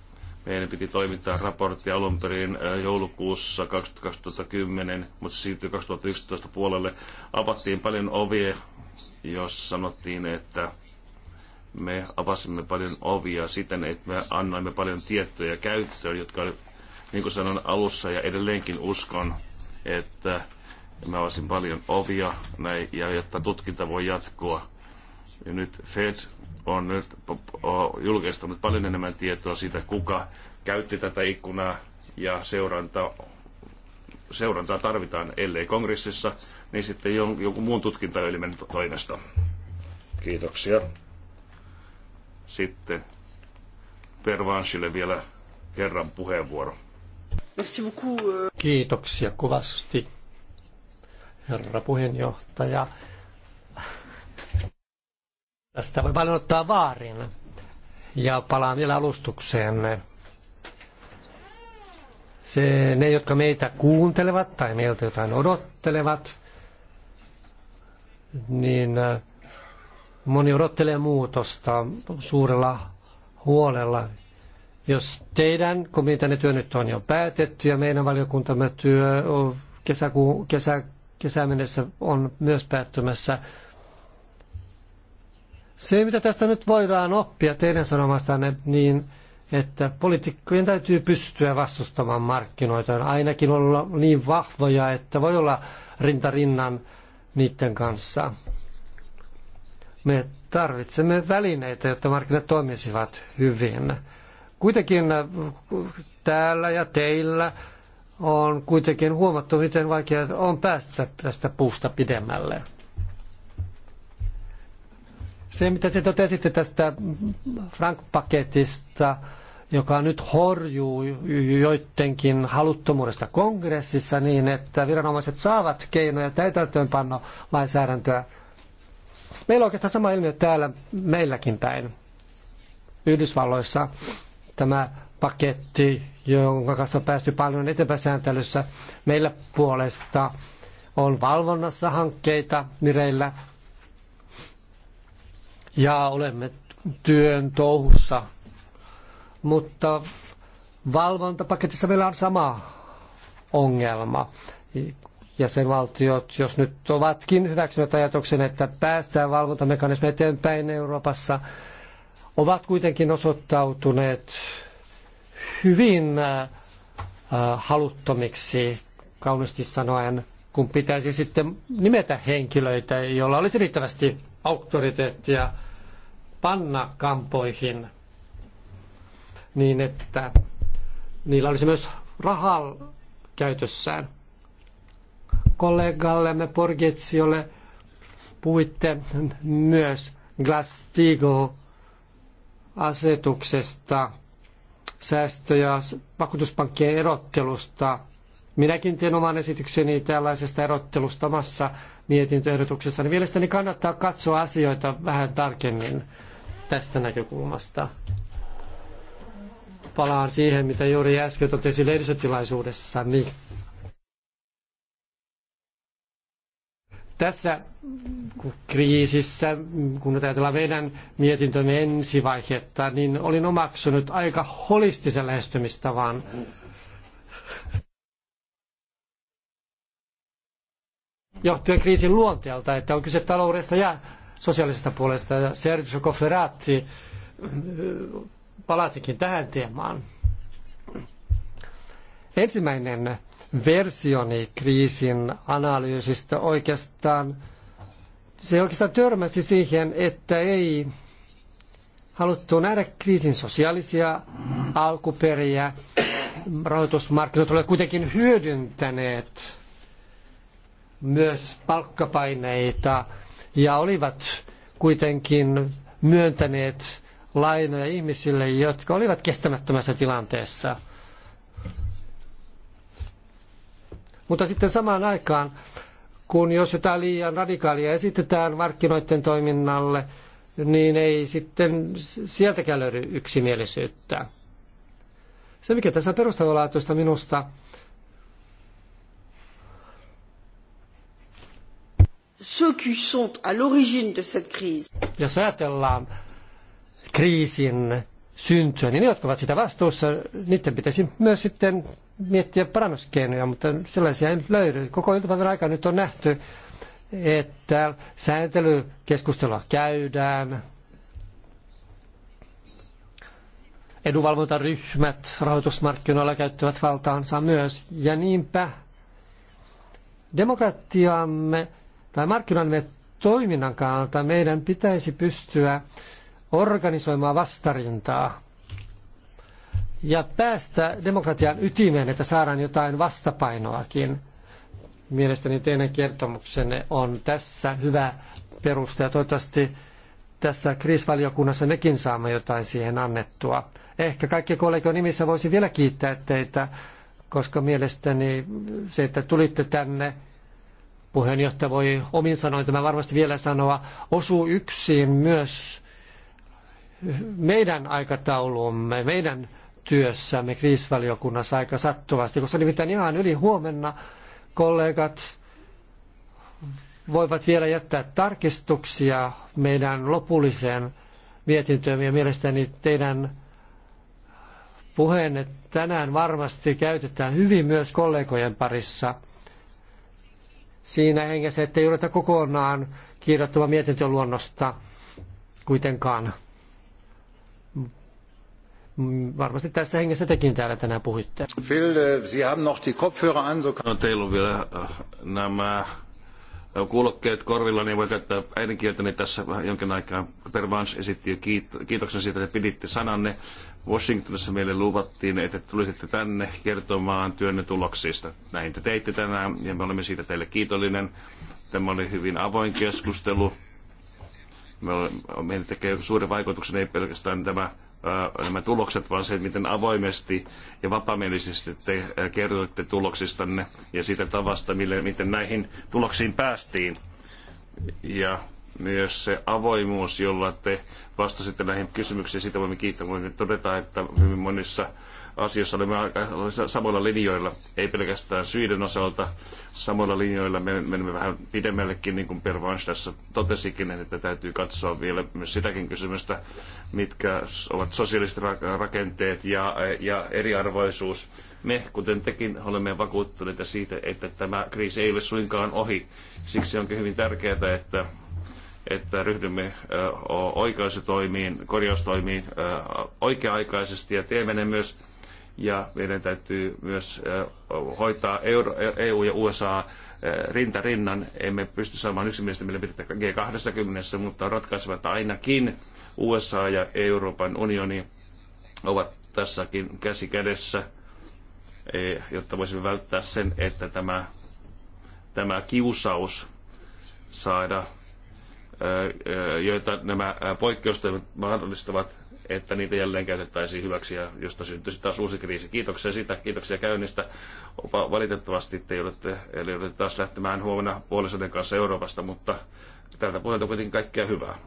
Meidän piti toimittaa raportti alun perin äh, joulukuussa 2010, mutta se siirtyi 2011 puolelle. Avattiin paljon ovia, jos sanottiin, että me avasimme paljon ovia siten, että me annoimme paljon tietoja käyttöön, jotka niin kuin sanon alussa ja edelleenkin uskon, että mä olisin paljon ovia näin, ja jotta tutkinta voi jatkua. Ja nyt Fed on nyt julkistanut paljon enemmän tietoa siitä, kuka käytti tätä ikkunaa ja seuranta, seurantaa tarvitaan, ellei kongressissa, niin sitten jonkun muun tutkintaelimen toimesta. Kiitoksia. Sitten Pervanchille vielä kerran puheenvuoro. Euh. Kiitoksia kovasti, herra puheenjohtaja. Tästä voi paljon ottaa vaarin. Ja palaan vielä alustukseen. Se, ne, jotka meitä kuuntelevat tai meiltä jotain odottelevat, niin äh, moni odottelee muutosta suurella huolella jos teidän komiteanne työ nyt on jo päätetty ja meidän valiokuntamme työ kesäkuun, kesä, kesään mennessä on myös päättymässä, se, mitä tästä nyt voidaan oppia teidän sanomastanne, niin että poliitikkojen täytyy pystyä vastustamaan markkinoita, ainakin olla niin vahvoja, että voi olla rintarinnan niiden kanssa. Me tarvitsemme välineitä, jotta markkinat toimisivat hyvin. Kuitenkin äh, täällä ja teillä on kuitenkin huomattu, miten vaikea on päästä tästä puusta pidemmälle. Se, mitä se totesitte tästä Frank-paketista, joka nyt horjuu joidenkin haluttomuudesta kongressissa niin, että viranomaiset saavat keinoja täytäntöönpanno lainsäädäntöä. Meillä on oikeastaan sama ilmiö täällä meilläkin päin, Yhdysvalloissa tämä paketti, jonka kanssa on päästy paljon eteenpäin Meillä puolesta on valvonnassa hankkeita vireillä ja olemme työn touhussa. Mutta valvontapaketissa meillä on sama ongelma. Jäsenvaltiot, jos nyt ovatkin hyväksyneet ajatuksen, että päästään valvontamekanismi eteenpäin Euroopassa, ovat kuitenkin osoittautuneet hyvin äh, haluttomiksi, kaunisti sanoen, kun pitäisi sitten nimetä henkilöitä, joilla olisi riittävästi auktoriteettia panna kampoihin, niin että niillä olisi myös rahaa käytössään. Kollegallemme Porgetsiolle puhuitte myös Glass-Steagall asetuksesta, säästö- ja vakuutuspankkien erottelusta. Minäkin teen oman esitykseni tällaisesta erottelusta omassa mietintöehdotuksessa. Niin mielestäni kannattaa katsoa asioita vähän tarkemmin tästä näkökulmasta. Palaan siihen, mitä juuri äsken totesin lehdistötilaisuudessani Tässä kriisissä, kun ajatellaan meidän mietintömme ensivaihetta, niin olin omaksunut aika holistisen lähestymistavan johtuen kriisin luonteelta, että on kyse taloudesta ja sosiaalisesta puolesta. Ja Sergio Cofferati äh, palasikin tähän teemaan. Ensimmäinen versioni kriisin analyysistä oikeastaan, se oikeastaan törmäsi siihen, että ei haluttu nähdä kriisin sosiaalisia alkuperiä. Rahoitusmarkkinat olivat kuitenkin hyödyntäneet myös palkkapaineita ja olivat kuitenkin myöntäneet lainoja ihmisille, jotka olivat kestämättömässä tilanteessa – Mutta sitten samaan aikaan, kun jos jotain liian radikaalia esitetään markkinoiden toiminnalle, niin ei sitten sieltäkään löydy yksimielisyyttä. Se, mikä tässä on perustavanlaatuista minusta, ceux qui sont à l'origine de cette crise. Jos ajatellaan kriisin syntyä, niin ne, jotka ovat sitä vastuussa, niiden pitäisi myös sitten miettiä parannuskeinoja, mutta sellaisia ei löydy. Koko iltapäivän aika nyt on nähty, että sääntelykeskustelua käydään, edunvalvontaryhmät rahoitusmarkkinoilla käyttävät valtaansa myös, ja niinpä demokratiamme tai markkinoimme toiminnan kannalta meidän pitäisi pystyä organisoimaan vastarintaa ja päästä demokratian ytimeen, että saadaan jotain vastapainoakin. Mielestäni teidän kertomuksenne on tässä hyvä peruste ja toivottavasti tässä kriisivaliokunnassa mekin saamme jotain siihen annettua. Ehkä kaikki kollegojen nimissä voisin vielä kiittää teitä, koska mielestäni se, että tulitte tänne, puheenjohtaja voi omin sanoin tämä varmasti vielä sanoa, osuu yksin myös meidän aikataulumme, meidän työssämme kriisivaliokunnassa aika sattuvasti, koska nimittäin ihan yli huomenna kollegat voivat vielä jättää tarkistuksia meidän lopulliseen mietintöömme ja mielestäni teidän puheenne tänään varmasti käytetään hyvin myös kollegojen parissa siinä hengessä, ettei jouduta kokonaan kirjoittamaan mietintöluonnosta kuitenkaan varmasti tässä hengessä tekin täällä tänään puhuitte. Phil, eh, Sie haben noch die Kopfhörer an, so no, teillä on vielä eh, nämä kuulokkeet korvilla, niin voi käyttää äidinkieltä, niin tässä jonkin aikaa Per Vance esitti jo kiitoksen siitä, että piditte sananne. Washingtonissa meille luvattiin, että tulisitte tänne kertomaan työnne tuloksista. Näin te teitte tänään ja me olemme siitä teille kiitollinen. Tämä oli hyvin avoin keskustelu. Me olemme, meidän tekee suuren vaikutuksen ei pelkästään tämä nämä tulokset, vaan se, miten avoimesti ja vapaamielisesti te kerroitte tuloksistanne ja siitä tavasta, mille, miten näihin tuloksiin päästiin. Ja myös se avoimuus, jolla te vastasitte näihin kysymyksiin, sitä voimme kiittää. Voimme todeta, että hyvin monissa asioissa olemme aika samoilla linjoilla, ei pelkästään syiden osalta. Samoilla linjoilla menemme vähän pidemmällekin, niin kuin Per Vans tässä totesikin, että täytyy katsoa vielä myös sitäkin kysymystä, mitkä ovat sosiaaliset rakenteet ja, ja eriarvoisuus. Me, kuten tekin, olemme vakuuttuneita siitä, että tämä kriisi ei ole suinkaan ohi. Siksi onkin hyvin tärkeää, että että ryhdymme oikeustoimiin, korjaustoimiin oikea-aikaisesti ja teemme ne myös ja meidän täytyy myös hoitaa Euro, EU ja USA rinta rinnan. Emme pysty saamaan yksimielistä mielipidettä G20, mutta on ratkaiseva, että ainakin USA ja Euroopan unioni ovat tässäkin käsi kädessä, e, jotta voisimme välttää sen, että tämä, tämä kiusaus saada, joita nämä poikkeustoimet mahdollistavat, että niitä jälleen käytettäisiin hyväksi ja josta syntyisi taas uusi kriisi. Kiitoksia siitä, kiitoksia käynnistä. Opa, valitettavasti te joudutte, eli joudutte taas lähtemään huomenna puolisoiden kanssa Euroopasta, mutta tältä puolelta kuitenkin kaikkea hyvää.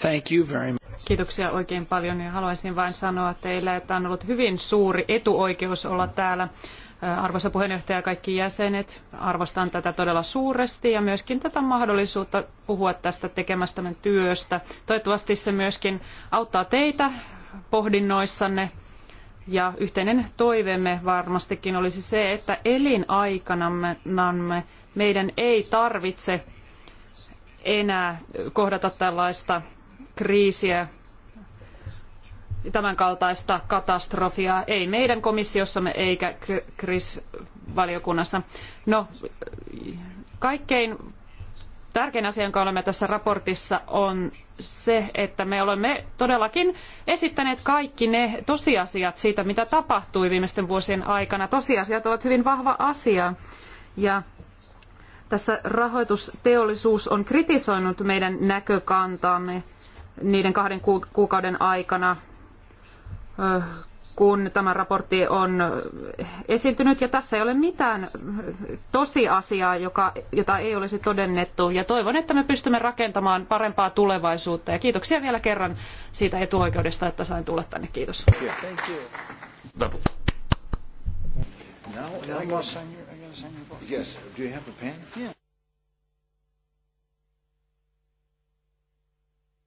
Thank you very much. Kiitoksia oikein paljon ja haluaisin vain sanoa teille, että on ollut hyvin suuri etuoikeus olla täällä Arvoisa puheenjohtaja ja kaikki jäsenet, arvostan tätä todella suuresti ja myöskin tätä mahdollisuutta puhua tästä tekemästämme työstä. Toivottavasti se myöskin auttaa teitä pohdinnoissanne ja yhteinen toiveemme varmastikin olisi se, että elinaikanamme meidän ei tarvitse enää kohdata tällaista kriisiä tämän kaltaista katastrofia, ei meidän komissiossamme eikä KRIS-valiokunnassa. No, kaikkein tärkein asia, jonka olemme tässä raportissa, on se, että me olemme todellakin esittäneet kaikki ne tosiasiat siitä, mitä tapahtui viimeisten vuosien aikana. Tosiasiat ovat hyvin vahva asia. Ja tässä rahoitusteollisuus on kritisoinut meidän näkökantaamme niiden kahden kuukauden aikana Äh, kun tämä raportti on esiintynyt ja tässä ei ole mitään tosiasiaa, joka, jota ei olisi todennettu ja toivon, että me pystymme rakentamaan parempaa tulevaisuutta ja kiitoksia vielä kerran siitä etuoikeudesta, että sain tulla tänne. Kiitos.